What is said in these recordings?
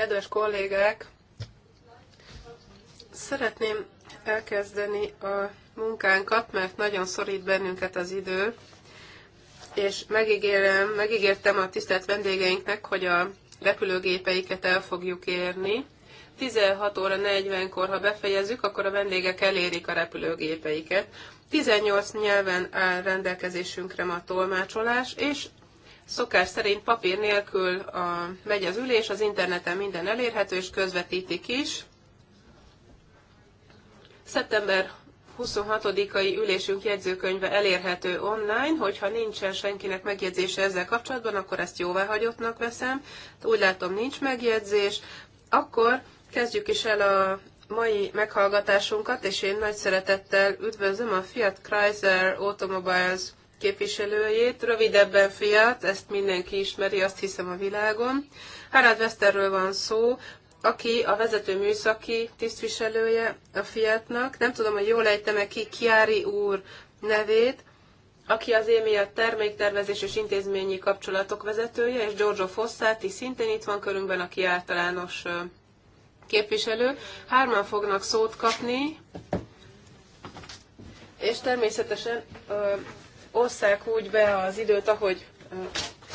Kedves kollégák, szeretném elkezdeni a munkánkat, mert nagyon szorít bennünket az idő, és megígérem, megígértem a tisztelt vendégeinknek, hogy a repülőgépeiket el fogjuk érni. 16 óra 40-kor, ha befejezzük, akkor a vendégek elérik a repülőgépeiket. 18 nyelven áll rendelkezésünkre ma a tolmácsolás, és Szokás szerint papír nélkül a, megy az ülés, az interneten minden elérhető, és közvetítik is. Szeptember 26-ai ülésünk jegyzőkönyve elérhető online, hogyha nincsen senkinek megjegyzése ezzel kapcsolatban, akkor ezt jóváhagyottnak veszem. Úgy látom, nincs megjegyzés. Akkor kezdjük is el a mai meghallgatásunkat, és én nagy szeretettel üdvözlöm a Fiat Chrysler Automobiles képviselőjét, rövidebben fiát, ezt mindenki ismeri, azt hiszem a világon. Harald Westerről van szó, aki a vezető műszaki tisztviselője a Fiatnak. Nem tudom, hogy jól ejtem-e ki Kiári úr nevét, aki az a terméktervezés és intézményi kapcsolatok vezetője, és Giorgio Fossati szintén itt van körünkben, aki általános képviselő. Hárman fognak szót kapni, és természetesen osszák úgy be az időt, ahogy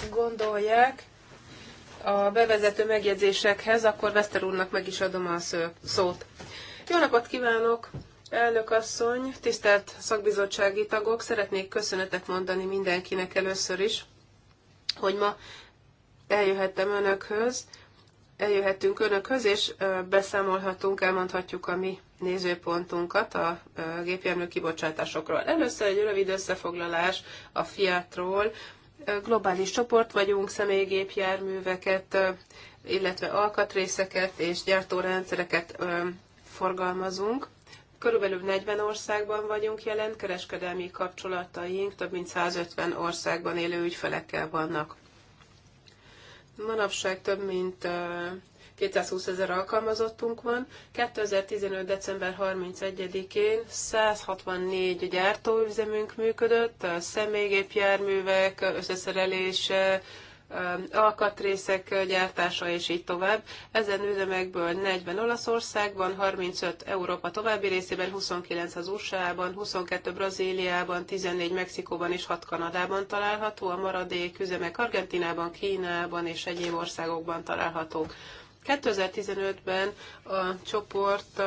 gondolják a bevezető megjegyzésekhez, akkor Veszter úrnak meg is adom a szót. Jó napot kívánok, elnök asszony, tisztelt szakbizottsági tagok, szeretnék köszönetet mondani mindenkinek először is, hogy ma eljöhettem önökhöz, eljöhettünk önökhöz, és beszámolhatunk, elmondhatjuk a mi nézőpontunkat a gépjármű kibocsátásokról. Először egy rövid összefoglalás a Fiatról. Globális csoport vagyunk, személygépjárműveket, illetve alkatrészeket és gyártórendszereket forgalmazunk. Körülbelül 40 országban vagyunk jelen, kereskedelmi kapcsolataink több mint 150 országban élő ügyfelekkel vannak. Manapság több mint 220 ezer alkalmazottunk van. 2015. december 31-én 164 gyártóüzemünk működött, személygépjárművek, összeszerelése, alkatrészek gyártása, és így tovább. Ezen üzemekből 40 Olaszországban, 35 Európa további részében, 29 az USA-ban, 22 Brazíliában, 14 Mexikóban és 6 Kanadában található, a maradék üzemek Argentinában, Kínában és egyéb országokban találhatók. 2015-ben a csoport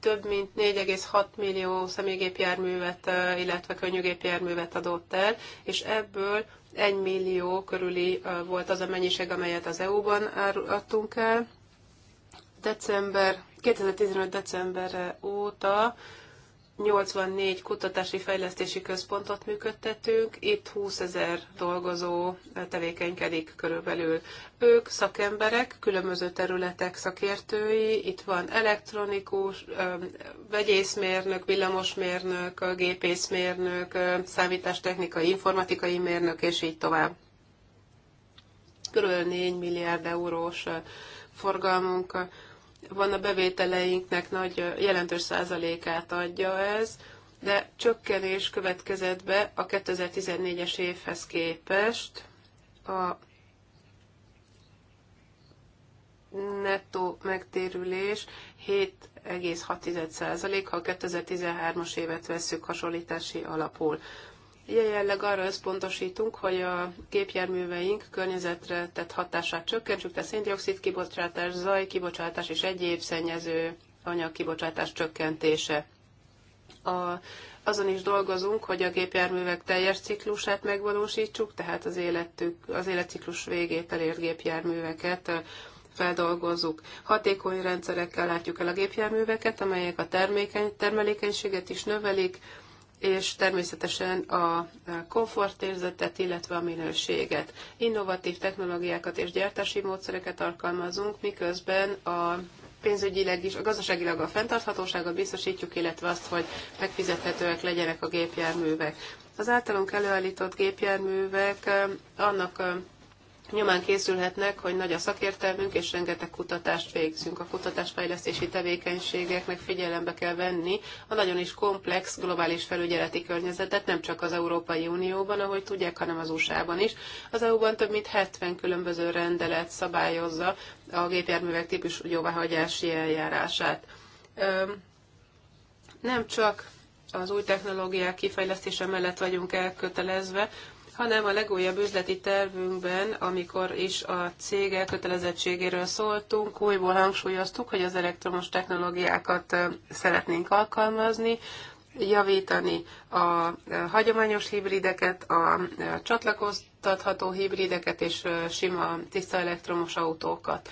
több mint 4,6 millió személygépjárművet, illetve könnyűgépjárművet adott el, és ebből 1 millió körüli volt az a mennyiség, amelyet az EU-ban adtunk el. December, 2015. december óta 84 kutatási fejlesztési központot működtetünk, itt 20 ezer dolgozó tevékenykedik körülbelül. Ők szakemberek, különböző területek szakértői, itt van elektronikus, vegyészmérnök, villamosmérnök, gépészmérnök, számítástechnikai, informatikai mérnök, és így tovább. Körülbelül 4 milliárd eurós forgalmunk van a bevételeinknek nagy jelentős százalékát adja ez, de csökkenés következett be a 2014-es évhez képest a nettó megtérülés 7,6%, ha a 2013-as évet vesszük hasonlítási alapul. Jelenleg arra összpontosítunk, hogy a gépjárműveink környezetre tett hatását csökkentsük, tehát széndiokszid kibocsátás, zaj kibocsátás és egyéb szennyező anyag kibocsátás csökkentése. A, azon is dolgozunk, hogy a gépjárművek teljes ciklusát megvalósítsuk, tehát az, életük, az életciklus végét elért gépjárműveket feldolgozzuk. Hatékony rendszerekkel látjuk el a gépjárműveket, amelyek a termékeny, termelékenységet is növelik, és természetesen a komfortérzetet, illetve a minőséget. Innovatív technológiákat és gyártási módszereket alkalmazunk, miközben a pénzügyileg is, a gazdaságilag a fenntarthatóságot biztosítjuk, illetve azt, hogy megfizethetőek legyenek a gépjárművek. Az általunk előállított gépjárművek eh, annak eh, nyomán készülhetnek, hogy nagy a szakértelmünk, és rengeteg kutatást végzünk. A kutatásfejlesztési tevékenységeknek figyelembe kell venni a nagyon is komplex globális felügyeleti környezetet, nem csak az Európai Unióban, ahogy tudják, hanem az USA-ban is. Az EU-ban több mint 70 különböző rendelet szabályozza a gépjárművek típus jóváhagyási eljárását. Nem csak az új technológiák kifejlesztése mellett vagyunk elkötelezve, hanem a legújabb üzleti tervünkben, amikor is a cég elkötelezettségéről szóltunk, újból hangsúlyoztuk, hogy az elektromos technológiákat szeretnénk alkalmazni, javítani a hagyományos hibrideket, a csatlakoztatható hibrideket és sima tiszta elektromos autókat.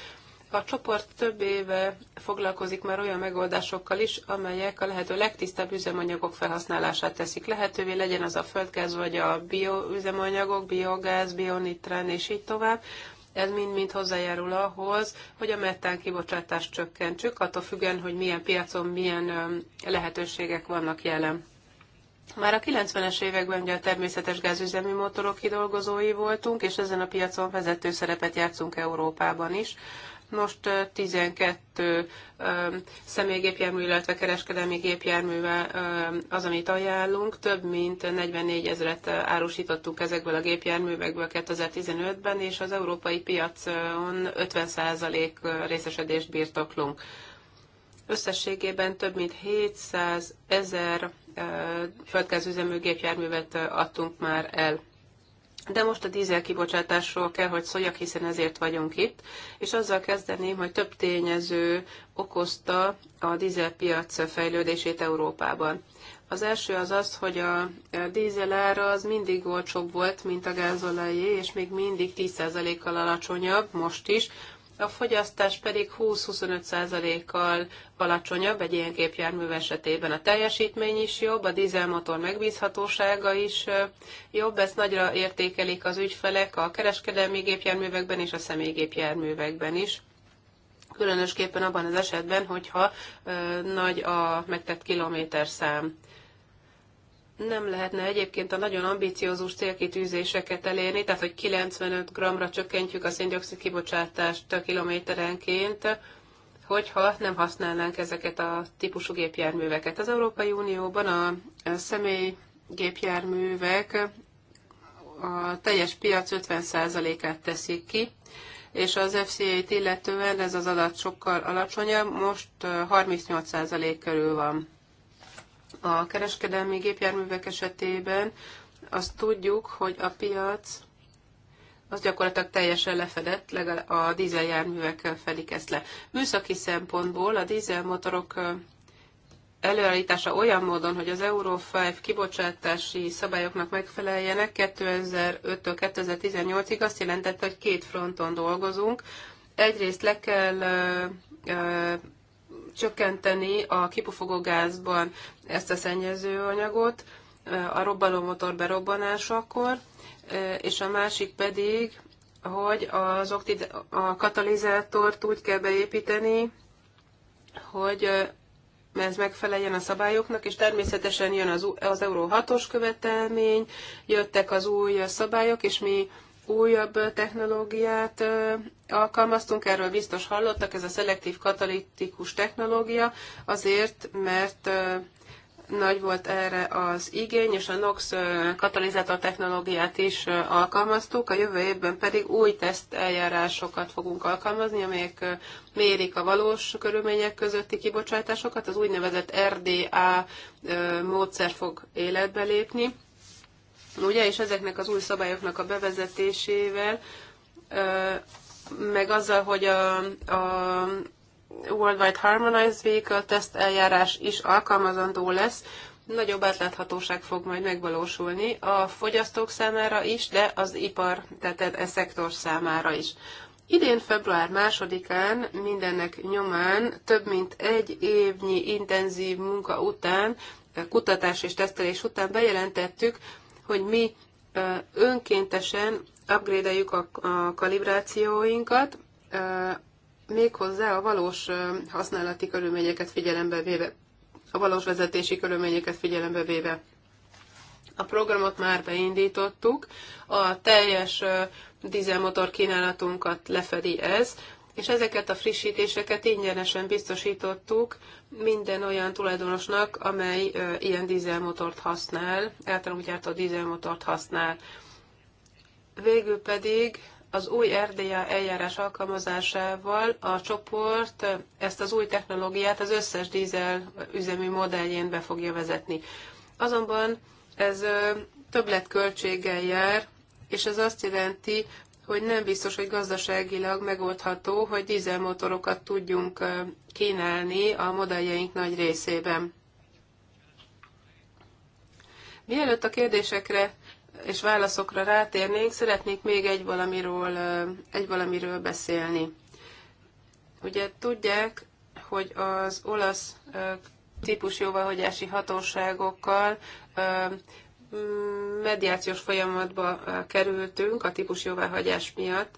A csoport több éve foglalkozik már olyan megoldásokkal is, amelyek a lehető legtisztább üzemanyagok felhasználását teszik lehetővé, legyen az a földgáz vagy a bioüzemanyagok, biogáz, bionitrán és így tovább. Ez mind-mind hozzájárul ahhoz, hogy a metán kibocsátást csökkentsük, attól függően, hogy milyen piacon milyen lehetőségek vannak jelen. Már a 90-es években ugye a természetes gázüzemű motorok kidolgozói voltunk, és ezen a piacon vezető szerepet játszunk Európában is. Most 12 személygépjármű, illetve kereskedelmi gépjárművel az, amit ajánlunk. Több mint 44 ezeret árusítottuk ezekből a gépjárművekből 2015-ben, és az európai piacon 50% részesedést birtoklunk. Összességében több mint 700 ezer földgázüzemű gépjárművet adtunk már el. De most a dízel kibocsátásról kell, hogy szóljak, hiszen ezért vagyunk itt, és azzal kezdeném, hogy több tényező okozta a dízelpiac fejlődését Európában. Az első az az, hogy a dízel ára az mindig olcsóbb volt, mint a gázolajé, és még mindig 10%-kal alacsonyabb most is, a fogyasztás pedig 20-25%-kal alacsonyabb egy ilyen gépjármű esetében. A teljesítmény is jobb, a dízelmotor megbízhatósága is jobb, ezt nagyra értékelik az ügyfelek a kereskedelmi gépjárművekben és a személygépjárművekben is. Különösképpen abban az esetben, hogyha nagy a megtett kilométerszám. szám nem lehetne egyébként a nagyon ambiciózus célkitűzéseket elérni, tehát hogy 95 g-ra csökkentjük a széndiokszid kibocsátást a kilométerenként, hogyha nem használnánk ezeket a típusú gépjárműveket. Az Európai Unióban a személy gépjárművek a teljes piac 50%-át teszik ki, és az FCA-t illetően ez az adat sokkal alacsonyabb, most 38% körül van. A kereskedelmi gépjárművek esetében azt tudjuk, hogy a piac az gyakorlatilag teljesen lefedett, legalább a dízeljárművek fedik ezt le. Műszaki szempontból a dízelmotorok előállítása olyan módon, hogy az Euro 5 kibocsátási szabályoknak megfeleljenek 2005-től 2018-ig azt jelentette, hogy két fronton dolgozunk. Egyrészt le kell csökkenteni a kipufogó gázban ezt a szennyezőanyagot a robbanómotor berobbanásakor, és a másik pedig, hogy az oktid- a katalizátort úgy kell beépíteni, hogy ez megfeleljen a szabályoknak, és természetesen jön az, az Euró 6-os követelmény, jöttek az új szabályok, és mi újabb technológiát alkalmaztunk, erről biztos hallottak, ez a szelektív katalitikus technológia, azért, mert nagy volt erre az igény, és a NOx katalizátor technológiát is alkalmaztuk, a jövő évben pedig új teszt eljárásokat fogunk alkalmazni, amelyek mérik a valós körülmények közötti kibocsátásokat, az úgynevezett RDA módszer fog életbe lépni Ugye, és ezeknek az új szabályoknak a bevezetésével, meg azzal, hogy a, a Worldwide Harmonized Vehicle Test eljárás is alkalmazandó lesz, nagyobb átláthatóság fog majd megvalósulni a fogyasztók számára is, de az ipar, tehát e, e szektor számára is. Idén február másodikán mindennek nyomán több mint egy évnyi intenzív munka után, kutatás és tesztelés után bejelentettük, hogy mi önkéntesen upgrade a, a kalibrációinkat, méghozzá a valós használati körülményeket figyelembe véve, a valós vezetési körülményeket figyelembe véve. A programot már beindítottuk, a teljes dízelmotor kínálatunkat lefedi ez, és ezeket a frissítéseket ingyenesen biztosítottuk minden olyan tulajdonosnak, amely ilyen dízelmotort használ, általunk gyártott dízelmotort használ. Végül pedig az új RDA eljárás alkalmazásával a csoport ezt az új technológiát az összes dízel üzemi modelljén be fogja vezetni. Azonban ez többletköltséggel jár, és ez azt jelenti, hogy nem biztos, hogy gazdaságilag megoldható, hogy dízelmotorokat tudjunk kínálni a modelljeink nagy részében. Mielőtt a kérdésekre és válaszokra rátérnénk, szeretnék még egy valamiről, egy valamiről beszélni. Ugye tudják, hogy az olasz típusjóváhagyási hatóságokkal mediációs folyamatba kerültünk a típus jóváhagyás miatt,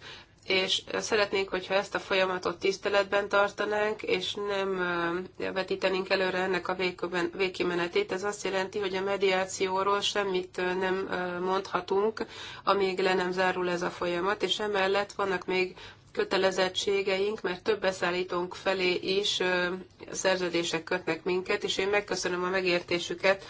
és szeretnénk, hogyha ezt a folyamatot tiszteletben tartanánk, és nem vetítenénk előre ennek a végkimenetét. Ez azt jelenti, hogy a mediációról semmit nem mondhatunk, amíg le nem zárul ez a folyamat, és emellett vannak még kötelezettségeink, mert több beszállítónk felé is szerződések kötnek minket, és én megköszönöm a megértésüket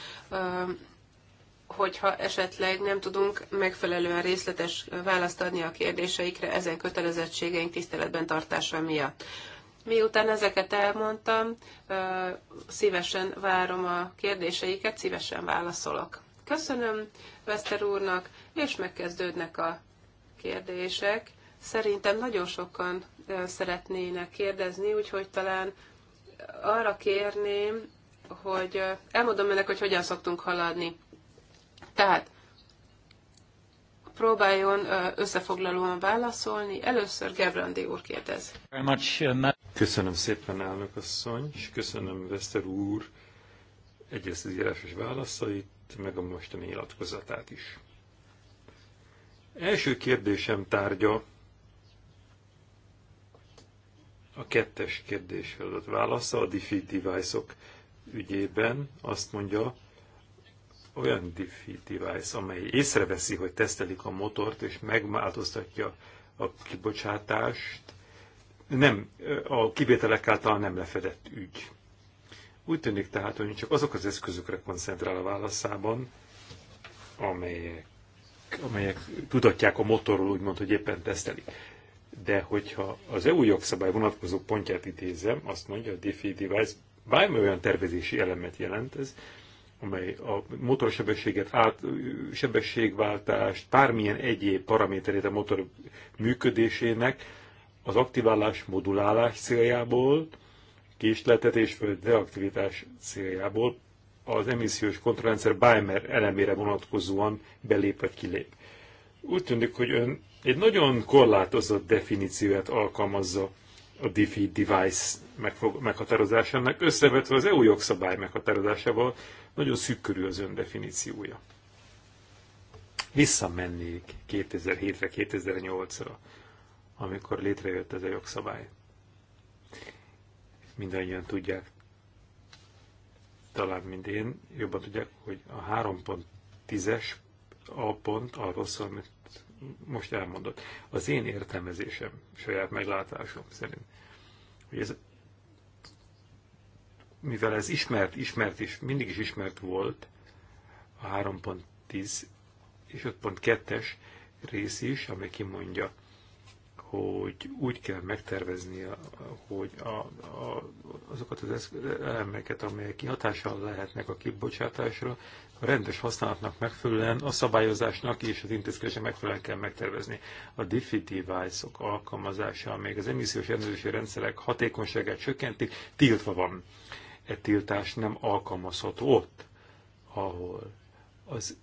hogyha esetleg nem tudunk megfelelően részletes választ adni a kérdéseikre ezen kötelezettségeink tiszteletben tartása miatt. Miután ezeket elmondtam, szívesen várom a kérdéseiket, szívesen válaszolok. Köszönöm Veszter úrnak, és megkezdődnek a kérdések. Szerintem nagyon sokan szeretnének kérdezni, úgyhogy talán arra kérném, hogy elmondom önnek, hogy hogyan szoktunk haladni. Tehát próbáljon összefoglalóan válaszolni. Először Gerbrandi úr kérdez. Uh, köszönöm szépen, elnök asszony, és köszönöm Veszter úr egyrészt az írásos válaszait, meg a mostani nyilatkozatát is. Első kérdésem tárgya a kettes kérdés, adott válasza a Defeat Device-ok -ok ügyében. Azt mondja, olyan diffi device, amely észreveszi, hogy tesztelik a motort, és megváltoztatja a kibocsátást, nem, a kivételek által nem lefedett ügy. Úgy tűnik tehát, hogy csak azok az eszközökre koncentrál a válaszában, amelyek, amelyek tudatják a motorról, úgymond, hogy éppen tesztelik. De hogyha az EU jogszabály vonatkozó pontját idézem, azt mondja a DeFi Device, bármi olyan tervezési elemet jelent ez, amely a motorsebességet, át, sebességváltást, bármilyen egyéb paraméterét a motor működésének az aktiválás, modulálás céljából, késletetés vagy deaktivitás céljából az emissziós kontrollrendszer Bimer elemére vonatkozóan belép vagy kilép. Úgy tűnik, hogy ön egy nagyon korlátozott definícióját alkalmazza a DeFi device megfog, meghatározásának, összevetve az EU jogszabály meghatározásával, nagyon szűk körül az öndefiníciója. Visszamennék 2007-re, 2008-ra, amikor létrejött ez a jogszabály. Mindannyian tudják, talán mind én, jobban tudják, hogy a 3.10-es a pont arról szól, amit most elmondott. Az én értelmezésem, saját meglátásom szerint, hogy ez, mivel ez ismert, ismert és mindig is ismert volt, a 3.10 és 5.2-es rész is, amely kimondja, hogy úgy kell megtervezni, hogy a, a, azokat az elemeket, amelyek kihatással lehetnek a kibocsátásra, a rendes használatnak megfelelően, a szabályozásnak és az intézkedésnek megfelelően kell megtervezni. A diffi device-ok -ok alkalmazása, még az emissziós ellenőrzési rendszerek hatékonyságát csökkentik, tiltva van. E tiltás nem alkalmazható ott, ahol az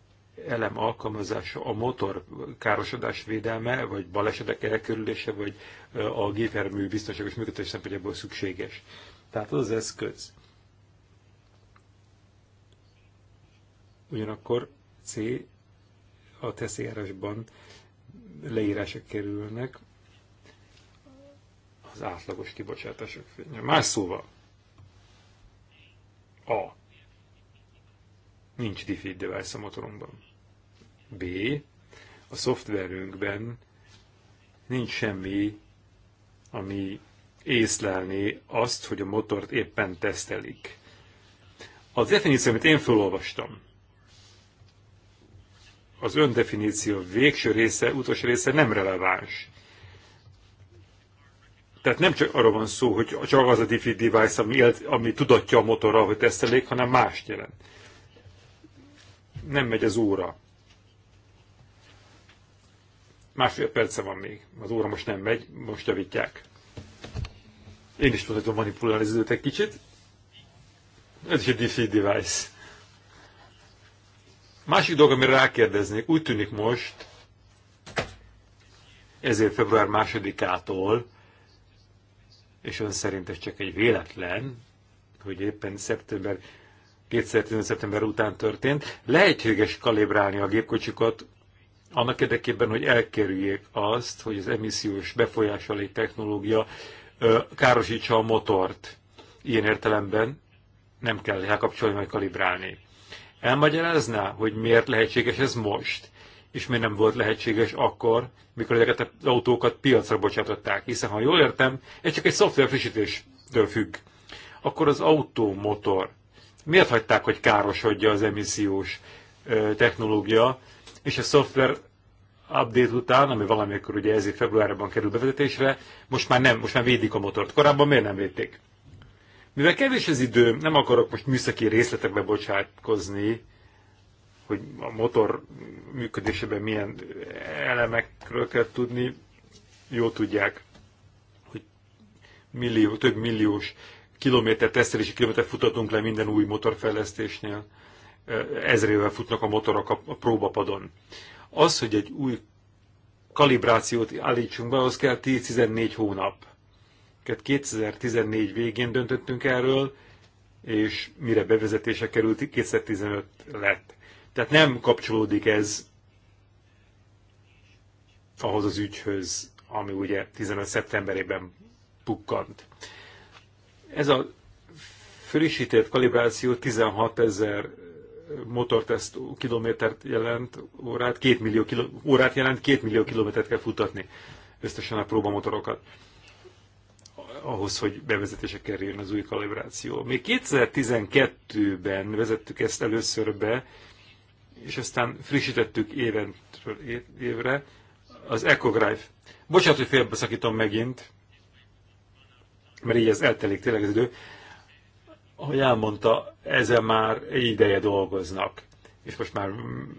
elem alkalmazása, a motor károsodás védelme, vagy balesetek elkerülése, vagy a gépjármű biztonságos működés szempontjából szükséges. Tehát az az eszköz. Ugyanakkor C a teszélyárásban leírások kerülnek az átlagos kibocsátások. Más szóval, a Nincs defeat device a motorunkban. B. A szoftverünkben nincs semmi, ami észlelni azt, hogy a motort éppen tesztelik. A definíció, amit én felolvastam, az öndefiníció végső része, utolsó része nem releváns. Tehát nem csak arra van szó, hogy csak az a defeat device, ami, ami tudatja a motorral, hogy tesztelik, hanem mást jelent nem megy az óra. Másfél perce van még. Az óra most nem megy, most javítják. Én is tudom manipulálni az időt egy kicsit. Ez is egy defeat device. Másik dolog, amire rákérdeznék, úgy tűnik most, ezért február másodikától, és ön szerint ez csak egy véletlen, hogy éppen szeptember 2015. szeptember után történt, lehetséges kalibrálni a gépkocsikat annak érdekében, hogy elkerüljék azt, hogy az emissziós befolyásolé technológia károsítsa a motort. Ilyen értelemben nem kell elkapcsolni vagy kalibrálni. Elmagyarázná, hogy miért lehetséges ez most, és miért nem volt lehetséges akkor, mikor ezeket az autókat piacra bocsátották, hiszen ha jól értem, ez csak egy szoftver frissítéstől függ. Akkor az autó motor miért hagyták, hogy károsodja az emissziós technológia, és a szoftver update után, ami valamikor ugye ezért februárban kerül bevezetésre, most már nem, most már védik a motort. Korábban miért nem védték? Mivel kevés az időm, nem akarok most műszaki részletekbe bocsátkozni, hogy a motor működésében milyen elemekről kell tudni, Jó tudják, hogy millió, több milliós kilométer tesztelési kilométer futatunk le minden új motorfejlesztésnél, ezrével futnak a motorok a próbapadon. Az, hogy egy új kalibrációt állítsunk be, az kell 10-14 hónap. 2014 végén döntöttünk erről, és mire bevezetése került, 2015 lett. Tehát nem kapcsolódik ez ahhoz az ügyhöz, ami ugye 15 szeptemberében pukkant. Ez a frissített kalibráció 16 ezer motorteszt kilométert jelent órát, 2 millió kiló órát jelent, 2 millió kilométert kell futatni összesen a próbamotorokat ahhoz, hogy bevezetése kerüljön az új kalibráció. Még 2012-ben vezettük ezt először be, és aztán frissítettük éventről évre az EcoDrive. Bocsánat, hogy félbeszakítom megint mert így ez eltelik tényleg az idő. Ahogy elmondta, ezzel már egy ideje dolgoznak, és most már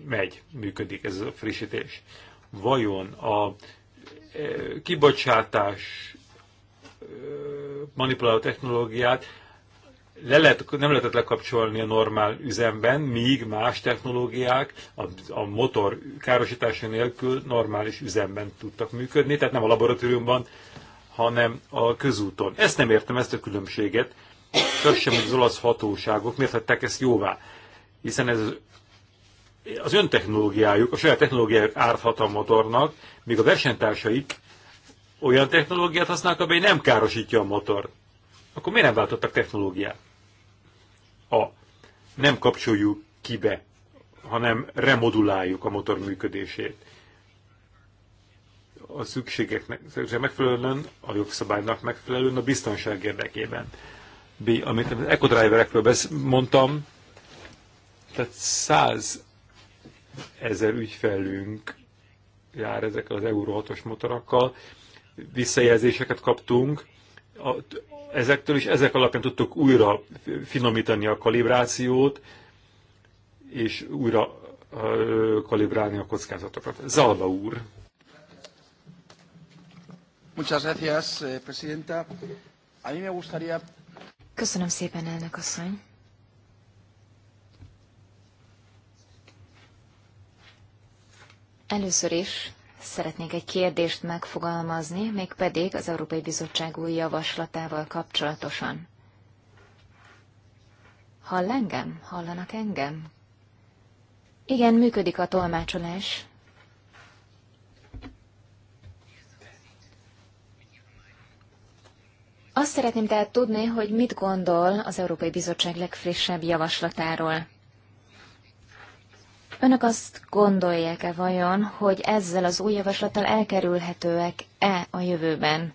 megy, működik ez a frissítés. Vajon a e, kibocsátás e, manipuláló technológiát le lehet, nem lehetett lekapcsolni a normál üzemben, míg más technológiák a, a motor károsítása nélkül normális üzemben tudtak működni, tehát nem a laboratóriumban, hanem a közúton. Ezt nem értem, ezt a különbséget. És sem, hogy az olasz hatóságok miért hagyták ezt jóvá. Hiszen ez az, az ön technológiájuk, a saját technológiájuk árthat a motornak, míg a versenytársaik olyan technológiát használnak, amely nem károsítja a motor. Akkor miért nem váltottak technológiát? A nem kapcsoljuk kibe, hanem remoduláljuk a motor működését a szükségeknek, megfelelően, a jogszabálynak megfelelően, a biztonság érdekében. B, amit az ekodriverekről mondtam, tehát száz ezer ügyfelünk jár ezek az Euro 6-os motorokkal, visszajelzéseket kaptunk, a, ezektől is ezek alapján tudtuk újra finomítani a kalibrációt, és újra kalibrálni a kockázatokat. Zalba úr! Muchas gracias, eh, presidenta. A mí me gustaría... Köszönöm szépen, elnök asszony. Először is szeretnék egy kérdést megfogalmazni, mégpedig az Európai Bizottság új javaslatával kapcsolatosan. Hall engem? Hallanak engem? Igen, működik a tolmácsolás. Azt szeretném tehát tudni, hogy mit gondol az Európai Bizottság legfrissebb javaslatáról. Önök azt gondolják-e vajon, hogy ezzel az új javaslattal elkerülhetőek-e a jövőben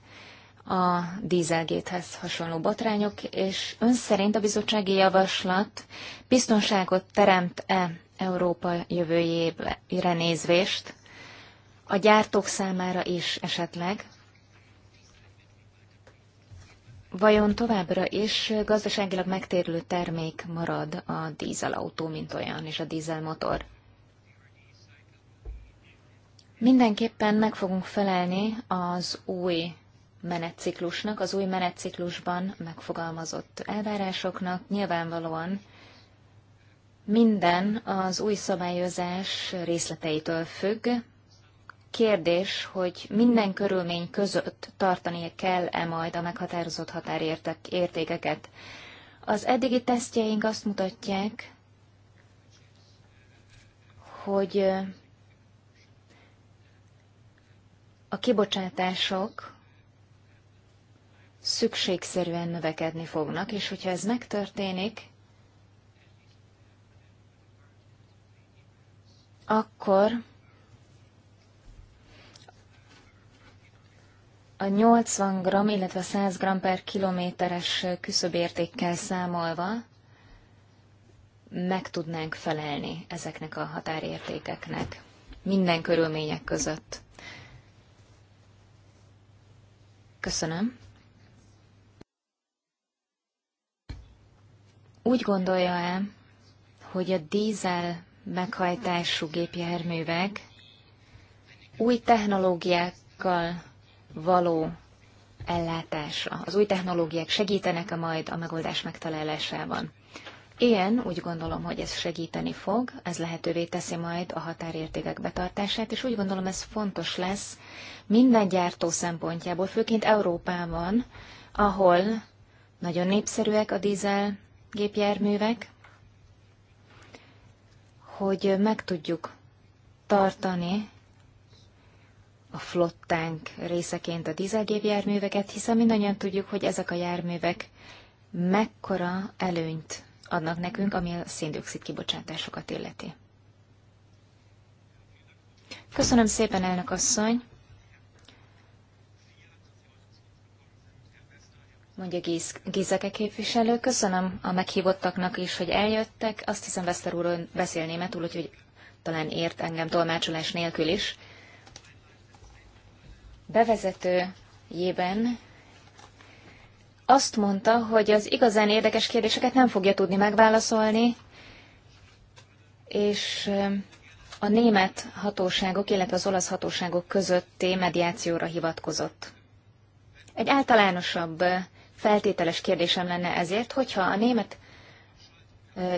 a dízelgéthez hasonló botrányok, és ön szerint a bizottsági javaslat biztonságot teremt-e Európa jövőjére nézvést, a gyártók számára is esetleg, Vajon továbbra is gazdaságilag megtérülő termék marad a dízelautó, mint olyan, és a dízelmotor? Mindenképpen meg fogunk felelni az új menetciklusnak, az új menetciklusban megfogalmazott elvárásoknak. Nyilvánvalóan minden az új szabályozás részleteitől függ, kérdés, hogy minden körülmény között tartani kell-e majd a meghatározott határértékeket. Az eddigi tesztjeink azt mutatják, hogy a kibocsátások szükségszerűen növekedni fognak, és hogyha ez megtörténik, akkor a 80 g, illetve 100 g per kilométeres küszöbértékkel számolva meg tudnánk felelni ezeknek a határértékeknek minden körülmények között. Köszönöm. Úgy gondolja-e, hogy a dízel meghajtású gépjárművek új technológiákkal való ellátása. Az új technológiák segítenek-e majd a megoldás megtalálásában? Én úgy gondolom, hogy ez segíteni fog, ez lehetővé teszi majd a határértékek betartását, és úgy gondolom ez fontos lesz minden gyártó szempontjából, főként Európában, ahol nagyon népszerűek a dízel gépjárművek, hogy meg tudjuk tartani a flottánk részeként a járműveket, hiszen mindannyian tudjuk, hogy ezek a járművek mekkora előnyt adnak nekünk, ami a széndiokszid kibocsátásokat illeti. Köszönöm szépen, elnök asszony! Mondja Giz, Gizeke képviselő. Köszönöm a meghívottaknak is, hogy eljöttek. Azt hiszem, Veszter úr beszél németul, úgyhogy talán ért engem tolmácsolás nélkül is bevezetőjében azt mondta, hogy az igazán érdekes kérdéseket nem fogja tudni megválaszolni, és a német hatóságok, illetve az olasz hatóságok közötti mediációra hivatkozott. Egy általánosabb feltételes kérdésem lenne ezért, hogyha a német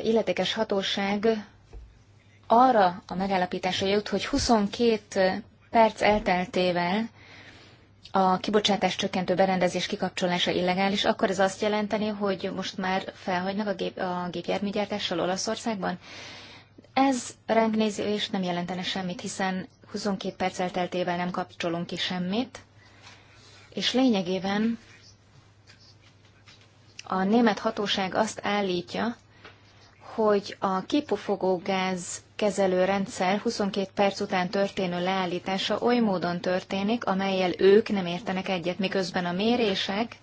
illetékes hatóság arra a megállapításra jut, hogy 22 perc elteltével a kibocsátás csökkentő berendezés kikapcsolása illegális, akkor ez azt jelenteni, hogy most már felhagynak a, gép, a gépjárműgyártással Olaszországban? Ez ránk és nem jelentene semmit, hiszen 22 perc elteltével nem kapcsolunk ki semmit, és lényegében a német hatóság azt állítja, hogy a kipufogó gáz kezelő rendszer 22 perc után történő leállítása oly módon történik, amelyel ők nem értenek egyet, miközben a mérések,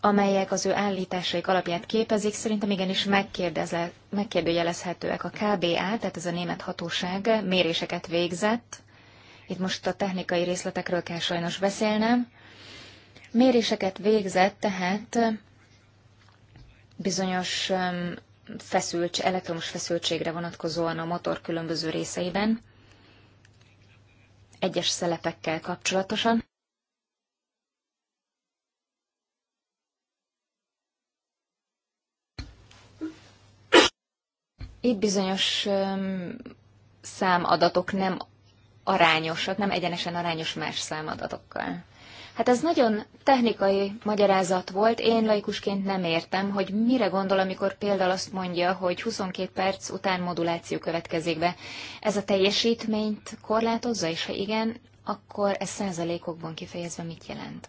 amelyek az ő állításaik alapját képezik, szerintem igenis megkérdőjelezhetőek. A KBA, tehát ez a német hatóság méréseket végzett, itt most a technikai részletekről kell sajnos beszélnem, méréseket végzett, tehát bizonyos feszült, elektromos feszültségre vonatkozóan a motor különböző részeiben, egyes szelepekkel kapcsolatosan. Itt bizonyos számadatok nem arányosak, nem egyenesen arányos más számadatokkal. Hát ez nagyon technikai magyarázat volt, én laikusként nem értem, hogy mire gondol, amikor például azt mondja, hogy 22 perc után moduláció következik be. Ez a teljesítményt korlátozza, és ha igen, akkor ez százalékokban kifejezve mit jelent?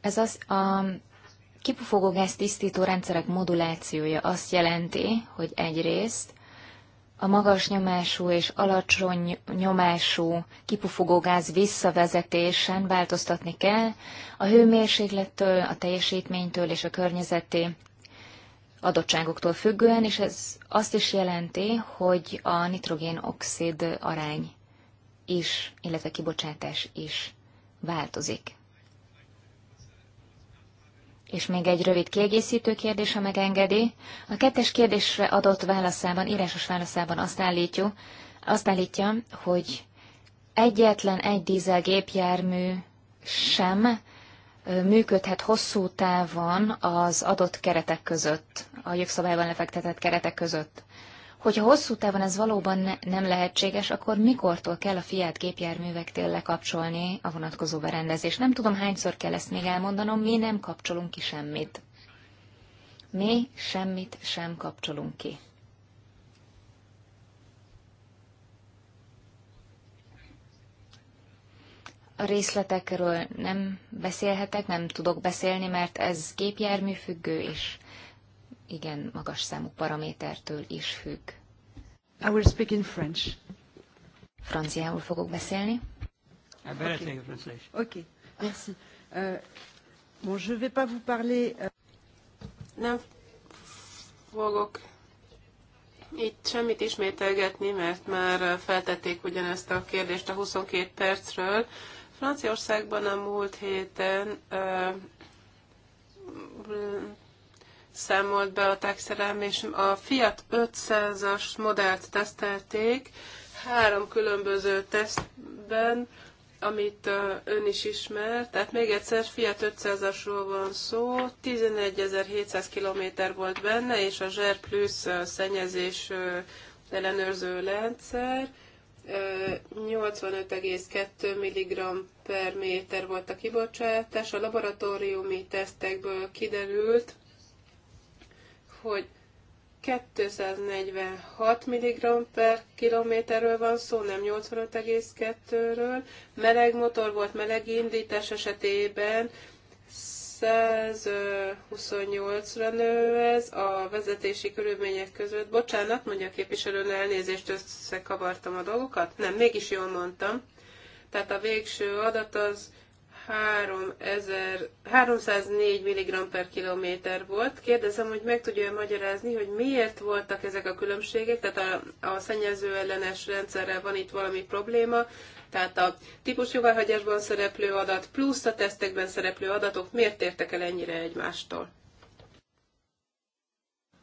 Ez az a kipufogógáz tisztító rendszerek modulációja azt jelenti, hogy egyrészt a magas nyomású és alacsony nyomású kipufogó gáz visszavezetésen változtatni kell, a hőmérséklettől, a teljesítménytől és a környezeti adottságoktól függően, és ez azt is jelenti, hogy a nitrogénoxid arány is, illetve kibocsátás is változik. És még egy rövid kiegészítő kérdés, ha megengedi. A kettes kérdésre adott válaszában, írásos válaszában azt, állítjuk, azt állítja, hogy egyetlen egy dízelgépjármű sem működhet hosszú távon az adott keretek között, a jogszabályban lefektetett keretek között. Hogyha hosszú távon ez valóban ne, nem lehetséges, akkor mikortól kell a fiát gépjárművektől lekapcsolni a vonatkozó berendezés? Nem tudom, hányszor kell ezt még elmondanom, mi nem kapcsolunk ki semmit. Mi semmit sem kapcsolunk ki. A részletekről nem beszélhetek, nem tudok beszélni, mert ez gépjármű függő is igen magas számú paramétertől is függ. I will speak in French. Franciául fogok beszélni. I better okay. take a translation. Okay, merci. Uh, bon, je vais pas vous parler... Uh... Nem fogok itt semmit ismételgetni, mert már euh, feltették ugyanezt a kérdést a 22 percről. Franciaországban a múlt héten uh, számolt be a tágszerelmi, és a Fiat 500-as modellt tesztelték három különböző tesztben, amit ön is ismer. Tehát még egyszer Fiat 500-asról van szó, 11.700 km volt benne, és a Zser Plus szennyezés ellenőrző rendszer. 85,2 mg per méter volt a kibocsátás. A laboratóriumi tesztekből kiderült, hogy 246 mg per kilométerről van szó, nem 85,2-ről. Meleg motor volt, meleg indítás esetében 128-ra nő ez a vezetési körülmények között. Bocsánat, mondja a képviselőn elnézést, összekavartam a dolgokat? Nem, mégis jól mondtam. Tehát a végső adat az 3000, 304 mg per kilométer volt. Kérdezem, hogy meg tudja -e magyarázni, hogy miért voltak ezek a különbségek, tehát a, a szennyező ellenes rendszerrel van itt valami probléma, tehát a típus jóváhagyásban szereplő adat plusz a tesztekben szereplő adatok miért értek el ennyire egymástól?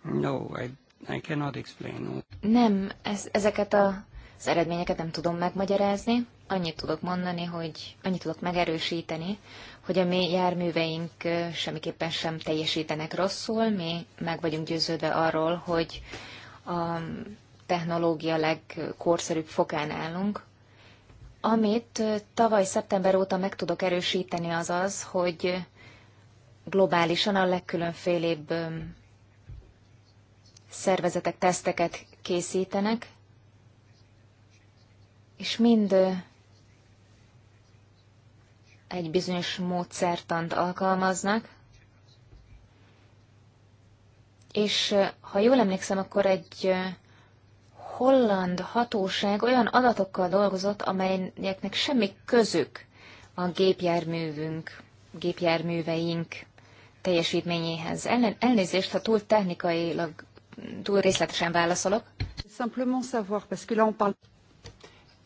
No, I, I cannot explain. Nem, ez, ezeket a, az eredményeket nem tudom megmagyarázni annyit tudok mondani, hogy annyit tudok megerősíteni, hogy a mi járműveink semmiképpen sem teljesítenek rosszul, mi meg vagyunk győződve arról, hogy a technológia legkorszerűbb fokán állunk. Amit tavaly szeptember óta meg tudok erősíteni az az, hogy globálisan a legkülönfélébb szervezetek teszteket készítenek, és mind egy bizonyos módszertant alkalmaznak, és ha jól emlékszem, akkor egy holland hatóság olyan adatokkal dolgozott, amelyeknek semmi közük a gépjárművünk, gépjárműveink teljesítményéhez. elnézést, ha túl technikailag, túl részletesen válaszolok. Simplement savoir, parce que là on parle...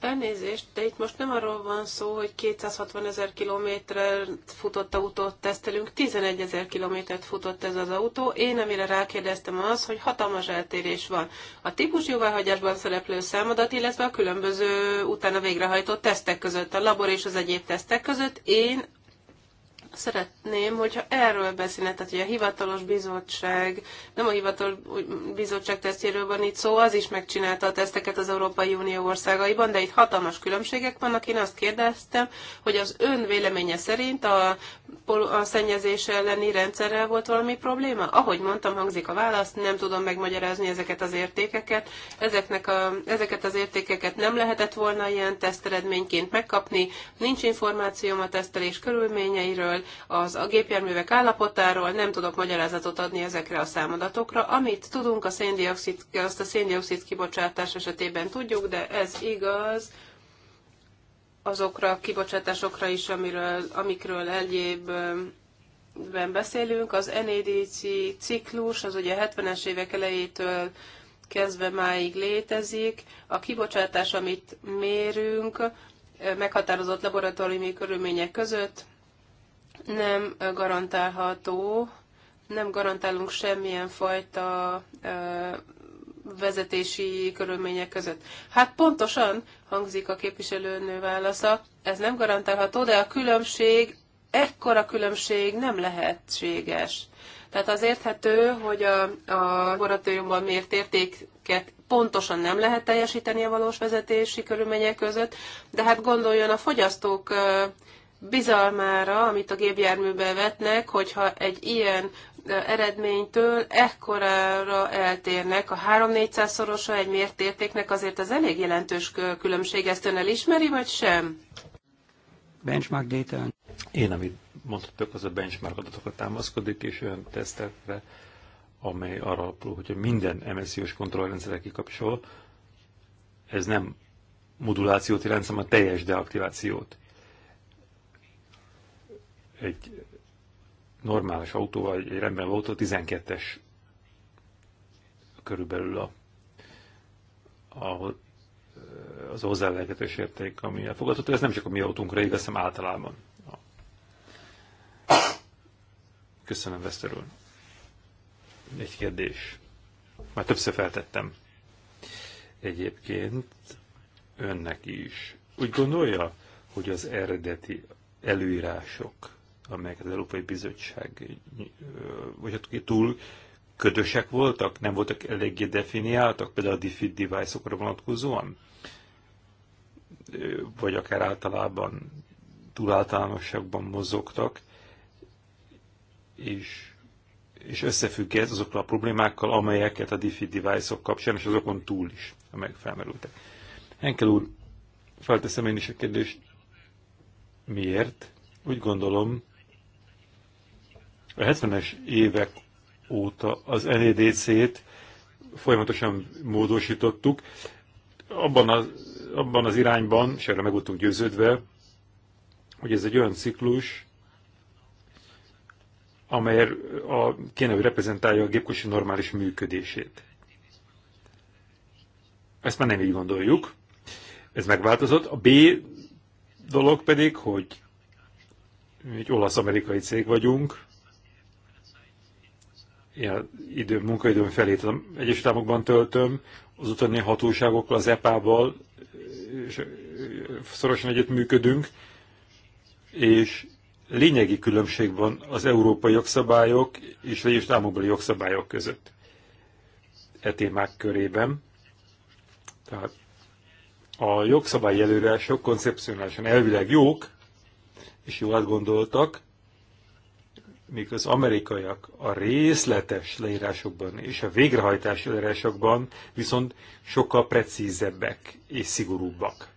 Elnézést, de itt most nem arról van szó, hogy 260 ezer kilométert futott autót tesztelünk, 11 ezer kilométert futott ez az autó. Én amire rákérdeztem az, hogy hatalmas eltérés van. A típus jóváhagyásban szereplő számadat, illetve a különböző utána végrehajtott tesztek között, a labor és az egyéb tesztek között én Szeretném, hogyha erről beszélne, tehát hogy a hivatalos bizottság, nem a hivatalos bizottság tesztjéről van itt szó, az is megcsinálta a teszteket az Európai Unió országaiban, de itt hatalmas különbségek vannak. Én azt kérdeztem, hogy az ön véleménye szerint a a szennyezés elleni rendszerrel volt valami probléma? Ahogy mondtam, hangzik a válasz, nem tudom megmagyarázni ezeket az értékeket. Ezeknek a, ezeket az értékeket nem lehetett volna ilyen teszteredményként megkapni, nincs információm a tesztelés körülményeiről, az a gépjárművek állapotáról, nem tudok magyarázatot adni ezekre a számadatokra. Amit tudunk, a széndiokszid, azt a széndiokszid kibocsátás esetében tudjuk, de ez igaz, azokra a kibocsátásokra is, amiről, amikről egyéb beszélünk. Az NADC ciklus az ugye 70-es évek elejétől kezdve máig létezik. A kibocsátás, amit mérünk, meghatározott laboratóriumi körülmények között nem garantálható, nem garantálunk semmilyen fajta vezetési körülmények között. Hát pontosan, hangzik a képviselőnő válasza, ez nem garantálható, de a különbség, ekkora különbség nem lehetséges. Tehát az érthető, hogy a, a laboratóriumban mért értéket pontosan nem lehet teljesíteni a valós vezetési körülmények között, de hát gondoljon a fogyasztók bizalmára, amit a gépjárműbe vetnek, hogyha egy ilyen eredménytől ekkorára eltérnek. A 3-400 szorosa egy mértértéknek azért az elég jelentős különbség. Ezt ön elismeri, vagy sem? Benchmark data. Én, amit mondhatok, az a benchmark adatokra támaszkodik, és olyan tesztekre, amely arra alapul, hogyha minden MSZ-os kontrollrendszerre kikapcsol, ez nem modulációt jelent, hanem a teljes deaktivációt. Egy normális autóval, egy rendben autó 12-es körülbelül a, a, az hozzálehetős érték, ami elfogadható. Ez nem csak a mi autónkra így veszem általában. Köszönöm, Veszter úr. Egy kérdés. Már többször feltettem. Egyébként önnek is. Úgy gondolja, hogy az eredeti előírások amelyeket az Európai Bizottság vagy hát túl ködösek voltak, nem voltak eléggé definiáltak, például a Defeat device-okra vonatkozóan, vagy akár általában túl általánosságban mozogtak, és, és összefügg ez azokkal a problémákkal, amelyeket a Defeat device-ok kapcsán, és azokon túl is, amelyek felmerültek. Henkel úr, felteszem én is a kérdést, miért? Úgy gondolom, a 70-es évek óta az NEDC-t folyamatosan módosítottuk, abban az, abban az irányban, és erre meg voltunk győződve, hogy ez egy olyan ciklus, amely a, kéne, hogy reprezentálja a gépkocsi normális működését. Ezt már nem így gondoljuk. Ez megváltozott. A B dolog pedig, hogy egy olasz-amerikai cég vagyunk, ilyen idő, munkaidőm felét az Egyesült Államokban töltöm, az utáni hatóságokkal, az EPA-val és szorosan működünk, és lényegi különbség van az európai jogszabályok és az Egyesült Államokbeli jogszabályok között e témák körében. Tehát a jogszabályi előírások koncepcionálisan elvileg jók, és jól átgondoltak, míg az amerikaiak a részletes leírásokban és a végrehajtás leírásokban viszont sokkal precízebbek és szigorúbbak,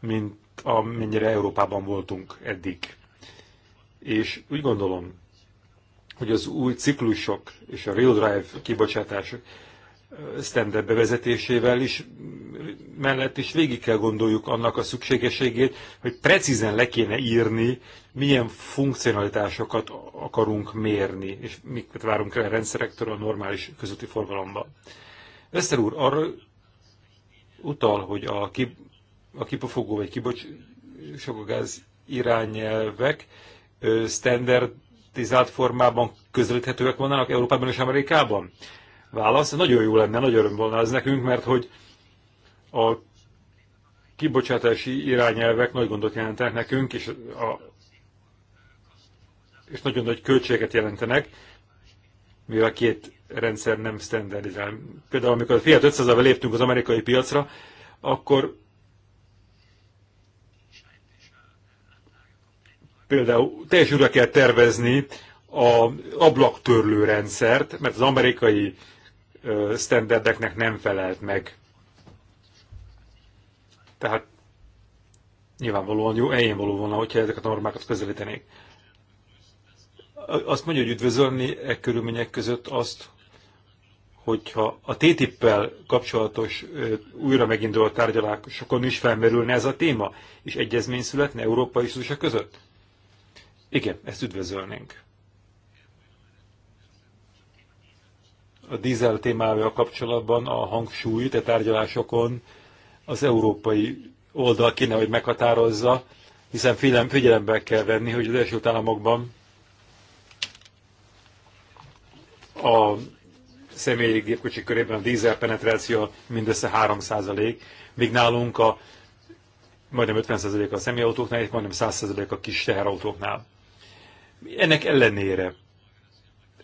mint amennyire Európában voltunk eddig. És úgy gondolom, hogy az új ciklusok és a real drive kibocsátások standard bevezetésével is mellett is végig kell gondoljuk annak a szükségességét, hogy precízen le kéne írni, milyen funkcionalitásokat akarunk mérni, és miket várunk el a rendszerektől a normális közúti forgalomba. Veszter úr, arra utal, hogy a, kip, a kipofogó vagy kibocsátógáz irányelvek standardizált formában közelíthetőek vannak Európában és Amerikában? válasz. Nagyon jó lenne, nagy öröm volna ez nekünk, mert hogy a kibocsátási irányelvek nagy gondot jelentenek nekünk, és, a, és nagyon nagy költséget jelentenek, mivel két rendszer nem standardizál. Például amikor a Fiat 500 vel léptünk az amerikai piacra, akkor például teljesen újra kell tervezni a ablaktörlő rendszert, mert az amerikai standardeknek nem felelt meg. Tehát nyilvánvalóan jó eljén való volna, hogyha ezeket a normákat közelítenék. Azt mondja, hogy üdvözölni e körülmények között azt, hogyha a TTIP-pel kapcsolatos újra megindult tárgyalásokon is felmerülne ez a téma, és egyezmény születne Európa és USA között? Igen, ezt üdvözölnénk. a dízel témával kapcsolatban a hangsúly, a tárgyalásokon az európai oldal kéne, hogy meghatározza, hiszen figyelembe kell venni, hogy az Egyesült Államokban a személyi gépkocsik körében a dízel penetráció mindössze 3 százalék, míg nálunk a majdnem 50 százalék a személyautóknál, és majdnem 100 százalék a kis teherautóknál. Ennek ellenére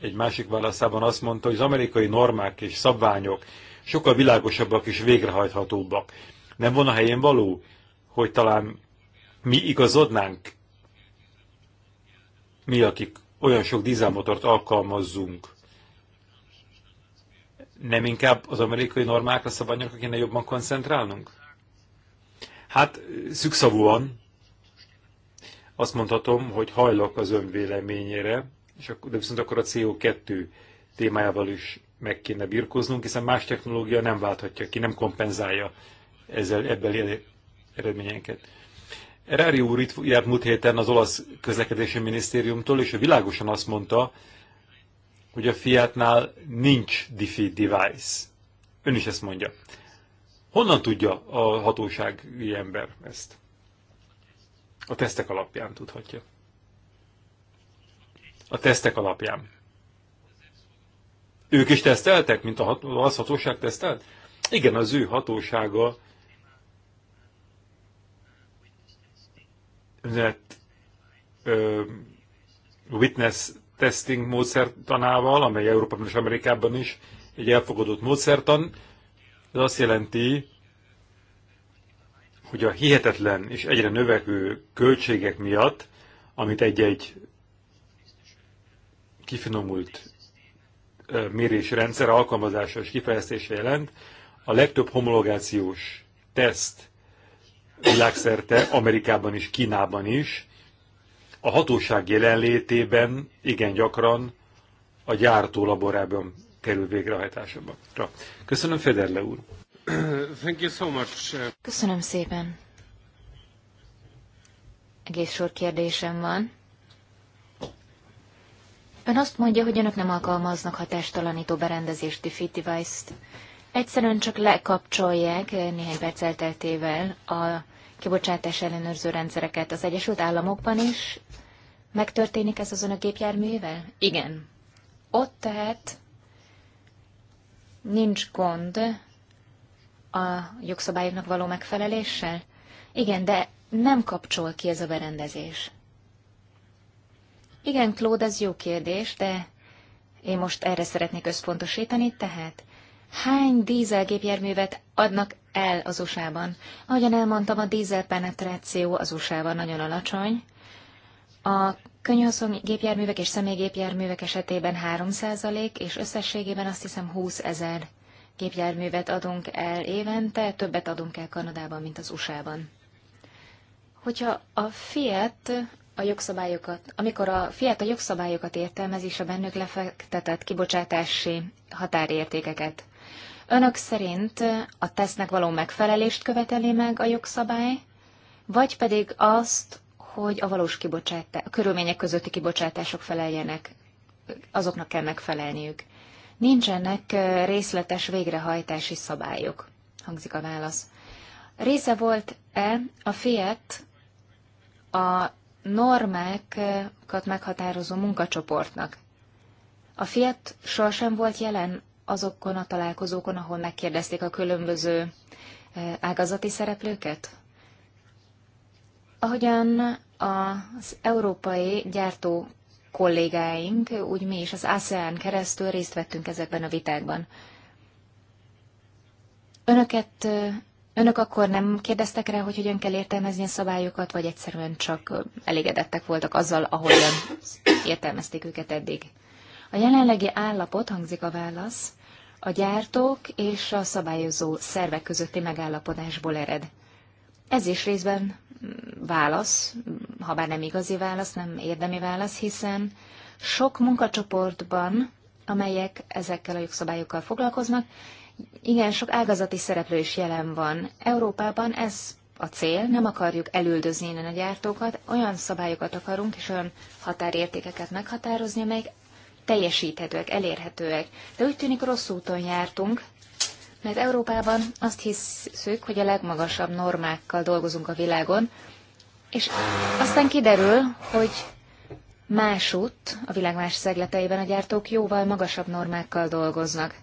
egy másik válaszában azt mondta, hogy az amerikai normák és szabványok sokkal világosabbak és végrehajthatóbbak. Nem volna helyén való, hogy talán mi igazodnánk, mi, akik olyan sok dízelmotort alkalmazzunk, nem inkább az amerikai normákra, szabályokra kéne jobban koncentrálnunk? Hát szükszavúan azt mondhatom, hogy hajlok az ön véleményére, és akkor, de viszont akkor a CO2 témájával is meg kéne birkóznunk, hiszen más technológia nem válthatja ki, nem kompenzálja ezzel ebbeli eredményeket. Erári úr itt járt múlt héten az olasz közlekedési minisztériumtól, és ő világosan azt mondta, hogy a Fiatnál nincs diffi device. Ön is ezt mondja. Honnan tudja a hatóság ember ezt? A tesztek alapján tudhatja a tesztek alapján. Ők is teszteltek, mint a hat, az hatóság tesztelt? Igen, az ő hatósága net, ö, witness testing módszertanával, amely Európában és Amerikában is egy elfogadott módszertan. Ez azt jelenti, hogy a hihetetlen és egyre növekvő költségek miatt, amit egy-egy kifinomult mérési rendszer alkalmazása és kifejlesztése jelent. A legtöbb homologációs teszt világszerte, Amerikában is, Kínában is, a hatóság jelenlétében igen gyakran a gyártó laborában kerül végrehajtásába. Köszönöm, Federle úr! Thank you so much. Köszönöm szépen! Egész sor kérdésem van. Ön azt mondja, hogy önök nem alkalmaznak hatástalanító berendezést, defeat device-t. Egyszerűen csak lekapcsolják eh, néhány perc elteltével a kibocsátás ellenőrző rendszereket az Egyesült Államokban is. Megtörténik ez az önök gépjárművel? Igen. Ott tehát nincs gond a jogszabályoknak való megfeleléssel? Igen, de nem kapcsol ki ez a berendezés. Igen, Claude, ez jó kérdés, de én most erre szeretnék összpontosítani, tehát hány dízelgépjárművet adnak el az USA-ban? Ahogyan elmondtam, a dízelpenetráció az USA-ban nagyon alacsony. A könnyűhaszon gépjárművek és személygépjárművek esetében 3% és összességében azt hiszem 20 ezer gépjárművet adunk el évente, többet adunk el Kanadában, mint az USA-ban. Hogyha a Fiat a jogszabályokat, amikor a a jogszabályokat értelmezi, és a bennük lefektetett kibocsátási határértékeket. Önök szerint a tesznek való megfelelést követeli meg a jogszabály, vagy pedig azt, hogy a valós kibocsátás, a körülmények közötti kibocsátások feleljenek, azoknak kell megfelelniük. Nincsenek részletes végrehajtási szabályok, hangzik a válasz. Része volt-e a Fiat a normákat meghatározó munkacsoportnak. A fiat sohasem volt jelen azokon a találkozókon, ahol megkérdezték a különböző eh, ágazati szereplőket? Ahogyan az európai gyártó kollégáink, úgy mi is az ASEAN keresztül részt vettünk ezekben a vitákban. Önöket eh, Önök akkor nem kérdeztek rá, hogy hogyan kell értelmezni a szabályokat, vagy egyszerűen csak elégedettek voltak azzal, ahogyan értelmezték őket eddig? A jelenlegi állapot, hangzik a válasz, a gyártók és a szabályozó szervek közötti megállapodásból ered. Ez is részben mm, válasz, mm, ha bár nem igazi válasz, nem érdemi válasz, hiszen sok munkacsoportban, amelyek ezekkel a jogszabályokkal foglalkoznak, igen sok ágazati szereplő is jelen van. Európában ez a cél, nem akarjuk elüldözni innen a gyártókat, olyan szabályokat akarunk, és olyan határértékeket meghatározni, amelyek teljesíthetőek, elérhetőek. De úgy tűnik rossz úton jártunk, mert Európában azt hiszük, hogy a legmagasabb normákkal dolgozunk a világon, és aztán kiderül, hogy másút, a világ más szegleteiben a gyártók jóval magasabb normákkal dolgoznak.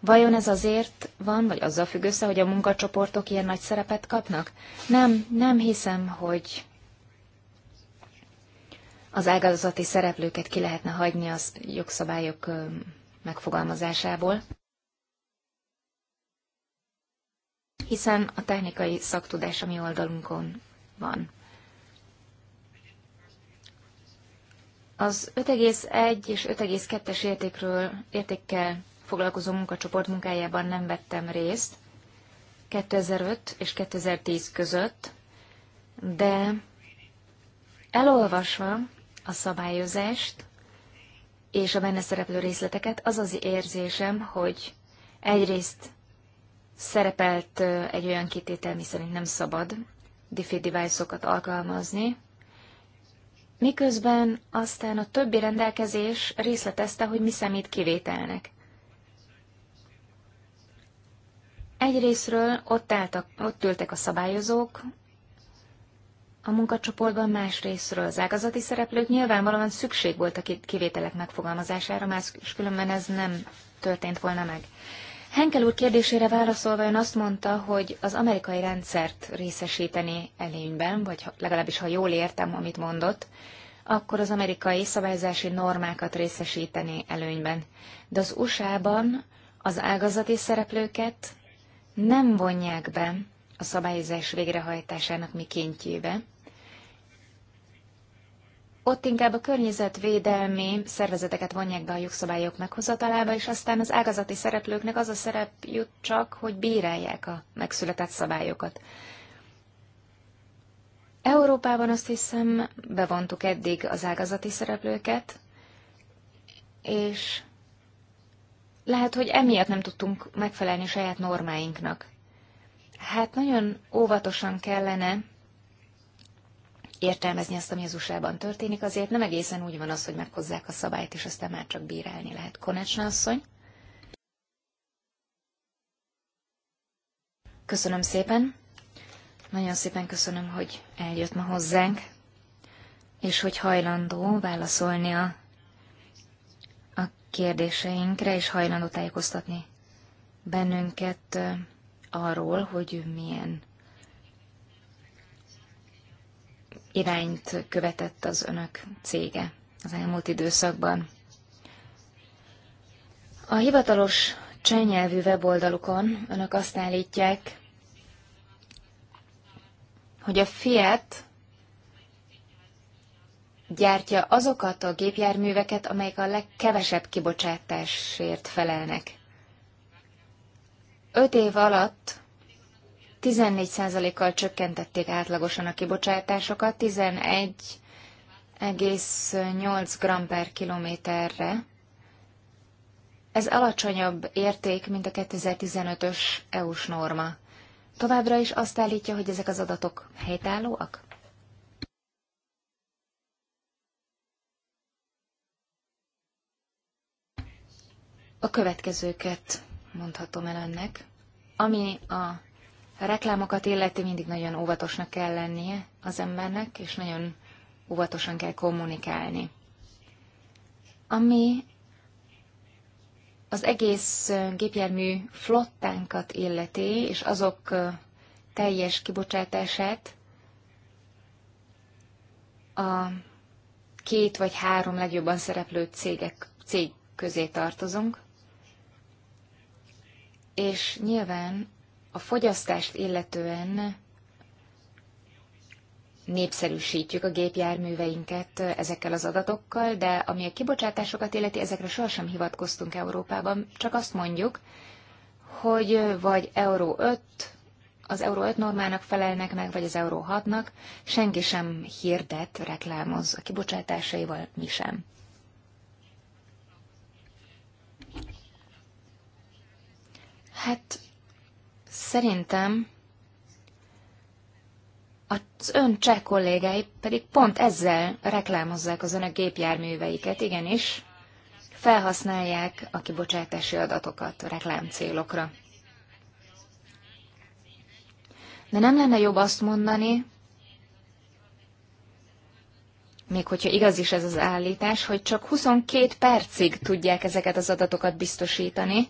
Vajon ez azért van, vagy azzal függ össze, hogy a munkacsoportok ilyen nagy szerepet kapnak? Nem, nem hiszem, hogy az ágazati szereplőket ki lehetne hagyni a jogszabályok megfogalmazásából, hiszen a technikai szaktudás a mi oldalunkon van. Az 5,1 és 5,2-es értékről, értékkel foglalkozó munkacsoport munkájában nem vettem részt 2005 és 2010 között, de elolvasva a szabályozást és a benne szereplő részleteket, az az érzésem, hogy egyrészt szerepelt egy olyan kitétel, miszerint nem szabad diffi device-okat alkalmazni, miközben aztán a többi rendelkezés részletezte, hogy mi számít kivételnek. Egyrésztről ott, álltak, ott ültek a szabályozók, a munkacsoportban más részről az ágazati szereplők nyilvánvalóan szükség volt a kivételek megfogalmazására, különben ez nem történt volna meg. Henkel úr kérdésére válaszolva ön azt mondta, hogy az amerikai rendszert részesíteni előnyben, vagy legalábbis ha jól értem, amit mondott, akkor az amerikai szabályzási normákat részesíteni előnyben. De az USA-ban az ágazati szereplőket nem vonják be a szabályozás végrehajtásának mikéntjébe. Ott inkább a környezetvédelmi szervezeteket vonják be a jogszabályok meghozatalába, és aztán az ágazati szereplőknek az a szerep jut csak, hogy bírálják a megszületett szabályokat. Európában azt hiszem bevontuk eddig az ágazati szereplőket, és lehet, hogy emiatt nem tudtunk megfelelni saját normáinknak. Hát nagyon óvatosan kellene értelmezni azt, ami az USA-ban történik, azért nem egészen úgy van az, hogy meghozzák a szabályt, és aztán már csak bírálni lehet. Konecsna asszony? Köszönöm szépen. Nagyon szépen köszönöm, hogy eljött ma hozzánk, és hogy hajlandó válaszolni a kérdéseinkre, és hajlandó tájékoztatni bennünket arról, hogy milyen irányt követett az önök cége az elmúlt időszakban. A hivatalos csenyelvű weboldalukon önök azt állítják, hogy a Fiat gyártja azokat a gépjárműveket, amelyek a legkevesebb kibocsátásért felelnek. Öt év alatt 14%-kal csökkentették átlagosan a kibocsátásokat, 11,8 g per kilométerre. Ez alacsonyabb érték, mint a 2015-ös EU-s norma. Továbbra is azt állítja, hogy ezek az adatok helytállóak? A következőket mondhatom el önnek. Ami a reklámokat illeti, mindig nagyon óvatosnak kell lennie az embernek, és nagyon óvatosan kell kommunikálni. Ami az egész gépjármű flottánkat illeti, és azok teljes kibocsátását a két vagy három legjobban szereplő cégek, cég közé tartozunk és nyilván a fogyasztást illetően népszerűsítjük a gépjárműveinket ezekkel az adatokkal, de ami a kibocsátásokat illeti, ezekre sohasem hivatkoztunk Európában, csak azt mondjuk, hogy vagy Euró 5, az Euró 5 normának felelnek meg, vagy az Euró 6-nak, senki sem hirdet, reklámoz a kibocsátásaival, mi sem. Hát szerintem az ön cseh kollégái pedig pont ezzel reklámozzák az önök gépjárműveiket, igenis, felhasználják a kibocsátási adatokat a reklám célokra. De nem lenne jobb azt mondani, még hogyha igaz is ez az állítás, hogy csak 22 percig tudják ezeket az adatokat biztosítani,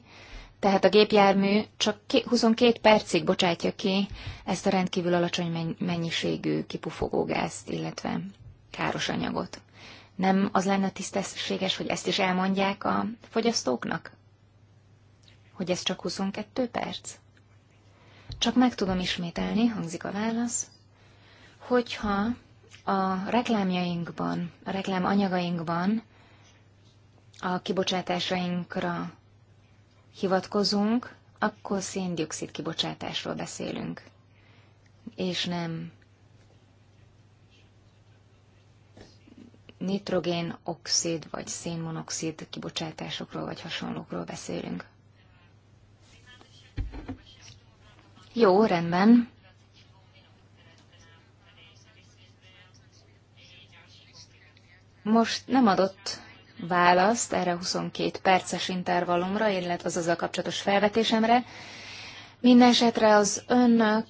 tehát a gépjármű csak 22 percig bocsátja ki ezt a rendkívül alacsony mennyiségű kipufogógázt, illetve káros anyagot. Nem az lenne tisztességes, hogy ezt is elmondják a fogyasztóknak? Hogy ez csak 22 perc? Csak meg tudom ismételni, hangzik a válasz, hogyha a reklámjainkban, a anyagainkban a kibocsátásainkra hivatkozunk, akkor széndiokszid kibocsátásról beszélünk, és nem nitrogén oxid vagy szénmonoxid kibocsátásokról vagy hasonlókról beszélünk. Jó, rendben. Most nem adott választ erre 22 perces intervallumra, illetve az a kapcsolatos felvetésemre. Mindenesetre az önök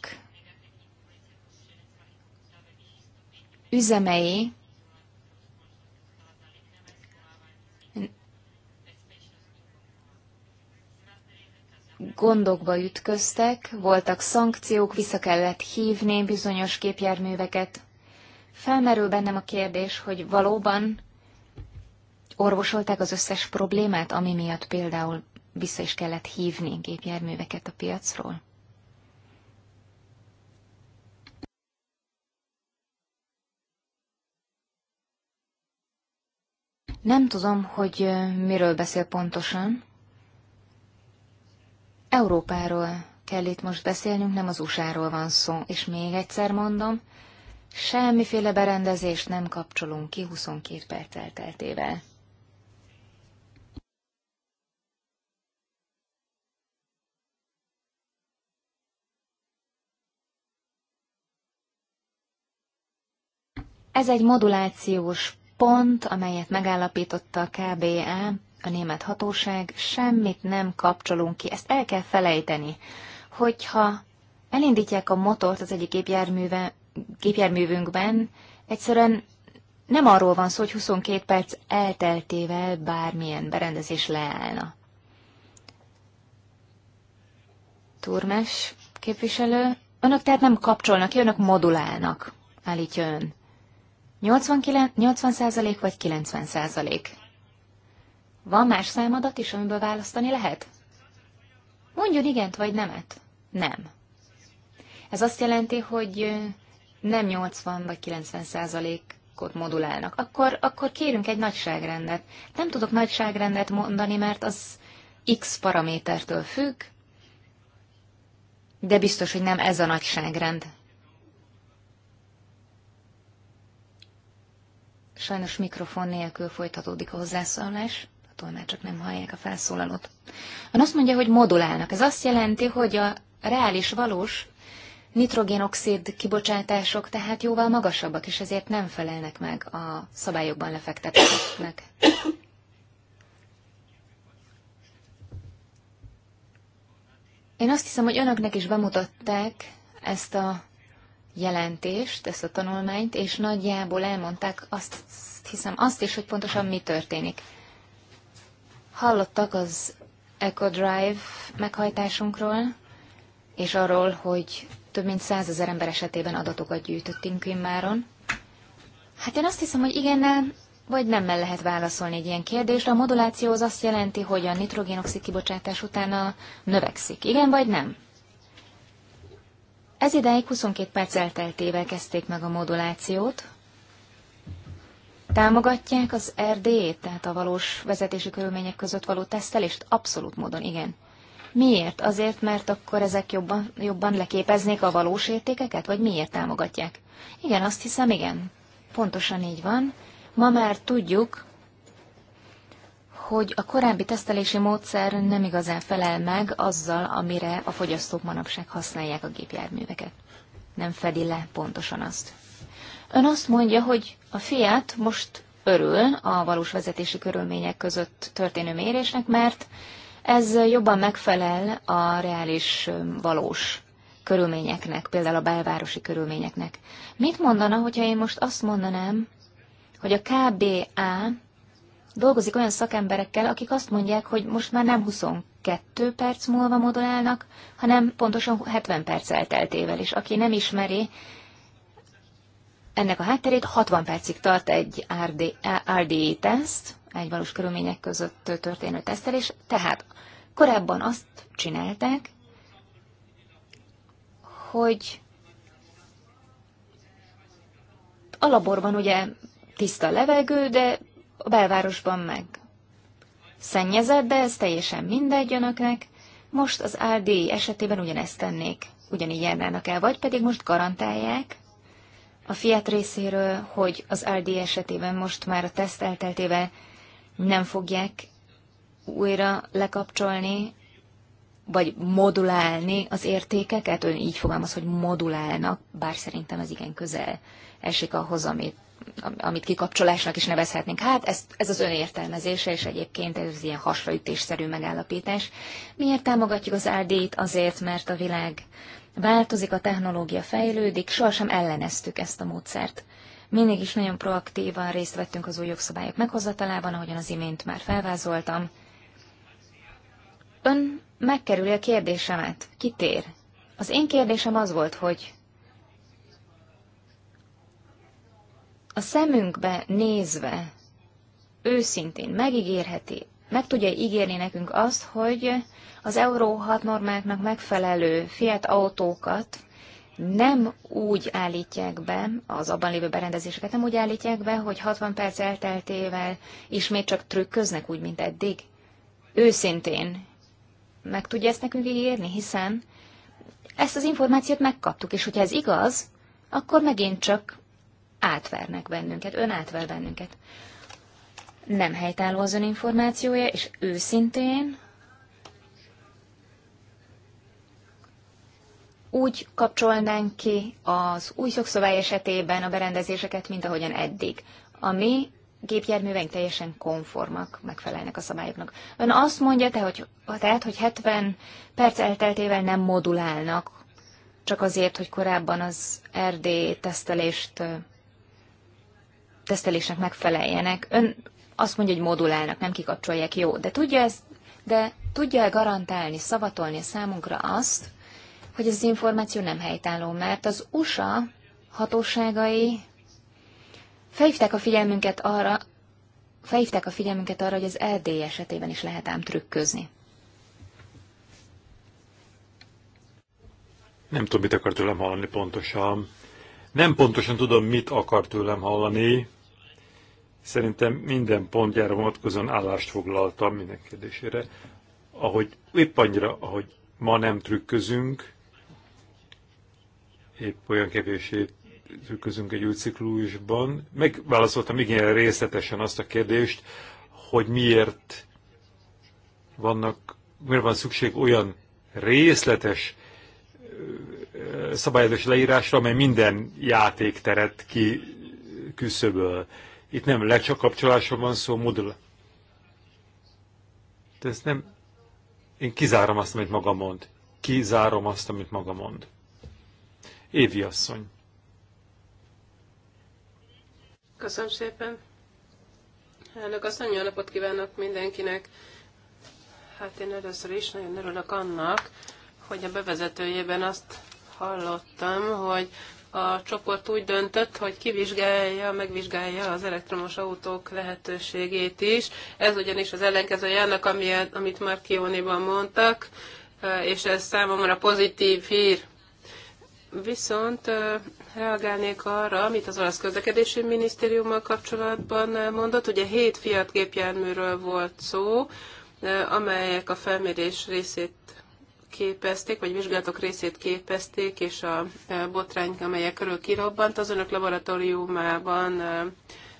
üzemei gondokba ütköztek, voltak szankciók, vissza kellett hívni bizonyos képjárműveket. Felmerül bennem a kérdés, hogy valóban orvosolták az összes problémát, ami miatt például vissza is kellett hívni gépjárműveket a piacról? Nem tudom, hogy miről beszél pontosan. Európáról kell itt most beszélnünk, nem az USA-ról van szó. És még egyszer mondom, semmiféle berendezést nem kapcsolunk ki 22 perc elteltével. Ez egy modulációs pont, amelyet megállapította a KBE, a német hatóság, semmit nem kapcsolunk ki, ezt el kell felejteni, hogyha elindítják a motort az egyik gépjárműve, gépjárművünkben, egyszerűen nem arról van szó, hogy 22 perc elteltével bármilyen berendezés leállna. Turmes képviselő, önök tehát nem kapcsolnak ki, önök modulálnak, állítja ön. 89, 80% vagy 90%? Van más számadat is, amiből választani lehet? Mondjon igent vagy nemet. Nem. Ez azt jelenti, hogy nem 80 vagy 90 százalékot modulálnak. Akkor, akkor kérünk egy nagyságrendet. Nem tudok nagyságrendet mondani, mert az X paramétertől függ, de biztos, hogy nem ez a nagyságrend. Sajnos mikrofon nélkül folytatódik a hozzászólás, a csak nem hallják a felszólalót. Ön azt mondja, hogy modulálnak. Ez azt jelenti, hogy a reális, valós nitrogénoxid kibocsátások tehát jóval magasabbak, és ezért nem felelnek meg a szabályokban lefektetettnek. Én azt hiszem, hogy önöknek is bemutatták ezt a jelentést, ezt a tanulmányt, és nagyjából elmondták azt hiszem azt is, hogy pontosan mi történik. Hallottak az Echo Drive meghajtásunkról, és arról, hogy több mint százezer ember esetében adatokat gyűjtöttünk immáron. Hát én azt hiszem, hogy igen, vagy nem lehet válaszolni egy ilyen kérdésre. A moduláció az azt jelenti, hogy a nitrogénoxid kibocsátás utána növekszik. Igen vagy nem? Ez ideig 22 perc elteltével kezdték meg a modulációt. Támogatják az RD-t, tehát a valós vezetési körülmények között való tesztelést? Abszolút módon igen. Miért? Azért, mert akkor ezek jobban, jobban leképeznék a valós értékeket, vagy miért támogatják? Igen, azt hiszem, igen. Pontosan így van. Ma már tudjuk, hogy a korábbi tesztelési módszer nem igazán felel meg azzal, amire a fogyasztók manapság használják a gépjárműveket. Nem fedi le pontosan azt. Ön azt mondja, hogy a Fiat most örül a valós vezetési körülmények között történő mérésnek, mert ez jobban megfelel a reális, valós körülményeknek, például a belvárosi körülményeknek. Mit mondana, hogyha én most azt mondanám, hogy a KBA dolgozik olyan szakemberekkel, akik azt mondják, hogy most már nem 22 perc múlva modulálnak, hanem pontosan 70 perc elteltével, és aki nem ismeri ennek a hátterét, 60 percig tart egy RDE teszt, egy valós körülmények között történő tesztelés, tehát korábban azt csinálták, hogy a laborban ugye tiszta levegő, de a belvárosban meg szennyezett, de ez teljesen mindegy önöknek. Most az AD esetében ugyanezt tennék, ugyanígy járnának el, vagy pedig most garantálják a Fiat részéről, hogy az AD esetében most már a teszt elteltével nem fogják újra lekapcsolni, vagy modulálni az értékeket, ön így fogalmaz, hogy modulálnak, bár szerintem az igen közel esik ahhoz, amit amit kikapcsolásnak is nevezhetnénk. Hát ez, ez az önértelmezése, és egyébként ez ilyen hasraütésszerű megállapítás. Miért támogatjuk az RD-t? Azért, mert a világ változik, a technológia fejlődik, sohasem elleneztük ezt a módszert. Mindig is nagyon proaktívan részt vettünk az új jogszabályok meghozatalában, ahogyan az imént már felvázoltam. Ön megkerüli a kérdésemet. Kitér. Az én kérdésem az volt, hogy a szemünkbe nézve őszintén megígérheti, meg tudja ígérni nekünk azt, hogy az Euró 6 normáknak megfelelő Fiat autókat nem úgy állítják be, az abban lévő berendezéseket nem úgy állítják be, hogy 60 perc elteltével ismét csak trükköznek úgy, mint eddig. Őszintén meg tudja ezt nekünk ígérni, hiszen ezt az információt megkaptuk, és hogyha ez igaz, akkor megint csak átvernek bennünket, ön átver bennünket. Nem helytálló az ön információja, és őszintén úgy kapcsolnánk ki az új jogszabály esetében a berendezéseket, mint ahogyan eddig. A mi gépjárműveink teljesen konformak, megfelelnek a szabályoknak. Ön azt mondja, te, hogy, tehát, hogy 70 perc elteltével nem modulálnak, csak azért, hogy korábban az RD tesztelést tesztelésnek megfeleljenek. Ön azt mondja, hogy modulálnak, nem kikapcsolják, jó, de tudja ezt, de tudja -e garantálni, szavatolni számunkra azt, hogy ez az információ nem helytálló, mert az USA hatóságai felhívták a figyelmünket arra, felhívták a figyelmünket arra, hogy az LD esetében is lehet ám trükközni. Nem tudom, mit akar tőlem hallani pontosan. Nem pontosan tudom, mit akar tőlem hallani. Szerintem minden pontjára vonatkozóan állást foglaltam minden kérdésére. Ahogy épp annyira, ahogy ma nem trükközünk, épp olyan kevéssé trükközünk egy új ciklusban. Megválaszoltam igen részletesen azt a kérdést, hogy miért vannak, miért van szükség olyan részletes szabályozás leírásra, amely minden játékteret ki küszöböl. Itt nem lecsakapcsolásról van szó, modul. De ezt nem... Én kizárom azt, amit maga mond. Kizárom azt, amit maga mond. Évi asszony. Köszönöm szépen. Elnök asszony, jó napot kívánok mindenkinek. Hát én először is nagyon örülök annak, hogy a bevezetőjében azt hallottam, hogy a csoport úgy döntött, hogy kivizsgálja, megvizsgálja az elektromos autók lehetőségét is. Ez ugyanis az ellenkezője annak, amit már Kioniban mondtak, és ez számomra pozitív hír. Viszont reagálnék arra, amit az olasz közlekedési minisztériummal kapcsolatban mondott. Ugye hét fiat gépjárműről volt szó, amelyek a felmérés részét képezték, vagy vizsgálatok részét képezték, és a e, botrány, amelyek körül kirobbant, az önök laboratóriumában e,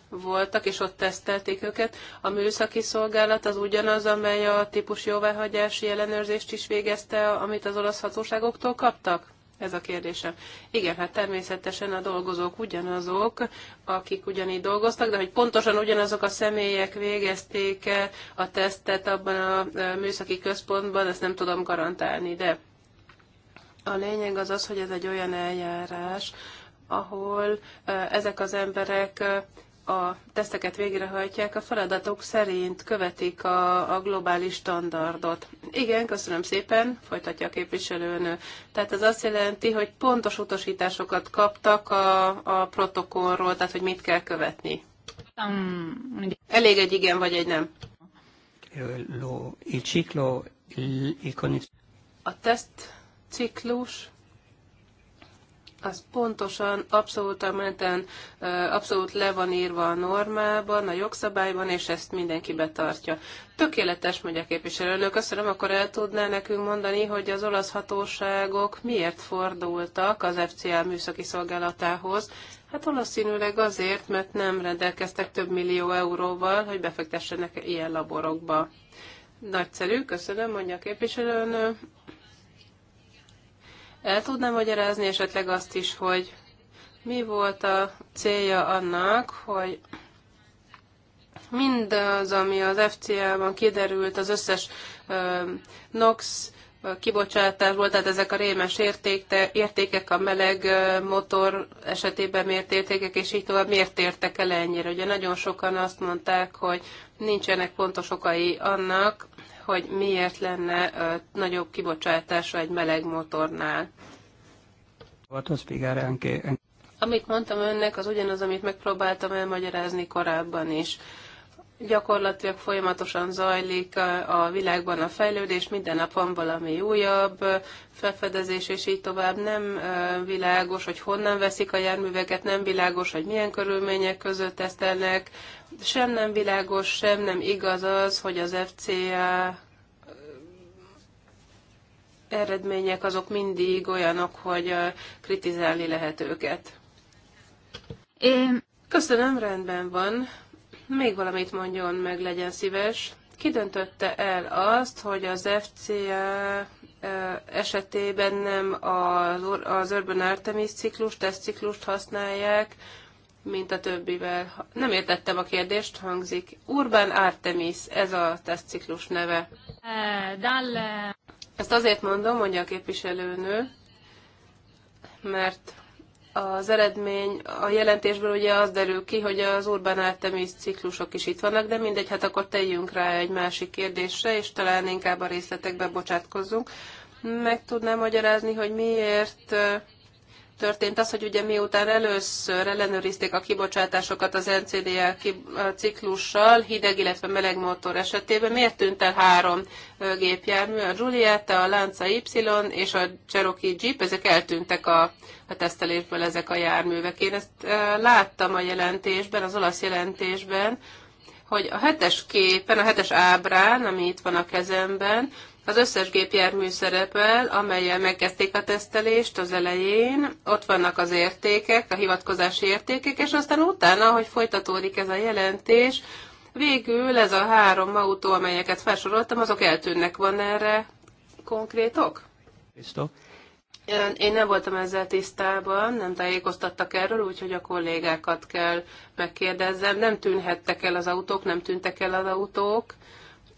voltak, és ott tesztelték őket. A műszaki szolgálat az ugyanaz, amely a típus jóváhagyási ellenőrzést is végezte, amit az olasz hatóságoktól kaptak? Ez a kérdésem. Igen, hát természetesen a dolgozók ugyanazok, akik ugyanígy dolgoztak, de hogy pontosan ugyanazok a személyek végezték a tesztet abban a műszaki központban, ezt nem tudom garantálni, de a lényeg az az, hogy ez egy olyan eljárás, ahol ezek az emberek a teszteket végrehajtják, a feladatok szerint követik a, a globális standardot. Igen, köszönöm szépen, folytatja a képviselőnő. Tehát ez azt jelenti, hogy pontos utasításokat kaptak a, a protokollról, tehát hogy mit kell követni. Elég egy igen vagy egy nem. A ciklus az pontosan abszolút a menten, abszolút le van írva a normában, a jogszabályban, és ezt mindenki betartja. Tökéletes, mondja a képviselőnök. Köszönöm, akkor el tudná nekünk mondani, hogy az olasz hatóságok miért fordultak az FCA műszaki szolgálatához, Hát valószínűleg azért, mert nem rendelkeztek több millió euróval, hogy befektessenek ilyen laborokba. Nagyszerű, köszönöm, mondja a képviselőnök. El tudná magyarázni esetleg azt is, hogy mi volt a célja annak, hogy mindaz, ami az FCA-ban kiderült, az összes uh, NOx kibocsátás volt, tehát ezek a rémes értékte, értékek, a meleg motor esetében mért értékek, és így tovább miért értek el ennyire. Ugye nagyon sokan azt mondták, hogy nincsenek pontos okai annak, hogy miért lenne nagyobb kibocsátása egy meleg motornál. Amit mondtam önnek, az ugyanaz, amit megpróbáltam elmagyarázni korábban is gyakorlatilag folyamatosan zajlik a világban a fejlődés, minden nap van valami újabb felfedezés, és így tovább nem világos, hogy honnan veszik a járműveket, nem világos, hogy milyen körülmények között tesztelnek, sem nem világos, sem nem igaz az, hogy az FCA eredmények azok mindig olyanok, hogy kritizálni lehet őket. Én... Köszönöm, rendben van még valamit mondjon meg, legyen szíves. Ki döntötte el azt, hogy az FCA esetében nem az Urban Artemis ciklust, tesztciklust használják, mint a többivel. Nem értettem a kérdést, hangzik. Urban Artemis, ez a tesztciklus neve. Ezt azért mondom, mondja a képviselőnő, mert az eredmény a jelentésből ugye az derül ki, hogy az urban Artemis ciklusok is itt vannak, de mindegy, hát akkor tegyünk rá egy másik kérdésre, és talán inkább a részletekbe bocsátkozzunk. Meg tudnám magyarázni, hogy miért történt az, hogy ugye miután először ellenőrizték a kibocsátásokat az NCDL ciklussal, hideg, illetve meleg motor esetében, miért tűnt el három gépjármű, a Giulietta, a Lanza Y és a Cherokee Jeep, ezek eltűntek a, a tesztelésből ezek a járművek. Én ezt láttam a jelentésben, az olasz jelentésben, hogy a hetes képen, a hetes ábrán, ami itt van a kezemben, az összes gépjármű szerepel, amelyel megkezdték a tesztelést az elején, ott vannak az értékek, a hivatkozási értékek, és aztán utána, hogy folytatódik ez a jelentés, végül ez a három autó, amelyeket felsoroltam, azok eltűnnek. Van erre konkrétok? Biztos. Én nem voltam ezzel tisztában, nem tájékoztattak erről, úgyhogy a kollégákat kell megkérdezzem. Nem tűnhettek el az autók, nem tűntek el az autók,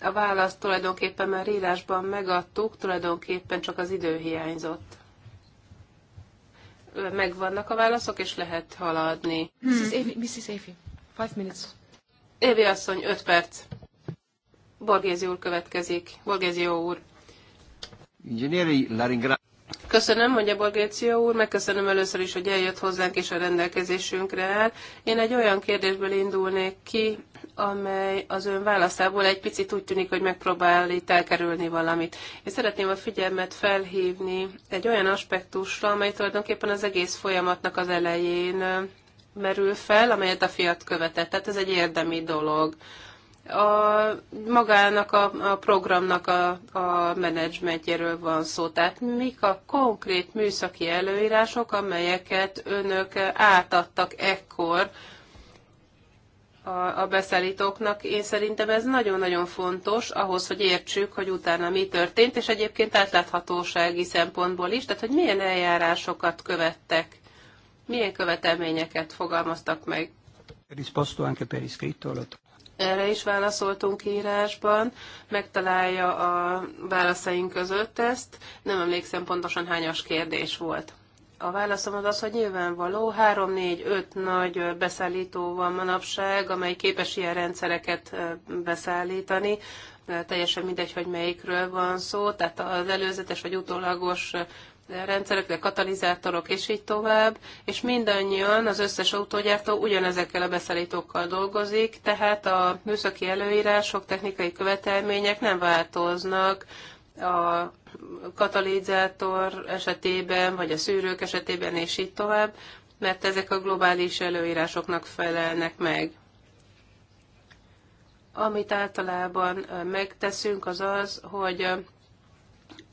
a választ tulajdonképpen már írásban megadtuk, tulajdonképpen csak az idő hiányzott. Megvannak a válaszok, és lehet haladni. Mrs. Evi, Mrs. Évi, five minutes. Évi asszony, öt perc. Borgézi úr következik. Borgézió úr. Ingyenieri Laringra. Köszönöm, mondja Borgéció úr, megköszönöm először is, hogy eljött hozzánk és a rendelkezésünkre áll. Én egy olyan kérdésből indulnék ki, amely az ön válaszából egy picit úgy tűnik, hogy megpróbál itt elkerülni valamit. Én szeretném a figyelmet felhívni egy olyan aspektusra, amely tulajdonképpen az egész folyamatnak az elején merül fel, amelyet a fiat követett. Tehát ez egy érdemi dolog. A, magának a, a programnak a, a menedzsmentjéről van szó. Tehát mik a konkrét műszaki előírások, amelyeket önök átadtak ekkor, a, a beszállítóknak. Én szerintem ez nagyon-nagyon fontos ahhoz, hogy értsük, hogy utána mi történt, és egyébként átláthatósági szempontból is, tehát hogy milyen eljárásokat követtek, milyen követelményeket fogalmaztak meg. erre is válaszoltunk írásban, megtalálja a válaszaink között ezt, nem emlékszem pontosan hányas kérdés volt. A válaszom az az, hogy nyilvánvaló, 3-4-5 nagy beszállító van manapság, amely képes ilyen rendszereket beszállítani, teljesen mindegy, hogy melyikről van szó, tehát az előzetes vagy utólagos rendszerekre, katalizátorok és így tovább, és mindannyian, az összes autógyártó ugyanezekkel a beszállítókkal dolgozik, tehát a műszaki előírások, technikai követelmények nem változnak a katalizátor esetében, vagy a szűrők esetében, és így tovább, mert ezek a globális előírásoknak felelnek meg. Amit általában megteszünk, az az, hogy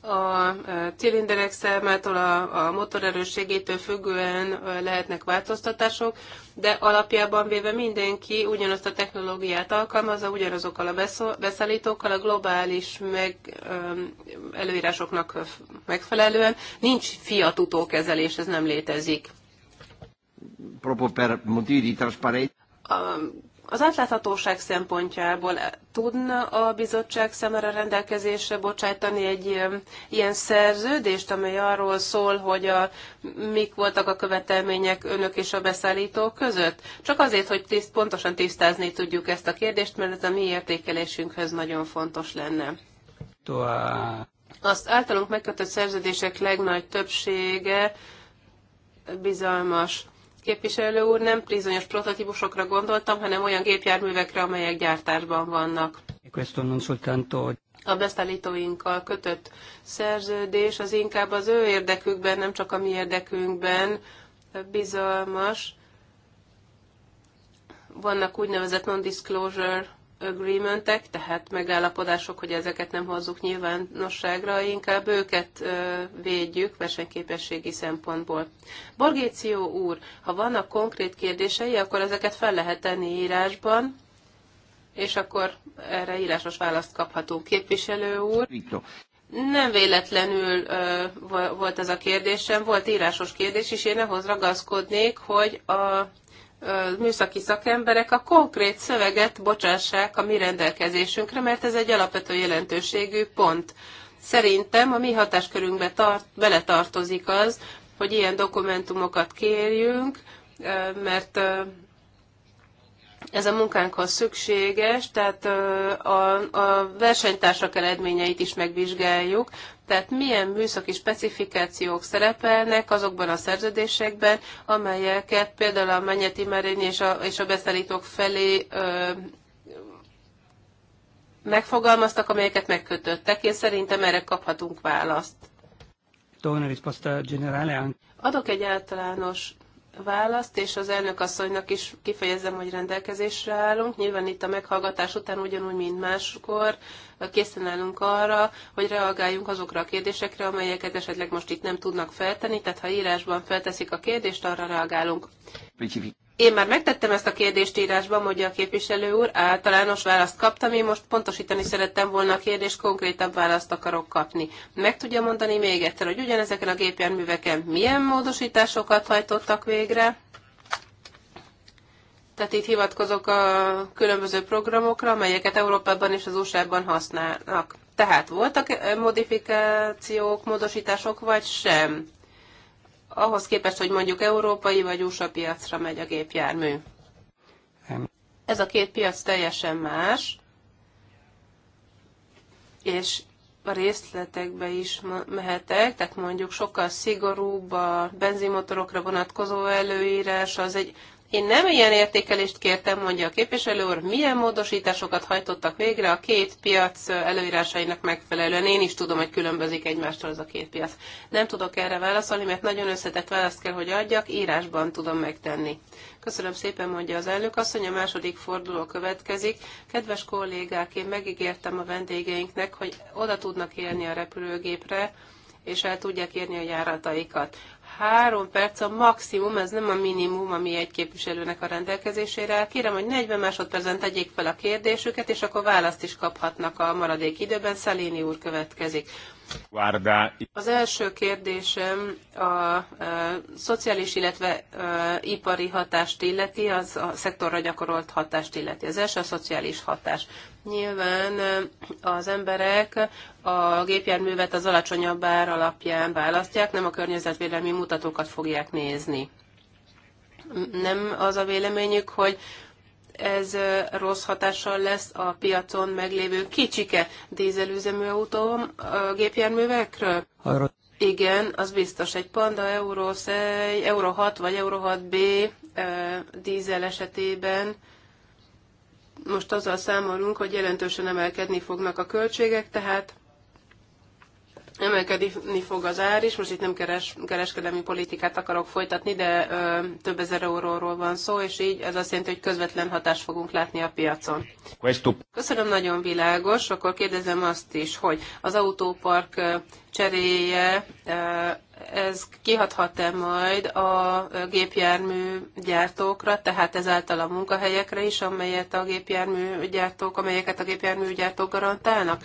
a cilinderek számától, a, a motorerősségétől függően lehetnek változtatások, de alapjában véve mindenki ugyanazt a technológiát alkalmazza, ugyanazokkal a beszállítókkal, a globális meg, előírásoknak megfelelően. Nincs fiat utókezelés, ez nem létezik. Proprio per motivi di trasparenza. Az átláthatóság szempontjából tudna a bizottság szemre rendelkezésre bocsájtani egy ilyen, ilyen szerződést, amely arról szól, hogy a, mik voltak a követelmények önök és a beszállítók között? Csak azért, hogy tiszt, pontosan tisztázni tudjuk ezt a kérdést, mert ez a mi értékelésünkhöz nagyon fontos lenne. Az általunk megkötött szerződések legnagy többsége bizalmas képviselő úr, nem bizonyos prototípusokra gondoltam, hanem olyan gépjárművekre, amelyek gyártásban vannak. E a beszállítóinkkal kötött szerződés az inkább az ő érdekükben, nem csak a mi érdekünkben bizalmas. Vannak úgynevezett non-disclosure agreementek, tehát megállapodások, hogy ezeket nem hozzuk nyilvánosságra, inkább őket ö, védjük versenyképességi szempontból. Borgéció úr, ha vannak konkrét kérdései, akkor ezeket fel lehet tenni írásban, és akkor erre írásos választ kaphatunk. Képviselő úr. Nem véletlenül ö, volt ez a kérdésem, volt írásos kérdés, és én ahhoz ragaszkodnék, hogy a műszaki szakemberek a konkrét szöveget bocsássák a mi rendelkezésünkre, mert ez egy alapvető jelentőségű pont. Szerintem a mi hatáskörünkbe tart, beletartozik az, hogy ilyen dokumentumokat kérjünk, mert ez a munkánkhoz szükséges, tehát a, a versenytársak eredményeit is megvizsgáljuk, tehát milyen műszaki specifikációk szerepelnek azokban a szerződésekben, amelyeket például a Menyeti Merény és a, és a beszállítók felé ö, megfogalmaztak, amelyeket megkötöttek. Én szerintem erre kaphatunk választ. Adok egy általános választ, és az elnök asszonynak is kifejezem, hogy rendelkezésre állunk. Nyilván itt a meghallgatás után ugyanúgy, mint máskor készen állunk arra, hogy reagáljunk azokra a kérdésekre, amelyeket esetleg most itt nem tudnak feltenni, tehát ha írásban felteszik a kérdést, arra reagálunk. Specific. Én már megtettem ezt a kérdést írásban, mondja a képviselő úr, általános választ kaptam, én most pontosítani szerettem volna a kérdést, konkrétabb választ akarok kapni. Meg tudja mondani még egyszer, hogy ugyanezeken a gépjárműveken milyen módosításokat hajtottak végre? Tehát itt hivatkozok a különböző programokra, amelyeket Európában és az USA-ban használnak. Tehát voltak modifikációk, módosítások, vagy sem? ahhoz képest, hogy mondjuk európai vagy USA piacra megy a gépjármű. Ez a két piac teljesen más, és a részletekbe is mehetek, tehát mondjuk sokkal szigorúbb a benzinmotorokra vonatkozó előírás, az egy én nem ilyen értékelést kértem, mondja a képviselő úr, milyen módosításokat hajtottak végre a két piac előírásainak megfelelően. Én is tudom, hogy különbözik egymástól az a két piac. Nem tudok erre válaszolni, mert nagyon összetett választ kell, hogy adjak, írásban tudom megtenni. Köszönöm szépen, mondja az elnök asszony, a második forduló következik. Kedves kollégák, én megígértem a vendégeinknek, hogy oda tudnak érni a repülőgépre, és el tudják érni a járataikat három perc a maximum, ez nem a minimum, ami egy képviselőnek a rendelkezésére Kérem, hogy 40 másodpercen tegyék fel a kérdésüket, és akkor választ is kaphatnak a maradék időben. Szeléni úr következik. Az első kérdésem a, a, e, szociális, illetve a, e, ipari hatást illeti, az a szektorra gyakorolt hatást illeti. Az első a szociális hatás. Nyilván e, az emberek a gépjárművet az alacsonyabb ár alapján választják, nem a környezetvédelmi mutatókat fogják nézni. Nem az a véleményük, hogy ez rossz hatással lesz a piacon meglévő kicsike dízelüzemű autó gépjárművekről? Arra. Igen, az biztos. Egy Panda Euro, 100, Euro 6 vagy Euro 6B e, dízel esetében most azzal számolunk, hogy jelentősen emelkedni fognak a költségek, tehát emelkedni fog az ár is, most itt nem keres, kereskedelmi politikát akarok folytatni, de ö, több ezer euróról van szó, és így ez azt jelenti, hogy közvetlen hatást fogunk látni a piacon. Köszönöm, nagyon világos. Akkor kérdezem azt is, hogy az autópark cseréje ez kihathat-e majd a gépjármű gyártókra, tehát ezáltal a munkahelyekre is, amelyet a gépjármű gyártók, amelyeket a gépjármű gyártók garantálnak?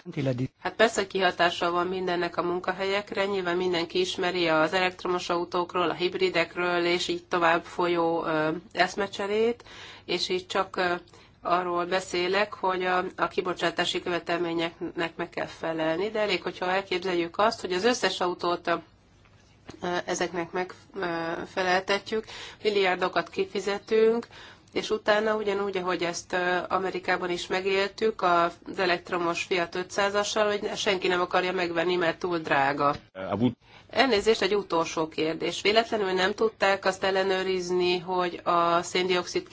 Hát persze kihatása van mindennek a munkahelyekre, nyilván mindenki ismeri az elektromos autókról, a hibridekről, és így tovább folyó eszmecserét, és így csak arról beszélek, hogy a, a kibocsátási követelményeknek meg kell felelni, de elég, hogyha elképzeljük azt, hogy az összes autót ezeknek megfeleltetjük, milliárdokat kifizetünk, és utána ugyanúgy, ahogy ezt Amerikában is megéltük, az elektromos Fiat 500-assal, hogy senki nem akarja megvenni, mert túl drága. Elnézést, egy utolsó kérdés. Véletlenül nem tudták azt ellenőrizni, hogy a széndiokszid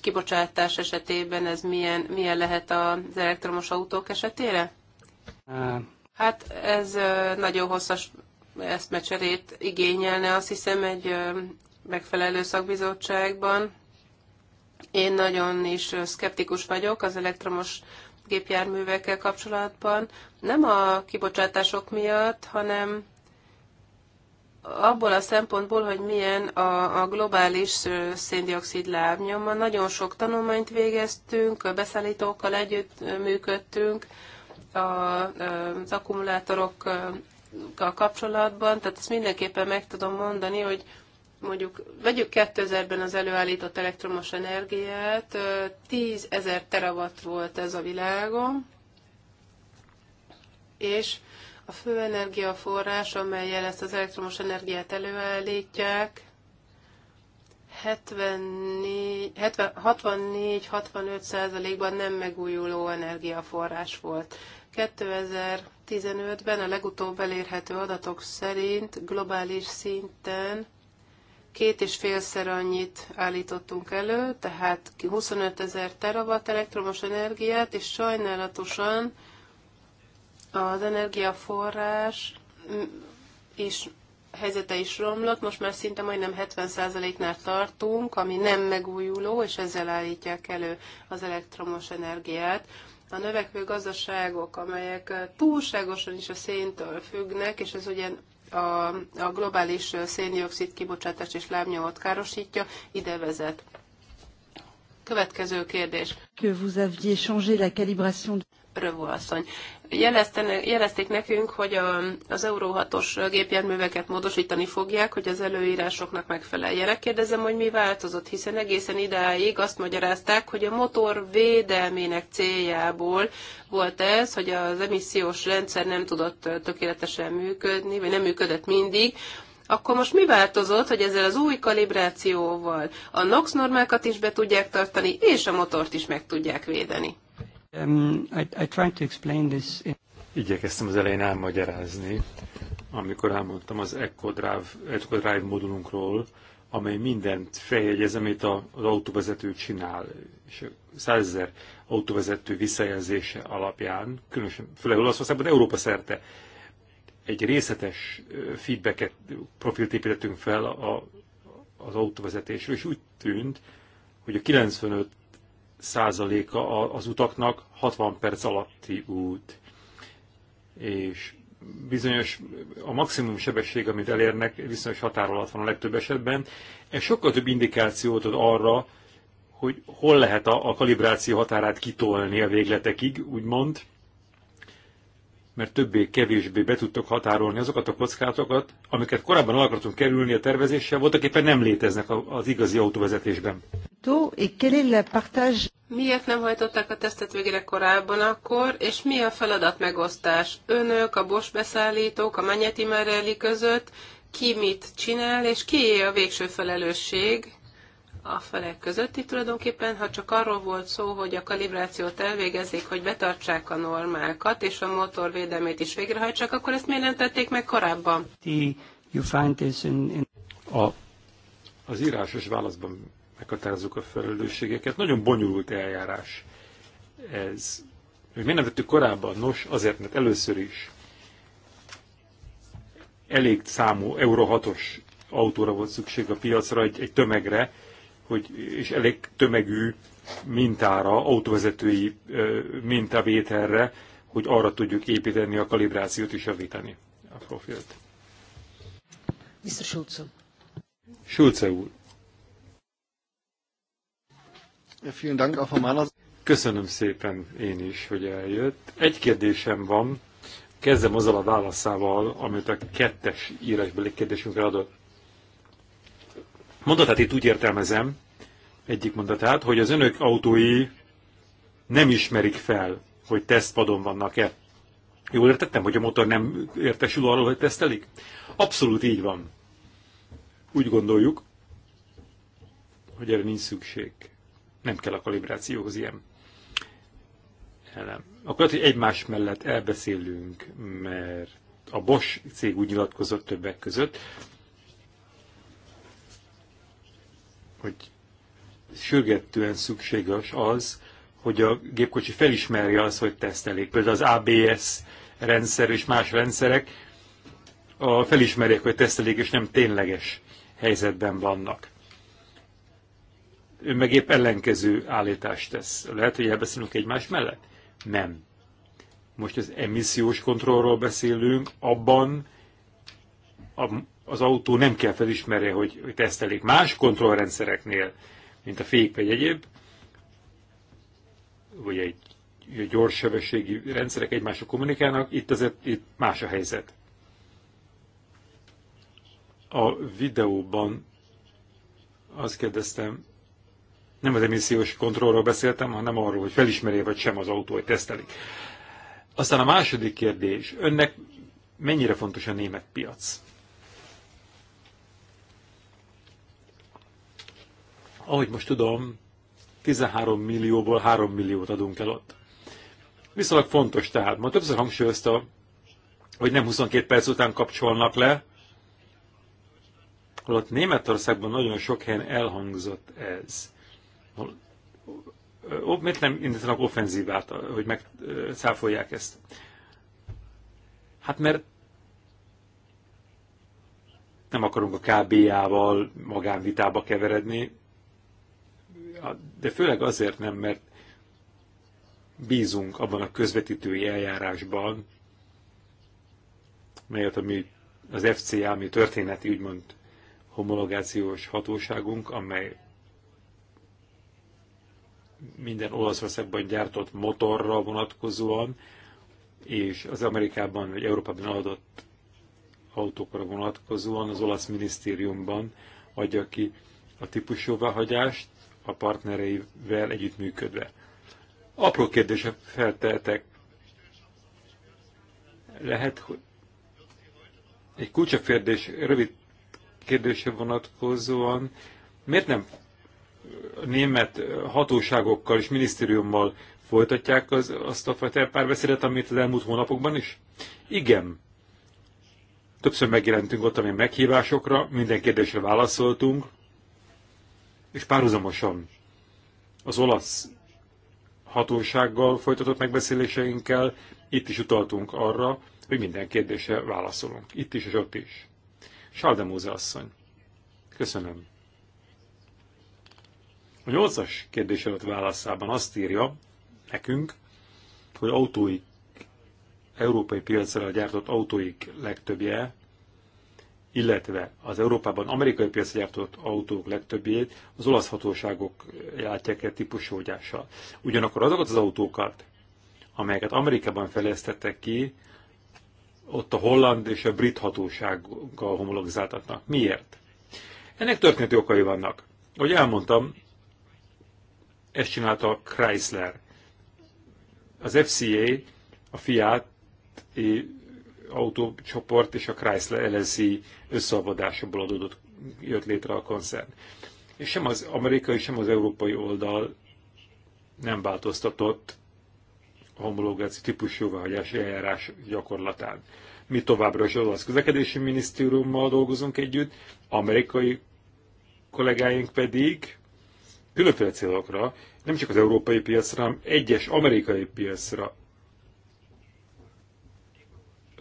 kibocsátás esetében ez milyen, milyen lehet az elektromos autók esetére? Hát ez nagyon hosszas eszmecserét igényelne, azt hiszem, egy megfelelő szakbizottságban. Én nagyon is szkeptikus vagyok az elektromos gépjárművekkel kapcsolatban. Nem a kibocsátások miatt, hanem abból a szempontból, hogy milyen a, a globális széndiokszid lábnyoma. Nagyon sok tanulmányt végeztünk, beszállítókkal együtt működtünk, a, az akkumulátorok a kapcsolatban, tehát ezt mindenképpen meg tudom mondani, hogy mondjuk vegyük 2000-ben az előállított elektromos energiát, 10 ezer terawatt volt ez a világon, és a fő energiaforrás, amelyel ezt az elektromos energiát előállítják, 64-65 százalékban nem megújuló energiaforrás volt. 2000 2015-ben a legutóbb elérhető adatok szerint globális szinten két és félszer annyit állítottunk elő, tehát 25 ezer terawatt elektromos energiát, és sajnálatosan az energiaforrás és mm, helyzete is romlott, most már szinte majdnem 70%-nál tartunk, ami nem megújuló, és ezzel állítják elő az elektromos energiát a növekvő gazdaságok, amelyek túlságosan is a széntől függnek, és ez ugye a, a globális széndiokszid kibocsátást és lábnyomot károsítja, ide vezet. Következő kérdés. Que vous aviez changé la calibration Rövú asszony. Jelezték nekünk, hogy a, az Euró 6-os gépjárműveket módosítani fogják, hogy az előírásoknak megfeleljenek. Kérdezem, hogy mi változott, hiszen egészen idáig azt magyarázták, hogy a motor védelmének céljából volt ez, hogy az emissziós rendszer nem tudott tökéletesen működni, vagy nem működött mindig, akkor most mi változott, hogy ezzel az új kalibrációval a NOx normákat is be tudják tartani, és a motort is meg tudják védeni? Um, Igyekeztem az elején elmagyarázni, amikor elmondtam az EcoDrive, EcoDrive modulunkról, amely mindent feljegyez, amit az autóvezető csinál, és százezer autóvezető visszajelzése alapján, különösen főleg Olaszországban, Európa szerte egy részletes feedbacket, profilt építettünk fel a, az autóvezetésről, és úgy tűnt, hogy a 95 százaléka az utaknak 60 perc alatti út. És bizonyos, a maximum sebesség, amit elérnek, viszonyos határ alatt van a legtöbb esetben. Ez sokkal több indikációt ad arra, hogy hol lehet a, a kalibráció határát kitolni a végletekig, úgymond, mert többé-kevésbé be tudtok határolni azokat a kockátokat, amiket korábban el akartunk kerülni a tervezéssel, voltak éppen nem léteznek az igazi autóvezetésben. Miért nem hajtották a tesztet végre korábban akkor, és mi a feladat megosztás? Önök, a Bosch beszállítók, a Magneti Marelli között, ki mit csinál, és kié a végső felelősség? a felek között. Itt tulajdonképpen, ha csak arról volt szó, hogy a kalibrációt elvégezik, hogy betartsák a normákat, és a motor védelmét is végrehajtsák, akkor ezt miért nem tették meg korábban? A, az írásos válaszban meghatározzuk a felelősségeket. Nagyon bonyolult eljárás ez. Hogy miért nem vettük korábban? Nos, azért, mert először is elég számú Euro 6-os autóra volt szükség a piacra, egy, egy tömegre, hogy, és elég tömegű mintára, autóvezetői mintavételre, hogy arra tudjuk építeni a kalibrációt és javítani a profilt. Mr. Schulze. Schulze úr. Köszönöm szépen én is, hogy eljött. Egy kérdésem van. Kezdem azzal a válaszával, amit a kettes írásbeli kérdésünkre adott mondatát itt úgy értelmezem, egyik mondatát, hogy az önök autói nem ismerik fel, hogy tesztpadon vannak-e. Jól értettem, hogy a motor nem értesül arról, hogy tesztelik? Abszolút így van. Úgy gondoljuk, hogy erre nincs szükség. Nem kell a kalibrációhoz ilyen elem. Akkor hogy egymás mellett elbeszélünk, mert a Bosch cég úgy nyilatkozott többek között, hogy sürgetően szükséges az, hogy a gépkocsi felismerje az, hogy tesztelik. Például az ABS rendszer és más rendszerek a felismerjék, hogy tesztelik, és nem tényleges helyzetben vannak. Ő meg épp ellenkező állítást tesz. Lehet, hogy elbeszélünk egymás mellett? Nem. Most az emissziós kontrollról beszélünk, abban a az autó nem kell felismerje, hogy, hogy tesztelik más kontrollrendszereknél, mint a fék vagy egyéb, vagy egy gyors sebességi rendszerek egymásra kommunikálnak, itt azért itt más a helyzet. A videóban azt kérdeztem, nem az emissziós kontrollról beszéltem, hanem arról, hogy felismerje, vagy sem az autó, hogy tesztelik. Aztán a második kérdés, önnek mennyire fontos a német piac? Ahogy most tudom, 13 millióból 3 milliót adunk el ott. Viszonylag fontos tehát. Ma többször hangsúlyozta, hogy nem 22 perc után kapcsolnak le, holott Németországban nagyon sok helyen elhangzott ez. Miért nem indítanak offenzívát, hogy megcáfolják ezt? Hát mert nem akarunk a KBA-val magánvitába keveredni, de főleg azért nem, mert bízunk abban a közvetítői eljárásban, melyet a mi, az FCA, mi történeti úgymond homologációs hatóságunk, amely minden Olaszországban gyártott motorra vonatkozóan, és az Amerikában vagy Európában adott autókra vonatkozóan az olasz minisztériumban adja ki a típusjóváhagyást, a partnereivel együttműködve. Apró kérdése felteltek. Lehet, hogy egy kulcsaférdés, rövid kérdése vonatkozóan, miért nem a német hatóságokkal és minisztériummal folytatják az, azt a fajta párbeszédet, amit az elmúlt hónapokban is? Igen. Többször megjelentünk ott ami meghívásokra, minden kérdésre válaszoltunk, és párhuzamosan az olasz hatósággal folytatott megbeszéléseinkkel itt is utaltunk arra, hogy minden kérdésre válaszolunk. Itt is és ott is. Sáldemóze asszony. Köszönöm. A nyolcas kérdés előtt válaszában azt írja nekünk, hogy autóik, európai piacra gyártott autóik legtöbbje illetve az Európában amerikai piacra gyártott autók legtöbbjét az olasz hatóságok látják el típusolgyással. Ugyanakkor azokat az autókat, amelyeket Amerikában fejlesztettek ki, ott a holland és a brit hatósággal homologizáltatnak. Miért? Ennek történeti okai vannak. Ahogy elmondtam, ezt csinálta a Chrysler. Az FCA, a Fiat autócsoport és a Chrysler LSZ összeavadásából adódott, jött létre a koncern. És sem az amerikai, sem az európai oldal nem változtatott a homologáció típus jóváhagyási eljárás gyakorlatán. Mi továbbra is az olasz közlekedési minisztériummal dolgozunk együtt, amerikai kollégáink pedig különféle célokra, nem csak az európai piacra, hanem egyes amerikai piacra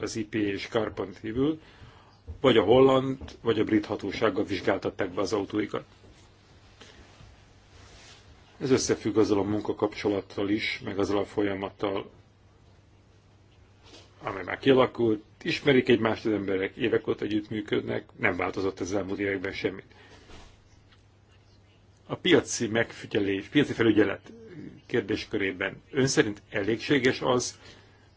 az IP és Karpon kívül, vagy a holland, vagy a brit hatósággal vizsgáltatták be az autóikat. Ez összefügg azzal a munkakapcsolattal is, meg azzal a folyamattal, amely már kialakult, ismerik egymást az emberek, évek óta együttműködnek, nem változott ez elmúlt években semmit. A piaci megfigyelés, piaci felügyelet kérdéskörében ön szerint elégséges az,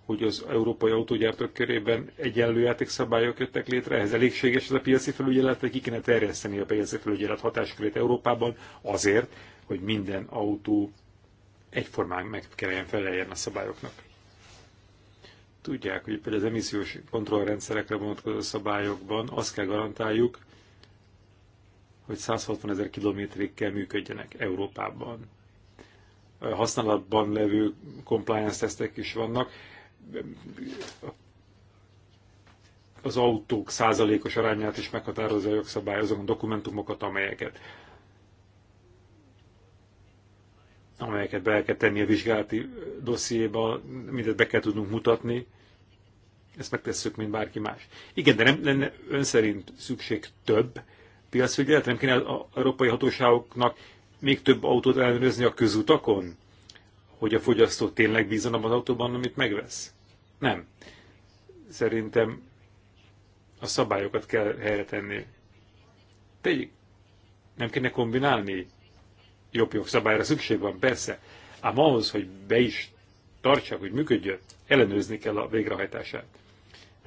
hogy az európai autógyártók körében egyenlő játékszabályok jöttek létre, ehhez elégséges ez a piaci felügyelet, hogy ki kéne terjeszteni a piaci felügyelet hatáskörét Európában azért, hogy minden autó egyformán meg kelljen feleljen a szabályoknak. Tudják, hogy például az emissziós kontrollrendszerekre vonatkozó szabályokban azt kell garantáljuk, hogy 160 ezer kilométerig kell működjenek Európában. Használatban levő compliance tesztek is vannak, az autók százalékos arányát is meghatározza a jogszabály azon a dokumentumokat, amelyeket amelyeket be kell tenni a vizsgálati dossziéba, mindet be kell tudnunk mutatni, ezt megtesszük, mint bárki más. Igen, de nem lenne ön szerint szükség több piacfelügyeletre? Nem kéne az európai hatóságoknak még több autót ellenőrizni a közutakon? hogy a fogyasztó tényleg bízon abban az autóban, amit megvesz? Nem. Szerintem a szabályokat kell helyre tenni. Tegyük. Nem kéne kombinálni? Jobb jogszabályra szükség van, persze. Ám ahhoz, hogy be is tartsák, hogy működjön, ellenőrizni kell a végrehajtását.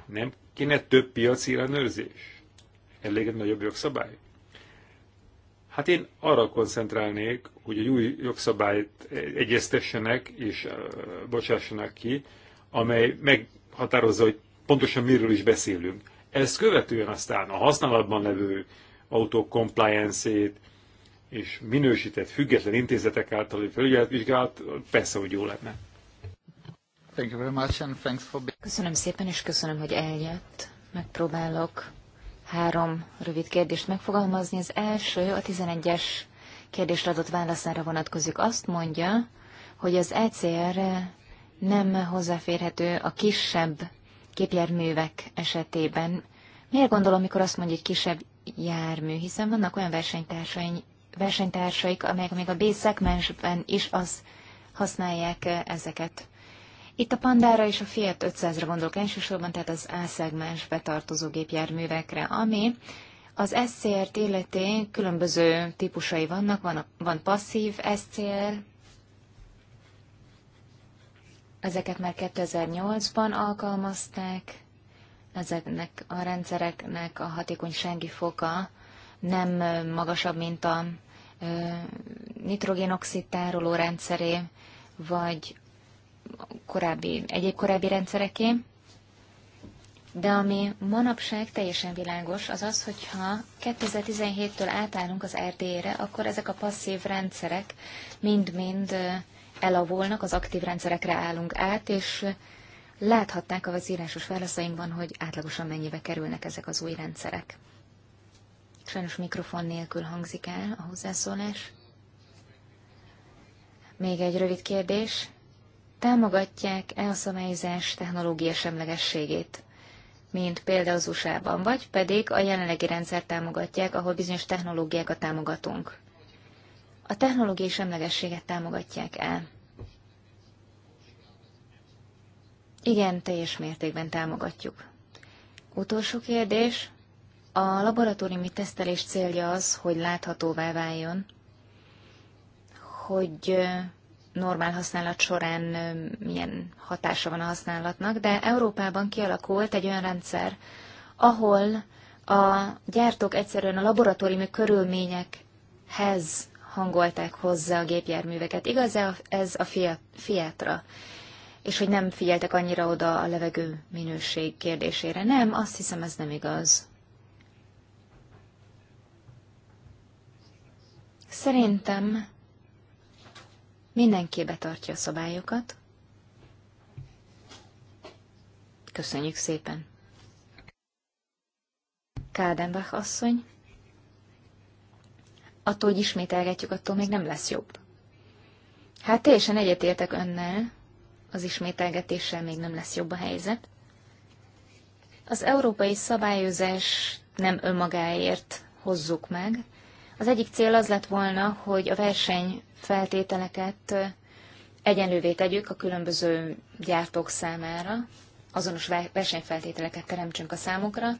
Nem kéne több piaci ellenőrzés? Elég egy nagyobb jogszabály? Hát én arra koncentrálnék, hogy egy új jogszabályt egyeztessenek és bocsássanak ki, amely meghatározza, hogy pontosan miről is beszélünk. Ezt követően aztán a használatban levő autók compliance-ét és minősített független intézetek által felügyelet vizsgált, persze, hogy jó lenne. Thank you very much and thanks for... Köszönöm szépen, és köszönöm, hogy eljött. Megpróbálok három rövid kérdést megfogalmazni. Az első a 11-es kérdésre adott válaszára vonatkozik. Azt mondja, hogy az ECR nem hozzáférhető a kisebb képjárművek esetében. Miért gondolom, mikor azt mondja, hogy kisebb jármű, hiszen vannak olyan versenytársaink, versenytársaik, amelyek még a B-szegmensben is az használják ezeket. Itt a Pandára és a Fiat 500-ra gondolok elsősorban, tehát az A-szegmens betartozó gépjárművekre, ami az SCR-t különböző típusai vannak, van, a, van passzív SCR, ezeket már 2008-ban alkalmazták, ezeknek a rendszereknek a hatékonysági foka nem magasabb, mint a nitrogénoxid tároló rendszeré, vagy korábbi, egyéb korábbi rendszereké. De ami manapság teljesen világos, az az, hogyha 2017-től átállunk az rde re akkor ezek a passzív rendszerek mind-mind elavulnak, az aktív rendszerekre állunk át, és láthatták az írásos válaszaimban, hogy átlagosan mennyibe kerülnek ezek az új rendszerek. Sajnos mikrofon nélkül hangzik el a hozzászólás. Még egy rövid kérdés támogatják-e a szabályozás technológia semlegességét, mint például az USA-ban, vagy pedig a jelenlegi rendszer támogatják, ahol bizonyos technológiákat támogatunk. A technológiai semlegességet támogatják el. Igen, teljes mértékben támogatjuk. Utolsó kérdés. A laboratóriumi tesztelés célja az, hogy láthatóvá váljon, hogy normál használat során milyen hatása van a használatnak, de Európában kialakult egy olyan rendszer, ahol a gyártók egyszerűen a laboratóriumi körülményekhez hangolták hozzá a gépjárműveket. Igaz -e ez a Fiatra? És hogy nem figyeltek annyira oda a levegő minőség kérdésére. Nem, azt hiszem ez nem igaz. Szerintem Mindenki betartja a szabályokat. Köszönjük szépen! Kádenbach asszony, attól, hogy ismételgetjük, attól még nem lesz jobb. Hát teljesen egyetértek önnel, az ismételgetéssel még nem lesz jobb a helyzet. Az európai szabályozás nem önmagáért hozzuk meg, az egyik cél az lett volna, hogy a verseny feltételeket egyenlővé tegyük a különböző gyártók számára, azonos versenyfeltételeket teremtsünk a számukra,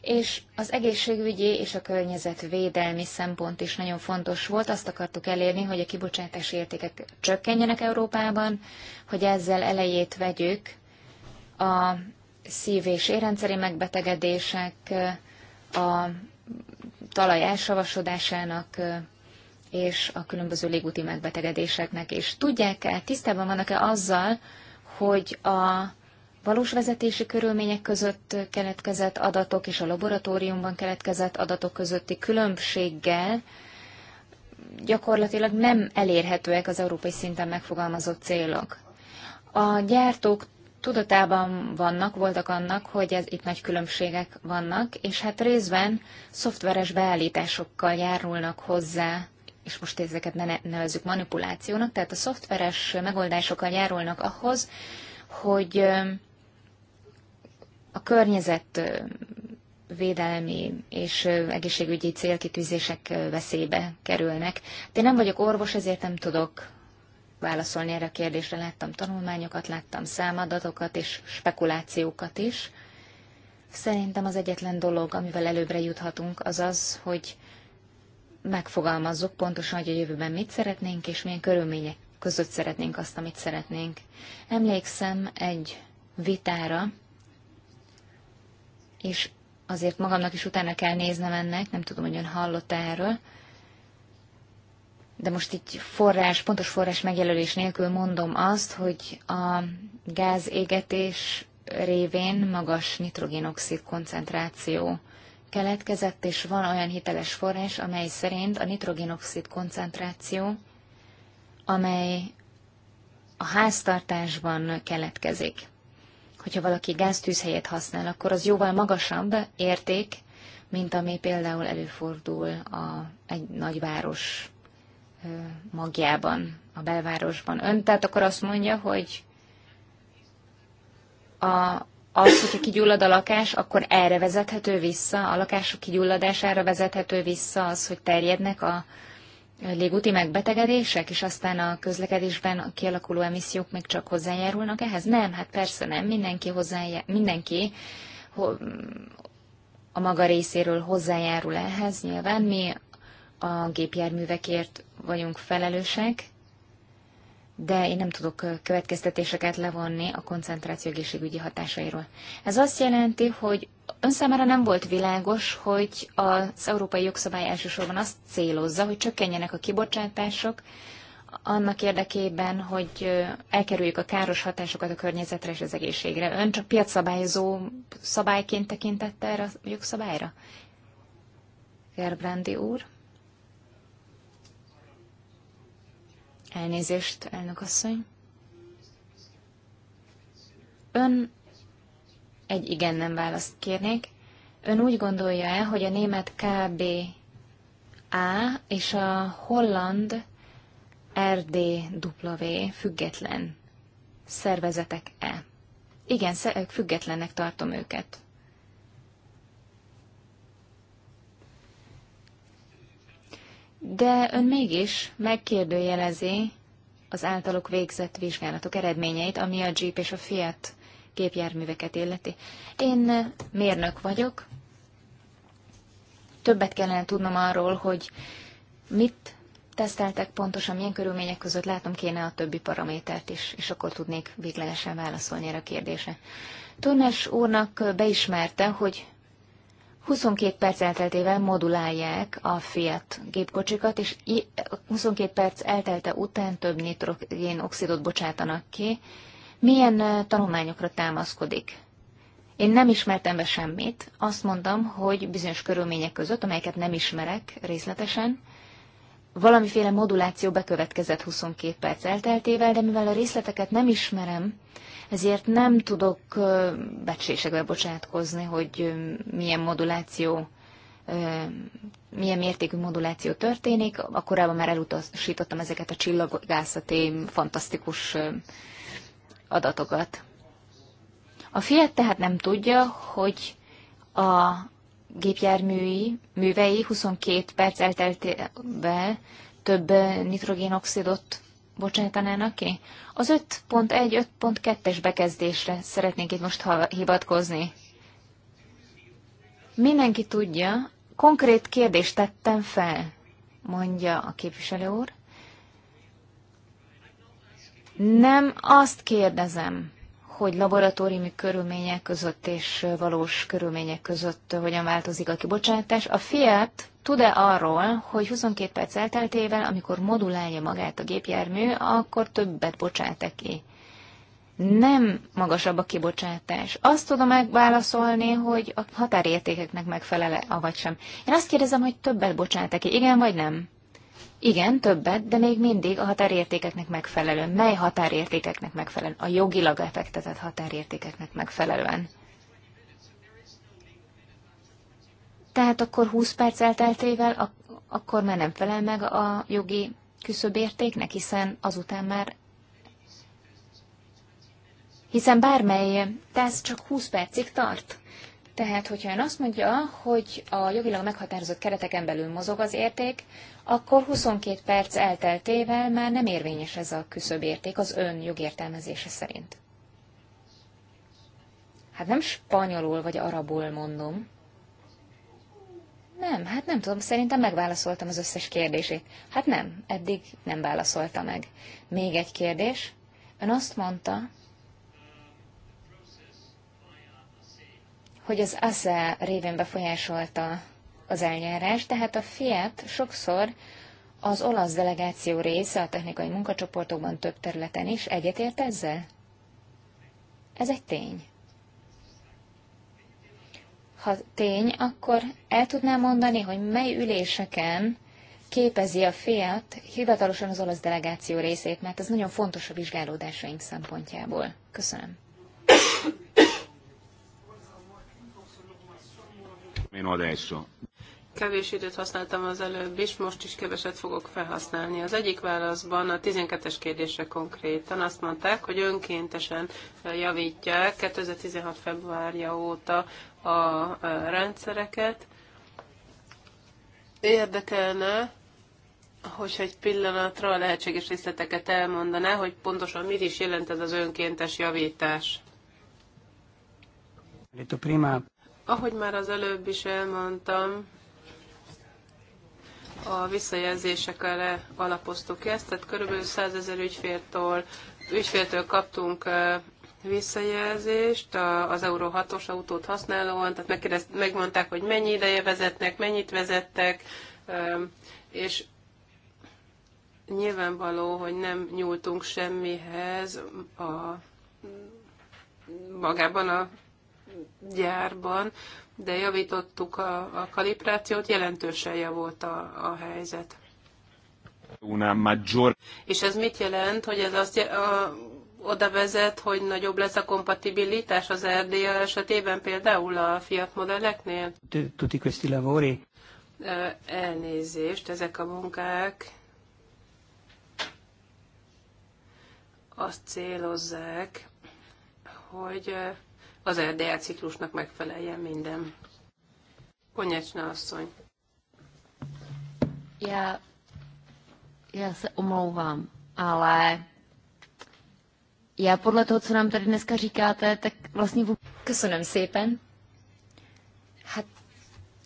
és az egészségügyi és a környezetvédelmi szempont is nagyon fontos volt. Azt akartuk elérni, hogy a kibocsátási értékek csökkenjenek Európában, hogy ezzel elejét vegyük a szív- és érrendszeri megbetegedések, a talaj elsavasodásának és a különböző légúti megbetegedéseknek. És tudják-e, tisztában vannak-e azzal, hogy a valós vezetési körülmények között keletkezett adatok és a laboratóriumban keletkezett adatok közötti különbséggel gyakorlatilag nem elérhetőek az európai szinten megfogalmazott célok. A gyártók tudatában vannak, voltak annak, hogy ez, itt nagy különbségek vannak, és hát részben szoftveres beállításokkal járulnak hozzá, és most ezeket ne nevezzük manipulációnak, tehát a szoftveres megoldásokkal járulnak ahhoz, hogy a környezet védelmi és egészségügyi célkitűzések veszélybe kerülnek. De én nem vagyok orvos, ezért nem tudok válaszolni erre a kérdésre. Láttam tanulmányokat, láttam számadatokat és spekulációkat is. Szerintem az egyetlen dolog, amivel előbbre juthatunk, az az, hogy megfogalmazzuk pontosan, hogy a jövőben mit szeretnénk, és milyen körülmények között szeretnénk azt, amit szeretnénk. Emlékszem egy vitára, és azért magamnak is utána kell néznem ennek, nem tudom, hogy ön hallott erről, de most így forrás, pontos forrás megjelölés nélkül mondom azt, hogy a gázégetés révén magas nitrogénoxid koncentráció keletkezett, és van olyan hiteles forrás, amely szerint a nitrogénoxid koncentráció, amely a háztartásban keletkezik. Hogyha valaki gáztűzhelyet használ, akkor az jóval magasabb érték, mint ami például előfordul a, egy nagyváros magjában, a belvárosban. Ön tehát akkor azt mondja, hogy a, az, hogyha kigyullad a lakás, akkor erre vezethető vissza, a lakások kigyulladására vezethető vissza az, hogy terjednek a légúti megbetegedések, és aztán a közlekedésben a kialakuló emissziók még csak hozzájárulnak ehhez? Nem, hát persze nem, mindenki hozzájá, mindenki a maga részéről hozzájárul ehhez, nyilván mi a gépjárművekért vagyunk felelősek, de én nem tudok következtetéseket levonni a koncentráció egészségügyi hatásairól. Ez azt jelenti, hogy ön számára nem volt világos, hogy az európai jogszabály elsősorban azt célozza, hogy csökkenjenek a kibocsátások, annak érdekében, hogy elkerüljük a káros hatásokat a környezetre és az egészségre. Ön csak piacszabályozó szabályként tekintette erre a jogszabályra? Gerbrandi úr? Elnézést, elnök asszony. Ön egy igen nem választ kérnék. Ön úgy gondolja-e, hogy a német KB A és a holland RDW független szervezetek-e? Igen, függetlennek tartom őket. de ön mégis megkérdőjelezi az általuk végzett vizsgálatok eredményeit, ami a Jeep és a Fiat képjárműveket illeti. Én eh, mérnök vagyok, többet kellene tudnom arról, hogy mit teszteltek pontosan, milyen körülmények között látom kéne a többi paramétert is, és akkor tudnék véglegesen válaszolni erre a kérdésre. Tornás úrnak eh, beismerte, hogy 22 perc elteltével modulálják a Fiat gépkocsikat, és 22 perc eltelte után több nitrogén oxidot bocsátanak ki. Milyen tanulmányokra támaszkodik? Én nem ismertem be semmit. Azt mondtam, hogy bizonyos körülmények között, amelyeket nem ismerek részletesen, valamiféle moduláció bekövetkezett 22 perc elteltével, de mivel a részleteket nem ismerem, ezért nem tudok becsésekbe bocsátkozni, hogy milyen moduláció milyen mértékű moduláció történik. korábban már elutasítottam ezeket a csillagászati fantasztikus adatokat. A Fiat tehát nem tudja, hogy a gépjárműi, művei 22 perc elteltével több nitrogénoxidot bocsájtanának ki? Az 5.1, 5.2-es bekezdésre szeretnék itt most hivatkozni. Mindenki tudja, konkrét kérdést tettem fel, mondja a képviselő úr. Nem azt kérdezem, hogy laboratóriumi körülmények között és valós körülmények között hogyan változik a kibocsátás. A Fiat tud-e arról, hogy 22 perc elteltével, amikor modulálja magát a gépjármű, akkor többet bocsát -e ki? Nem magasabb a kibocsátás. Azt tudom megválaszolni, hogy a határértékeknek megfelele, avagy sem. Én azt kérdezem, hogy többet bocsát -e ki, igen vagy nem? Igen, többet, de még mindig a határértékeknek megfelelően. Mely határértékeknek megfelelően? A jogilag effektetett határértékeknek megfelelően. Tehát akkor 20 perc elteltével, akkor már nem felel meg a jogi küszöbértéknek, hiszen azután már hiszen bármely ez csak 20 percig tart. Tehát, hogyha ön azt mondja, hogy a jogilag meghatározott kereteken belül mozog az érték, akkor 22 perc elteltével már nem érvényes ez a küszöbérték az ön jogértelmezése szerint. Hát nem spanyolul vagy arabul mondom. Nem, hát nem tudom, szerintem megválaszoltam az összes kérdését. Hát nem, eddig nem válaszolta meg. Még egy kérdés. Ön azt mondta, hogy az ASZE révén befolyásolta az eljárás, tehát a Fiat sokszor az olasz delegáció része a technikai munkacsoportokban több területen is egyetért ezzel? Ez egy tény. Ha tény, akkor el tudnám mondani, hogy mely üléseken képezi a Fiat hivatalosan az olasz delegáció részét, mert ez nagyon fontos a vizsgálódásaink szempontjából. Köszönöm. Meno adesso. Kevés időt használtam az előbb is, most is keveset fogok felhasználni. Az egyik válaszban a 12-es kérdésre konkrétan azt mondták, hogy önkéntesen javítják 2016. februárja óta a e, rendszereket. Érdekelne, hogyha egy pillanatra a lehetséges részleteket elmondaná, hogy pontosan mit is jelent ez az önkéntes javítás. Ahogy már az előbb is elmondtam, a visszajelzésekre alapoztuk ezt, tehát körülbelül 100 ezer ügyféltől, ügyféltől kaptunk visszajelzést az Euró 6-os autót használóan, tehát megmondták, hogy mennyi ideje vezetnek, mennyit vezettek, és nyilvánvaló, hogy nem nyúltunk semmihez a magában a gyárban, de javítottuk a, a kalibrációt, jelentősen javult a, a helyzet. És ez mit jelent, hogy ez azt a, oda vezet, hogy nagyobb lesz a kompatibilitás az RDA esetében, például a Fiat modelleknél? Tutti questi lavori. Elnézést, ezek a munkák azt célozzák, hogy az RDL ciklusnak megfeleljen minden. Konyecsna asszony. Já, já se omlouvám, ale já podle toho, co nám tady dneska říkáte, tak vlastně... Köszönöm szépen. Hát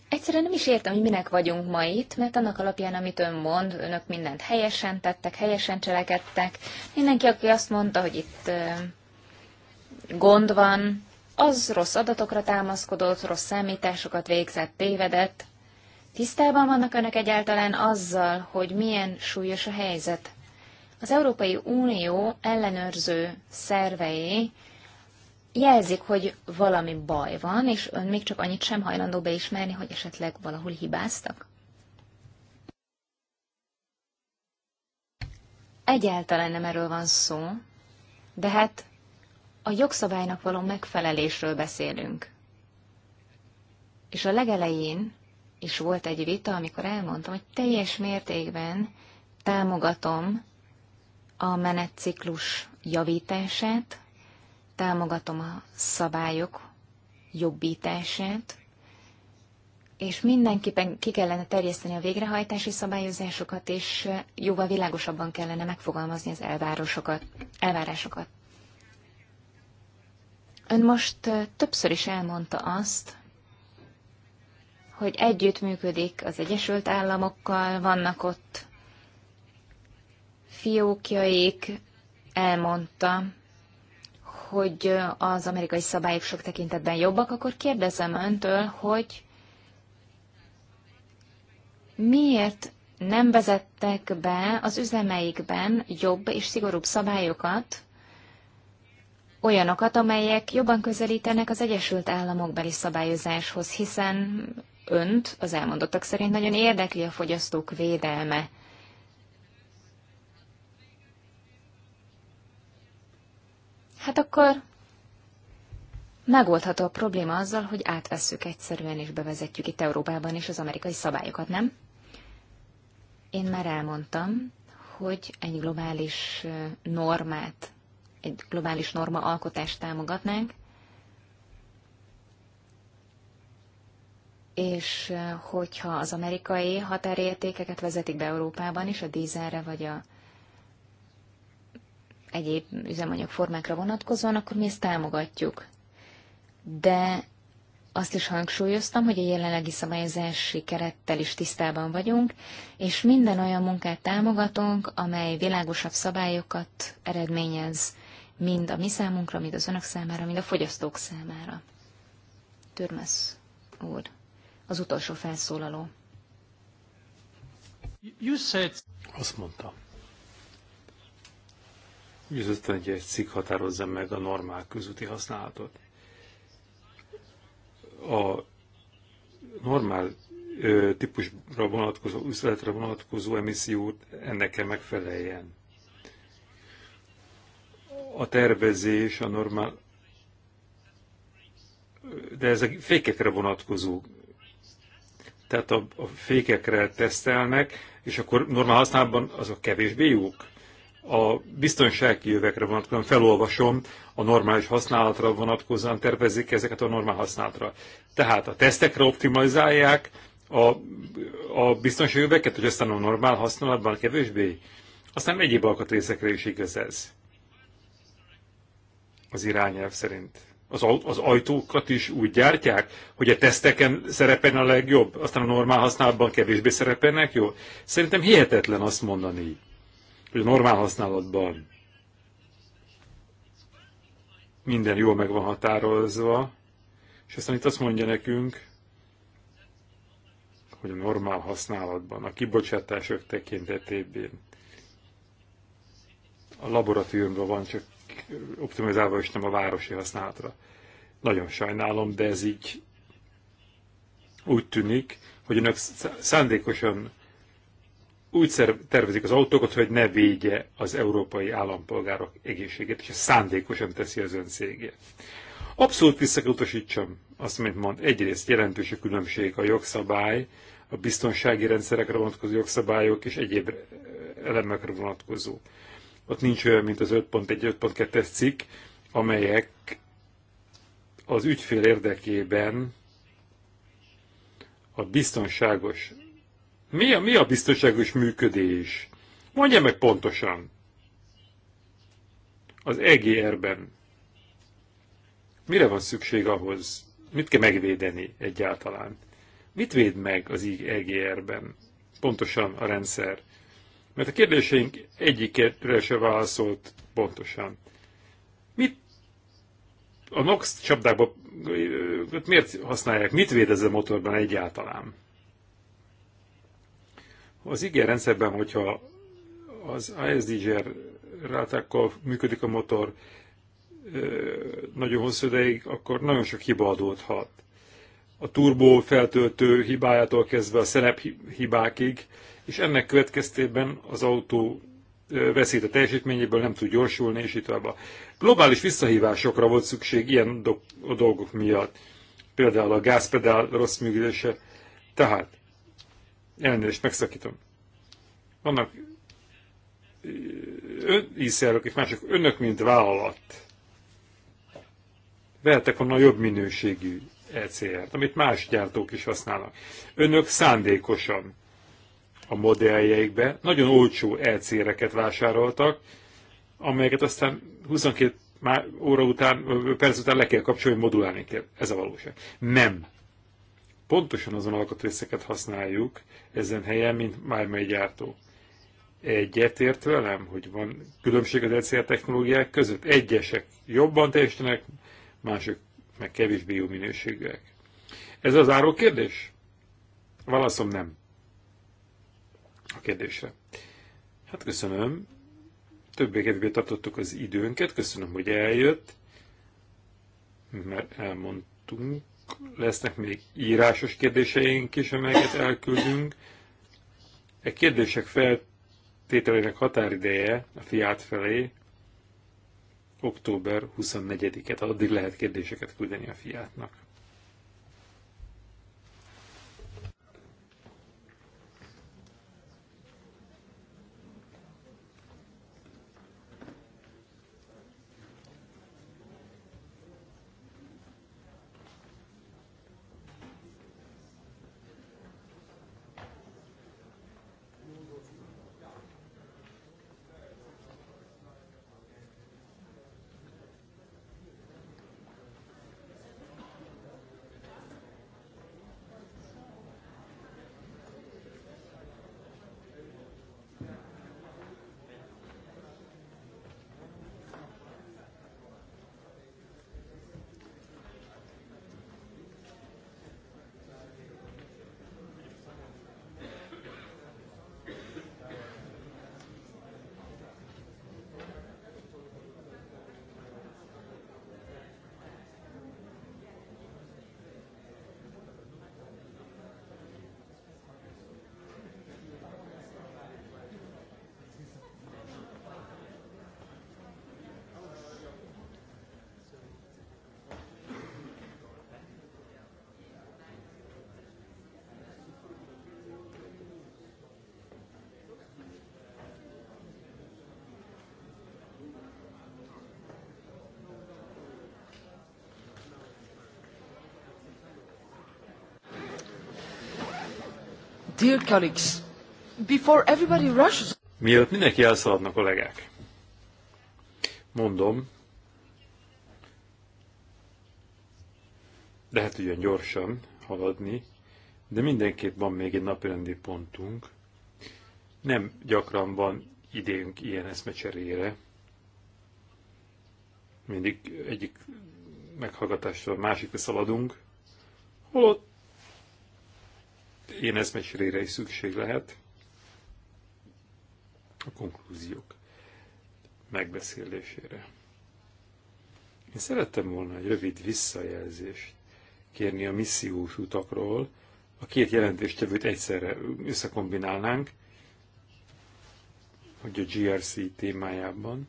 egyszerűen nem is értem, hogy minek vagyunk ma itt, mert annak alapján, amit ön mond, önök mindent helyesen tettek, helyesen cselekedtek. Mindenki, aki azt mondta, hogy itt gond van, az rossz adatokra támaszkodott, rossz számításokat végzett, tévedett. Tisztában vannak önök egyáltalán azzal, hogy milyen súlyos a helyzet? Az Európai Unió ellenőrző szervei jelzik, hogy valami baj van, és ön még csak annyit sem hajlandó beismerni, hogy esetleg valahol hibáztak? Egyáltalán nem erről van szó, de hát a jogszabálynak való megfelelésről beszélünk. És a legelején is volt egy vita, amikor elmondtam, hogy teljes mértékben támogatom a menetciklus javítását, támogatom a szabályok jobbítását, és mindenképpen ki kellene terjeszteni a végrehajtási szabályozásokat, és jóval világosabban kellene megfogalmazni az elvárosokat, elvárásokat. Ön most többször is elmondta azt, hogy együttműködik az Egyesült Államokkal, vannak ott fiókjaik, elmondta, hogy az amerikai szabályok sok tekintetben jobbak, akkor kérdezem öntől, hogy miért nem vezettek be az üzemeikben jobb és szigorúbb szabályokat, olyanokat, amelyek jobban közelítenek az Egyesült Államok beli szabályozáshoz, hiszen önt az elmondottak szerint nagyon érdekli a fogyasztók védelme. Hát akkor megoldható a probléma azzal, hogy átvesszük egyszerűen és bevezetjük itt Európában is az amerikai szabályokat, nem? Én már elmondtam, hogy egy globális normát egy globális norma alkotást támogatnánk, és eh, hogyha az amerikai határértékeket vezetik be Európában is, a dízelre vagy a egyéb üzemanyag formákra vonatkozóan, akkor mi ezt támogatjuk. De azt is hangsúlyoztam, hogy a jelenlegi szabályozási kerettel is tisztában vagyunk, és minden olyan munkát támogatunk, amely világosabb szabályokat eredményez mind a mi számunkra, mind az önök számára, mind a fogyasztók számára. Törmesz úr, az utolsó felszólaló. You said... Azt mondta. Győzöttem, hogy egy cikk határozza meg a normál közúti használatot. A normál ö, típusra vonatkozó, üzletre vonatkozó emissziót ennek kell megfeleljen a tervezés, a normál... De ez a fékekre vonatkozó. Tehát a, a fékekre tesztelnek, és akkor normál használatban azok kevésbé jók. A biztonsági jövekre vonatkozóan felolvasom, a normális használatra vonatkozóan tervezik ezeket a normál használatra. Tehát a tesztekre optimalizálják a, a biztonsági jöveket, hogy aztán a normál használatban kevésbé. Aztán egyéb alkatrészekre is igaz ez az irányelv szerint. Az, az ajtókat is úgy gyártják, hogy a teszteken szerepen a legjobb, aztán a normál használatban kevésbé szerepelnek, jó? Szerintem hihetetlen azt mondani, hogy a normál használatban minden jól meg van határozva, és aztán itt azt mondja nekünk, hogy a normál használatban, a kibocsátások tekintetében a laboratóriumban van csak optimalizálva, is, nem a városi használatra. Nagyon sajnálom, de ez így úgy tűnik, hogy önök szándékosan úgy tervezik az autókat, hogy ne védje az európai állampolgárok egészségét, és ezt szándékosan teszi az ön cégje. Abszolút visszakutasítsam azt, mint mond, egyrészt jelentős a különbség a jogszabály, a biztonsági rendszerekre vonatkozó jogszabályok és egyéb elemekre vonatkozó ott nincs olyan, mint az 5.1-5.2-es cikk, amelyek az ügyfél érdekében a biztonságos... Mi a, mi a biztonságos működés? Mondja meg pontosan. Az EGR-ben mire van szükség ahhoz? Mit kell megvédeni egyáltalán? Mit véd meg az EGR-ben? Pontosan a rendszer mert a kérdéseink egyikre se válaszolt pontosan. Mit a NOx csapdákba miért használják? Mit véd ez a motorban egyáltalán? Az igen rendszerben, hogyha az ISDGR rátákkal működik a motor nagyon hosszú ideig, akkor nagyon sok hiba adódhat. A turbó feltöltő hibájától kezdve a szelep hibákig, és ennek következtében az autó veszít a teljesítményéből, nem tud gyorsulni, és itt tovább. Globális visszahívásokra volt szükség ilyen do- a dolgok miatt. Például a gázpedál rossz működése. Tehát, elnézést, megszakítom. Vannak ízszerök és mások, önök, mint vállalat, vehetek volna jobb minőségű ECR-t, amit más gyártók is használnak. Önök szándékosan a modelljeikbe. Nagyon olcsó EC-reket vásároltak, amelyeket aztán 22 már óra után, perc után le kell kapcsolni, modulálni kell. Ez a valóság. Nem. Pontosan azon alkatrészeket használjuk ezen helyen, mint bármely gyártó. Egyetért velem, hogy van különbség az LCR technológiák között. Egyesek jobban teljesítenek, mások meg kevésbé jó minőségűek. Ez az áró kérdés? Válaszom nem a kérdésre. Hát köszönöm. Többé-kevésbé tartottuk az időnket. Köszönöm, hogy eljött. Mert elmondtunk. Lesznek még írásos kérdéseink is, amelyeket elküldünk. A e kérdések feltételének határideje a fiát felé október 24-et. Addig lehet kérdéseket küldeni a fiátnak. Dear colleagues, before everybody rushes... Mielőtt mindenki elszaladna, kollégák. Mondom, lehet ugyan gyorsan haladni, de mindenképp van még egy napirendi pontunk. Nem gyakran van idénk ilyen eszmecserére. Mindig egyik a másikra szaladunk, holott én eszmesrére is szükség lehet. A konklúziók megbeszélésére. Én szerettem volna egy rövid visszajelzést kérni a missziós utakról. A két jelentéstevőt egyszerre összekombinálnánk, hogy a GRC témájában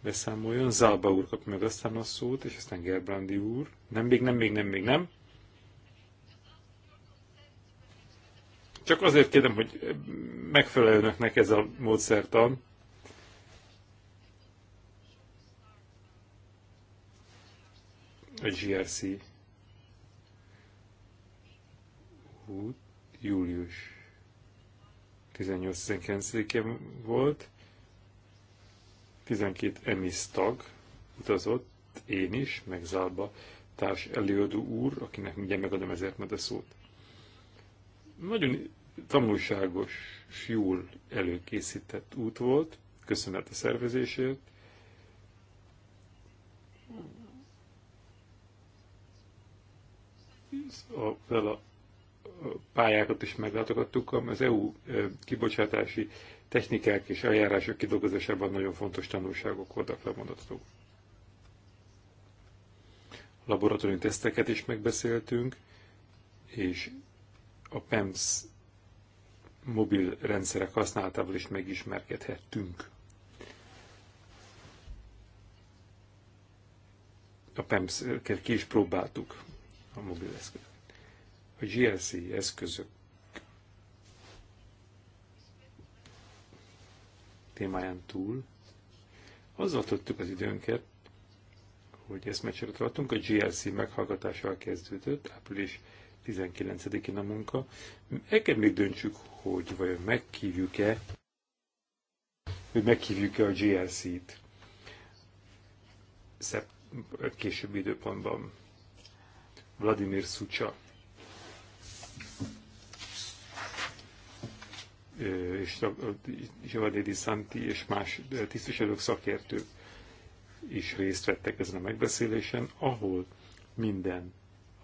beszámoljon. Zalba úr kap meg aztán a szót, és aztán Gerbrandi úr. Nem, még nem, még nem, még nem. Csak azért kérem, hogy megfelelőnek önöknek ez a módszertan. A GRC út július 18-19-én volt, 12 emis tag utazott, én is, meg Zálba társ előadó úr, akinek mindjárt megadom ezért mert a szót. Nagyon tanulságos, jól előkészített út volt, köszönet a szervezésért. A, a, a pályákat is meglátogattuk, az EU e, kibocsátási technikák és eljárások kidolgozásában nagyon fontos tanulságok voltak lemondhatók. Laboratóriumi teszteket is megbeszéltünk, és a PEMS mobil rendszerek használatával is megismerkedhettünk. A pems ki is próbáltuk a mobil eszközök. A GLC eszközök témáján túl azzal töltük az időnket, hogy eszmecseret tartunk, a GLC meghallgatással kezdődött április 19-én a munka. El kell még döntsük, hogy vajon meghívjuk-e, hogy meghívjuk-e a GRC-t későbbi időpontban. Vladimir Szucsa. és Giovanni Di Santi és más tisztviselők, szakértők is részt vettek ezen a megbeszélésen, ahol minden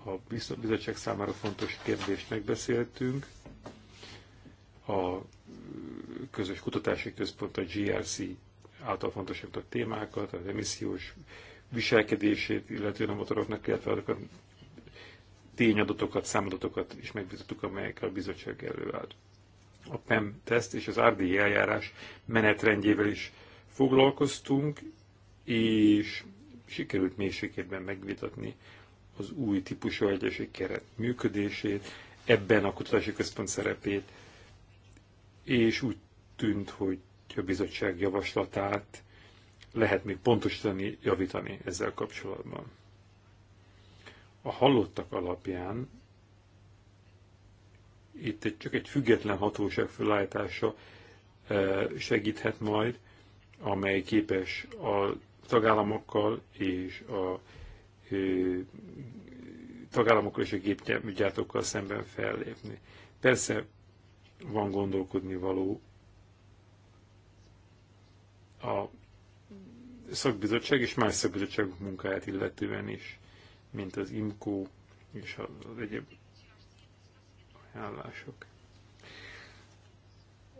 a bizottság számára fontos kérdést megbeszéltünk, a közös kutatási központ, a GRC által fontosított témákat, az emissziós viselkedését, illetően a motoroknak, illetve azokat tényadatokat, számadatokat is megbizottuk, amelyekkel a bizottság előállt. A PEM teszt és az RDI eljárás menetrendjével is foglalkoztunk, és sikerült mélységében megvitatni az új típusú egyesi keret működését, ebben a kutatási központ szerepét, és úgy tűnt, hogy a bizottság javaslatát lehet még pontosítani, javítani ezzel kapcsolatban. A hallottak alapján itt egy, csak egy független hatóság felállítása e, segíthet majd, amely képes a tagállamokkal és a tagállamokkal és a gépgyártókkal szemben fellépni. Persze van gondolkodni való a szakbizottság és más szakbizottságok munkáját illetően is, mint az IMCO és az egyéb ajánlások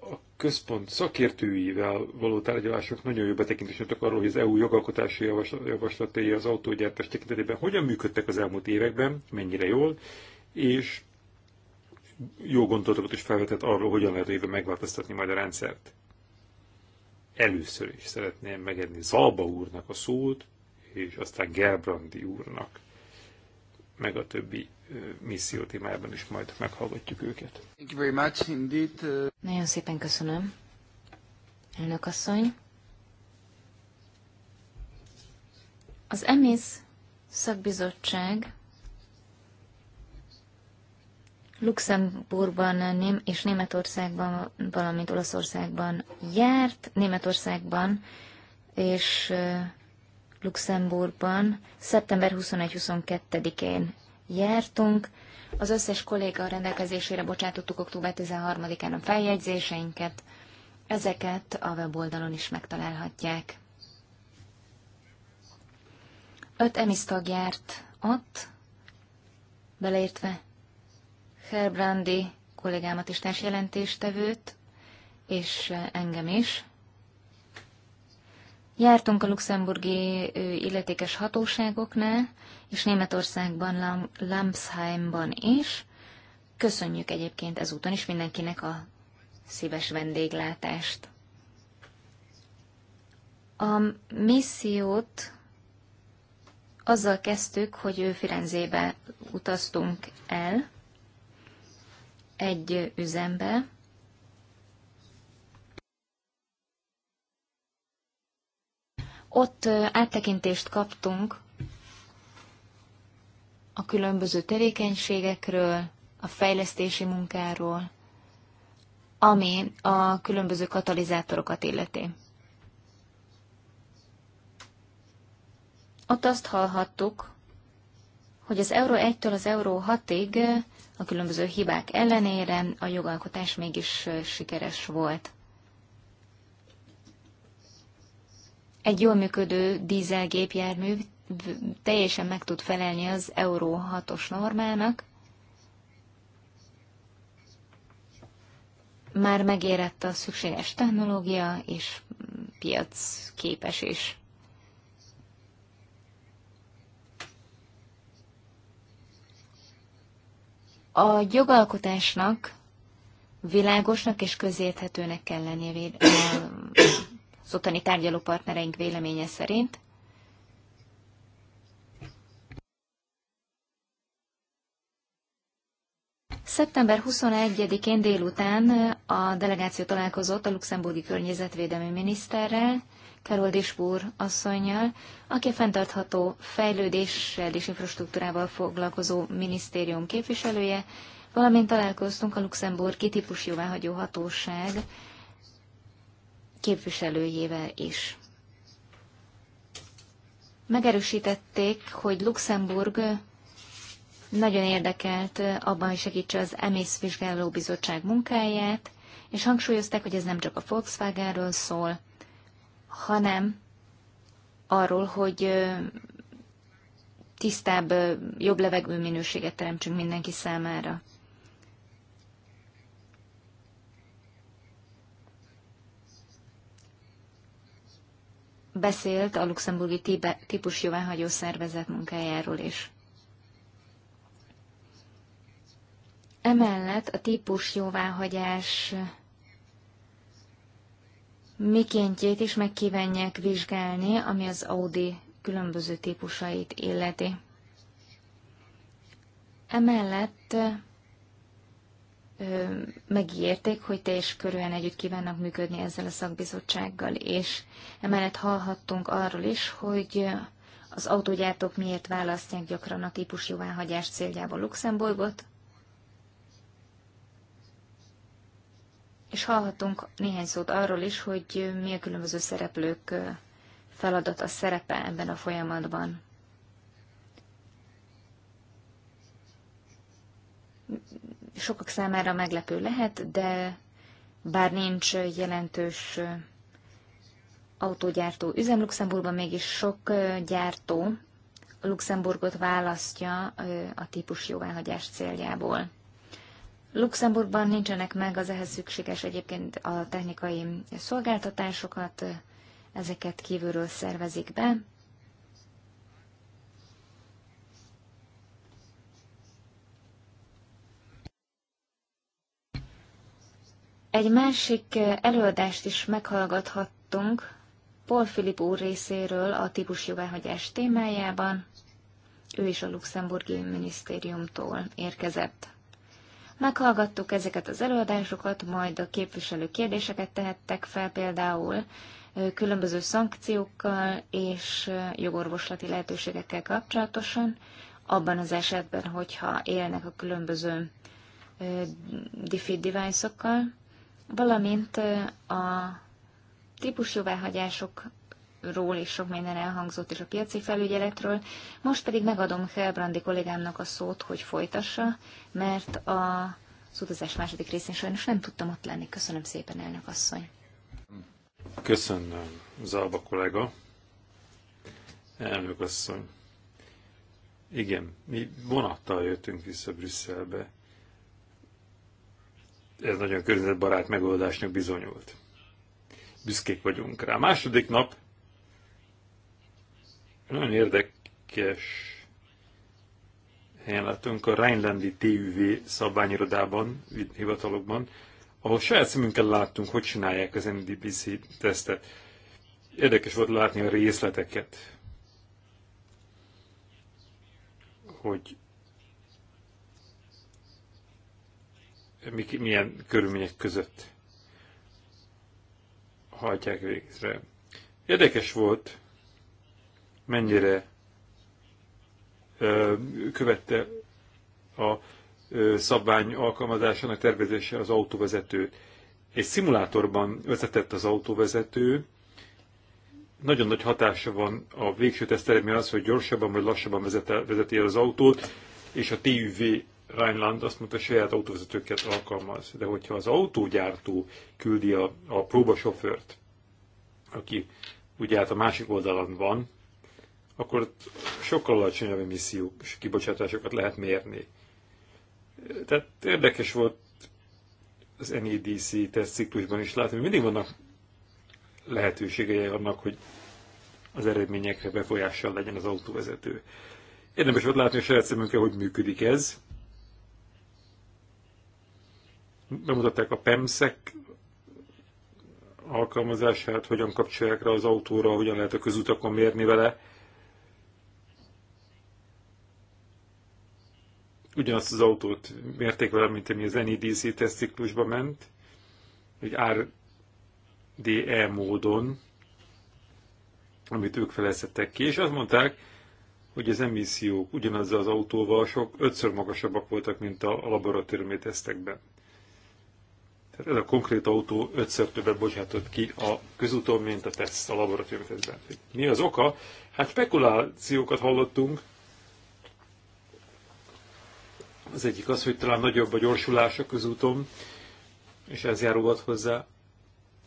a központ szakértőivel való tárgyalások nagyon jó betekintést adtak arról, hogy az EU jogalkotási javaslatai az autógyártás tekintetében hogyan működtek az elmúlt években, mennyire jól, és jó gondolatokat is felvetett arról, hogyan lehet éve megváltoztatni majd a rendszert. Először is szeretném megedni Zalba úrnak a szót, és aztán Gerbrandi úrnak, meg a többi misszió témájában is majd meghallgatjuk őket. Thank you very much indeed. Uh, Nagyon szépen köszönöm. Elnök asszony. Az EMIS szakbizottság Luxemburgban és Németországban, valamint Olaszországban járt, Németországban és Luxemburgban szeptember 21-22-én jártunk. Az összes kolléga rendelkezésére bocsátottuk október 13-án a feljegyzéseinket. Ezeket a weboldalon is megtalálhatják. Öt emisztag járt ott, beleértve Herbrandi kollégámat is társjelentéstevőt, és engem is. Jártunk a luxemburgi illetékes hatóságoknál, és Németországban, Lambsheimban is. Köszönjük egyébként ezúton is mindenkinek a szíves vendéglátást. A missziót azzal kezdtük, hogy ő Firenzébe utaztunk el, egy üzembe, Ott áttekintést kaptunk a különböző tevékenységekről, a fejlesztési munkáról, ami a különböző katalizátorokat illeti. Ott azt hallhattuk, hogy az euró 1-től az euró 6-ig a különböző hibák ellenére a jogalkotás mégis sikeres volt. Egy jól működő dízelgépjármű teljesen meg tud felelni az Euró 6-os normának, már megérett a szükséges technológia, és piac képes is. A jogalkotásnak világosnak és közérthetőnek kell lennie az ottani tárgyalópartnereink véleménye szerint. Szeptember 21-én délután a delegáció találkozott a luxemburgi környezetvédelmi miniszterrel, Carol Dispur asszonynal, aki a fenntartható fejlődéssel és infrastruktúrával foglalkozó minisztérium képviselője, valamint találkoztunk a luxemburgi típus jóváhagyó hatóság képviselőjével is. Megerősítették, hogy Luxemburg nagyon érdekelt abban, hogy segítse az EMISZ vizsgáló bizottság munkáját, és hangsúlyozták, hogy ez nem csak a Volkswagenről szól, hanem arról, hogy tisztább, jobb levegő minőséget teremtsünk mindenki számára. Beszélt a luxemburgi típus jóváhagyó szervezet munkájáról is. Emellett a típus jóváhagyás mikéntjét is megkívánják vizsgálni, ami az Audi különböző típusait illeti. Emellett ö, megígérték, hogy teljes körülön együtt kívánnak működni ezzel a szakbizottsággal, és emellett hallhattunk arról is, hogy az autógyártók miért választják gyakran a jóváhagyás céljából Luxemburgot, és hallhatunk néhány szót arról is, hogy mi a különböző szereplők feladata, szerepe ebben a folyamatban. Sokak számára meglepő lehet, de bár nincs jelentős autógyártó üzem Luxemburgban, mégis sok gyártó Luxemburgot választja a típus jóváhagyás céljából. Luxemburgban nincsenek meg az ehhez szükséges egyébként a technikai szolgáltatásokat, ezeket kívülről szervezik be. Egy másik előadást is meghallgathattunk Paul Philip úr részéről a típusjóváhagyás témájában. Ő is a luxemburgi minisztériumtól érkezett. Meghallgattuk ezeket az előadásokat, majd a képviselő kérdéseket tehettek fel például különböző szankciókkal és jogorvoslati lehetőségekkel kapcsolatosan, abban az esetben, hogyha élnek a különböző defeat device-okkal, valamint a típusjóváhagyások ról is sok minden elhangzott, és a piaci felügyeletről. Most pedig megadom Helbrandi kollégámnak a szót, hogy folytassa, mert a az utazás második részén sajnos nem tudtam ott lenni. Köszönöm szépen, elnök asszony. Köszönöm, Zalba kollega. Elnök asszony. Igen, mi vonattal jöttünk vissza Brüsszelbe. Ez nagyon környezetbarát megoldásnak bizonyult. Büszkék vagyunk rá. Második nap nagyon érdekes helyen lettünk a Rheinlandi TÜV szabványirodában, hivatalokban, ahol saját szemünkkel láttunk, hogy csinálják az NDPC tesztet. Érdekes volt látni a részleteket, hogy milyen körülmények között hajtják végre. Érdekes volt mennyire követte a szabvány alkalmazásának tervezése az autóvezető Egy szimulátorban vezetett az autóvezető, nagyon nagy hatása van a végső tesztelemén az, hogy gyorsabban vagy lassabban vezeti el az autót, és a TÜV Rheinland azt mondta, hogy saját autóvezetőket alkalmaz. De hogyha az autógyártó küldi a, a próbasofőrt, aki ugye hát a másik oldalon van, akkor sokkal alacsonyabb és kibocsátásokat lehet mérni. Tehát érdekes volt az NEDC tesztciklusban is látni, hogy mindig vannak lehetőségei annak, hogy az eredményekre befolyással legyen az autóvezető. Érdemes volt látni a saját szemünkkel, hogy működik ez. Bemutatták a PEMSZek alkalmazását, hogyan kapcsolják rá az autóra, hogyan lehet a közutakon mérni vele. ugyanazt az autót mérték vele, mint ami az NEDC tesztciklusba ment, egy RDE módon, amit ők felezhettek ki, és azt mondták, hogy az emissziók ugyanazzal az autóval sok ötször magasabbak voltak, mint a laboratóriumi tesztekben. Tehát ez a konkrét autó ötször többet bocsátott ki a közúton, mint a teszt, a laboratóriumi tesztben. Mi az oka? Hát spekulációkat hallottunk, az egyik az, hogy talán nagyobb a gyorsulás a közúton, és ez járulhat hozzá.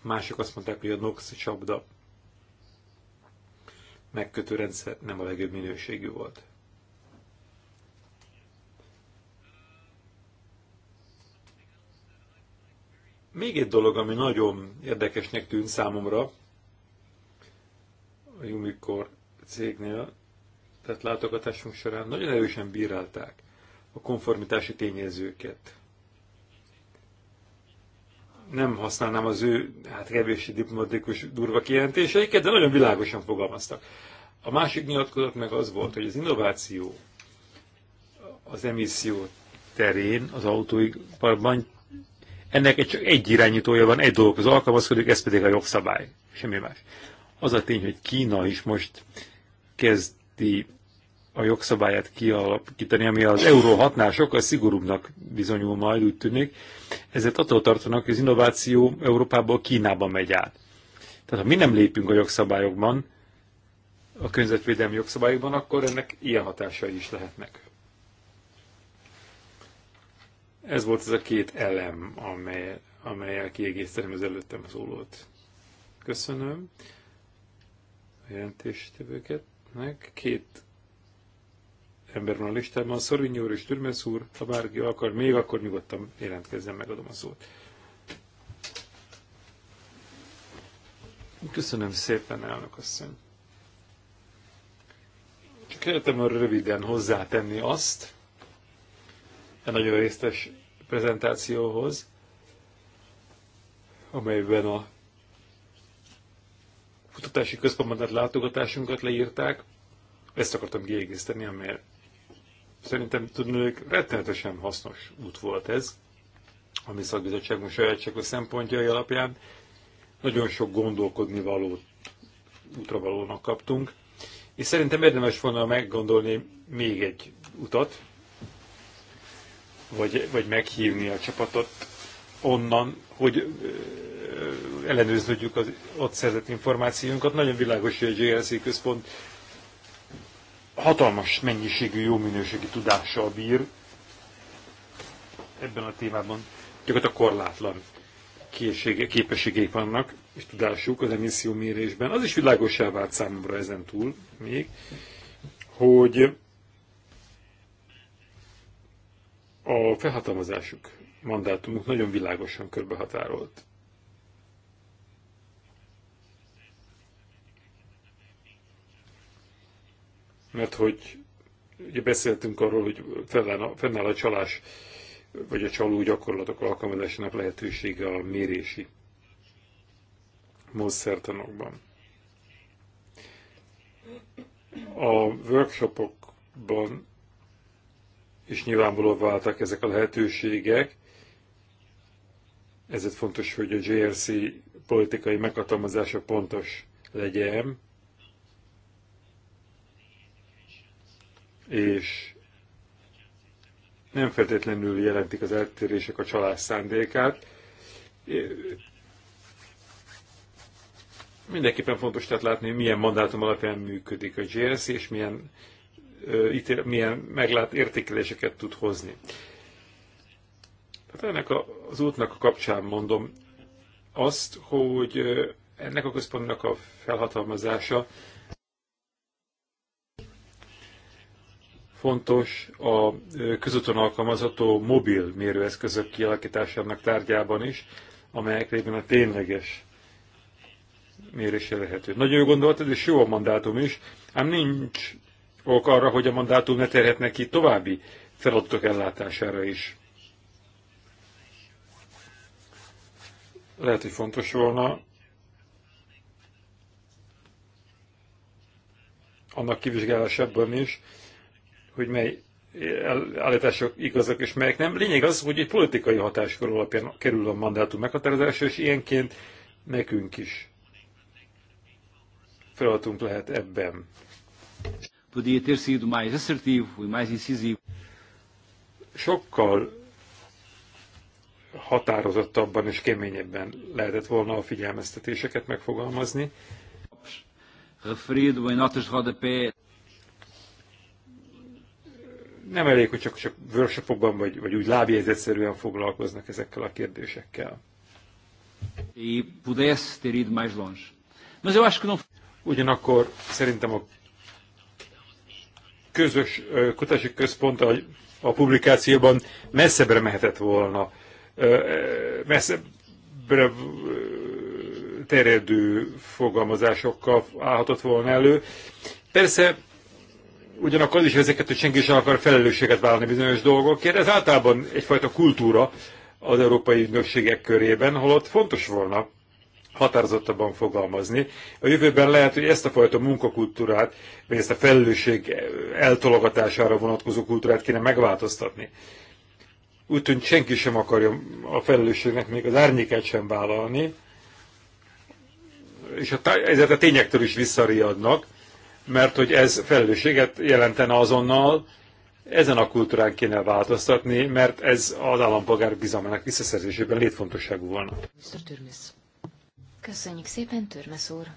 Mások azt mondták, hogy a NOx csapda megkötő rendszer nem a legjobb minőségű volt. Még egy dolog, ami nagyon érdekesnek tűnt számomra a Jumikor cégnél, tehát látogatásunk során nagyon erősen bírálták a konformitási tényezőket. Nem használnám az ő hát kevéssé diplomatikus durva kijelentéseiket, de nagyon világosan fogalmaztak. A másik nyilatkozat meg az volt, hogy az innováció az emisszió terén az autóiparban ennek egy, csak egy irányítója van, egy dolog az alkalmazkodik, ez pedig a jogszabály, semmi más. Az a tény, hogy Kína is most kezdi a jogszabályát kialakítani, ami az Euró 6-nál sokkal szigorúbbnak bizonyul majd, úgy tűnik. Ezért attól tartanak, hogy az innováció Európából Kínába megy át. Tehát ha mi nem lépünk a jogszabályokban, a környezetvédelmi jogszabályokban, akkor ennek ilyen hatásai is lehetnek. Ez volt ez a két elem, amely, amelyel kiegészítem az előttem szólót. Köszönöm a jelentéstevőketnek. Két ember van a listában, Szorvinyi úr és Türmesz úr, ha bárki akar, még akkor nyugodtan jelentkezzen, megadom a szót. Köszönöm szépen, elnök asszony. Csak szeretem röviden hozzátenni azt, a nagyon résztes prezentációhoz, amelyben a kutatási központban látogatásunkat leírták. Ezt akartam kiegészíteni, amelyet Szerintem tudnők rettenetesen hasznos út volt ez, a mi szakbizottságunk sajátságú szempontjai alapján. Nagyon sok gondolkodni való útra valónak kaptunk, és szerintem érdemes volna meggondolni még egy utat, vagy, vagy meghívni a csapatot onnan, hogy ellenőrződjük az ott szerzett információnkat. Nagyon világos, hogy a GLC központ hatalmas mennyiségű, jó minőségi tudással bír ebben a témában. Gyakorlatilag korlátlan készsége, képességei vannak, és tudásuk az emisszió mérésben. Az is világosá vált számomra ezen túl még, hogy a felhatalmazásuk, mandátumuk nagyon világosan körbehatárolt. mert hogy ugye beszéltünk arról, hogy fennáll, a csalás vagy a csaló gyakorlatok alkalmazásának lehetősége a mérési módszertanokban. A workshopokban is nyilvánvalóan váltak ezek a lehetőségek, ezért fontos, hogy a JRC politikai meghatalmazása pontos legyen, és nem feltétlenül jelentik az eltérések a csalás szándékát. Mindenképpen fontos tehát látni, hogy milyen mandátum alapján működik a GSC, és milyen, ítél, milyen meglát értékeléseket tud hozni. Tehát ennek a, az útnak a kapcsán mondom azt, hogy ennek a központnak a felhatalmazása fontos a közúton alkalmazható mobil mérőeszközök kialakításának tárgyában is, amelyek révén a tényleges mérése lehető. Nagyon jó gondolatod, és jó a mandátum is, ám nincs ok arra, hogy a mandátum ne terhetne ki további feladatok ellátására is. Lehet, hogy fontos volna annak kivizsgálásában is, hogy mely eh, állítások igazak és melyek nem. Lényeg az, hogy egy politikai hatáskor alapján kerül a mandátum meghatározása, és ilyenként nekünk is feladatunk lehet ebben. Podia ter sido mais assertivo e mais incisivo. Sokkal határozottabban és keményebben lehetett volna a figyelmeztetéseket megfogalmazni. Referido em notas de rodapé nem elég, hogy csak, csak workshopokban vagy, vagy úgy lábjegyzetszerűen foglalkoznak ezekkel a kérdésekkel. E Ugyanakkor szerintem a közös kutatási központ a, a publikációban messzebbre mehetett volna, messzebbre terjedő fogalmazásokkal állhatott volna elő. Persze ugyanakkor az is ezeket, hogy senki sem akar felelősséget vállalni bizonyos dolgokért. Ez általában egyfajta kultúra az európai ügynökségek körében, holott fontos volna határozottabban fogalmazni. A jövőben lehet, hogy ezt a fajta munkakultúrát, vagy ezt a felelősség eltologatására vonatkozó kultúrát kéne megváltoztatni. Úgy tűnt senki sem akarja a felelősségnek még az árnyékát sem vállalni, és a, ezért a tényektől is visszariadnak, mert hogy ez felelősséget jelentene azonnal, ezen a kultúrán kéne változtatni, mert ez az állampolgár bizalmának visszaszerzésében létfontosságú volna. Mr. Köszönjük szépen, Törmesz úr.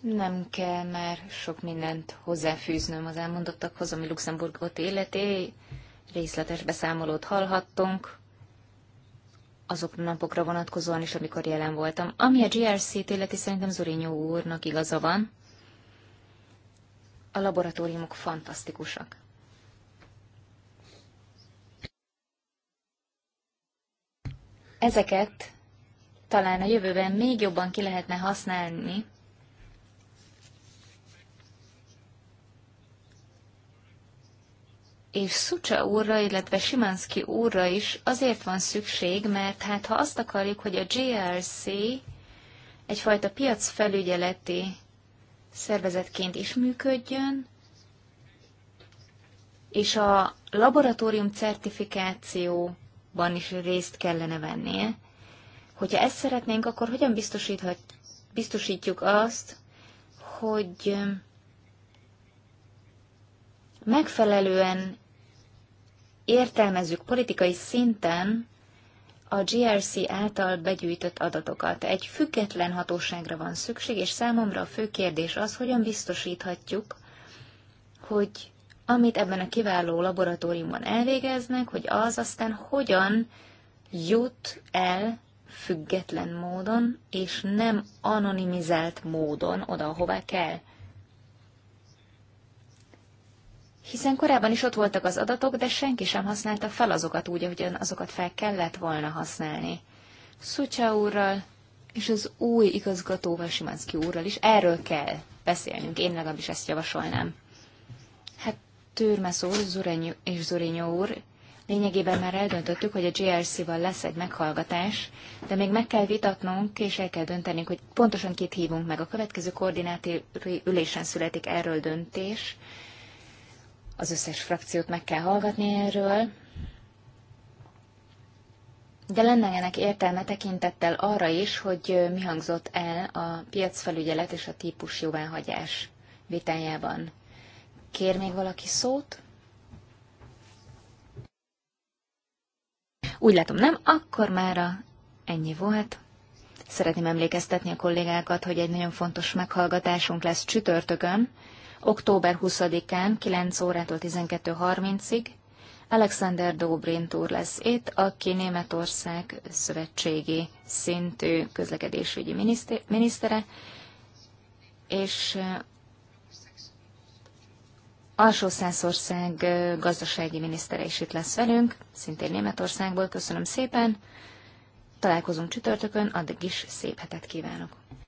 Nem kell már sok mindent hozzáfűznöm az elmondottakhoz, ami Luxemburgot életé. Részletes beszámolót hallhattunk azokra napokra vonatkozóan is, amikor jelen voltam. Ami a GRC-t illeti, szerintem Zurinyó úrnak igaza van. A laboratóriumok fantasztikusak. Ezeket talán a jövőben még jobban ki lehetne használni, és Szucsa úrra, illetve Simanski úrra is azért van szükség, mert hát ha azt akarjuk, hogy a GRC egyfajta piacfelügyeleti szervezetként is működjön, és a laboratórium certifikációban is részt kellene vennie. Hogyha ezt szeretnénk, akkor hogyan biztosíthat, biztosítjuk azt, hogy megfelelően értelmezzük politikai szinten a GRC által begyűjtött adatokat. Egy független hatóságra van szükség, és számomra a fő kérdés az, hogyan biztosíthatjuk, hogy amit ebben a kiváló laboratóriumban elvégeznek, hogy az aztán hogyan jut el független módon, és nem anonimizált módon oda, hová kell. hiszen korábban is ott voltak az adatok, de senki sem használta fel azokat úgy, ahogyan azokat fel kellett volna használni. Szucsa úrral és az új igazgatóval, Simanszki úrral is erről kell beszélnünk, én legalábbis ezt javasolnám. Hát Türmes úr Zurenyó és Zurinyó úr, lényegében már eldöntöttük, hogy a GRC-val lesz egy meghallgatás, de még meg kell vitatnunk, és el kell döntenünk, hogy pontosan kit hívunk meg. A következő koordinátori ülésen születik erről döntés, az összes frakciót meg kell hallgatni erről, de lenne ennek értelme tekintettel arra is, hogy mi hangzott el a piacfelügyelet és a típus jóváhagyás vitájában. Kér még valaki szót? Úgy látom, nem, akkor már ennyi volt. Szeretném emlékeztetni a kollégákat, hogy egy nagyon fontos meghallgatásunk lesz csütörtökön, október 20-án 9 órától 12.30-ig Alexander Dobrint úr lesz itt, aki Németország szövetségi szintű közlekedésügyi miniszter, minisztere, és eh, alsó Szászország eh, gazdasági minisztere is itt lesz velünk, szintén Németországból. Köszönöm szépen, találkozunk csütörtökön, addig is szép hetet kívánok!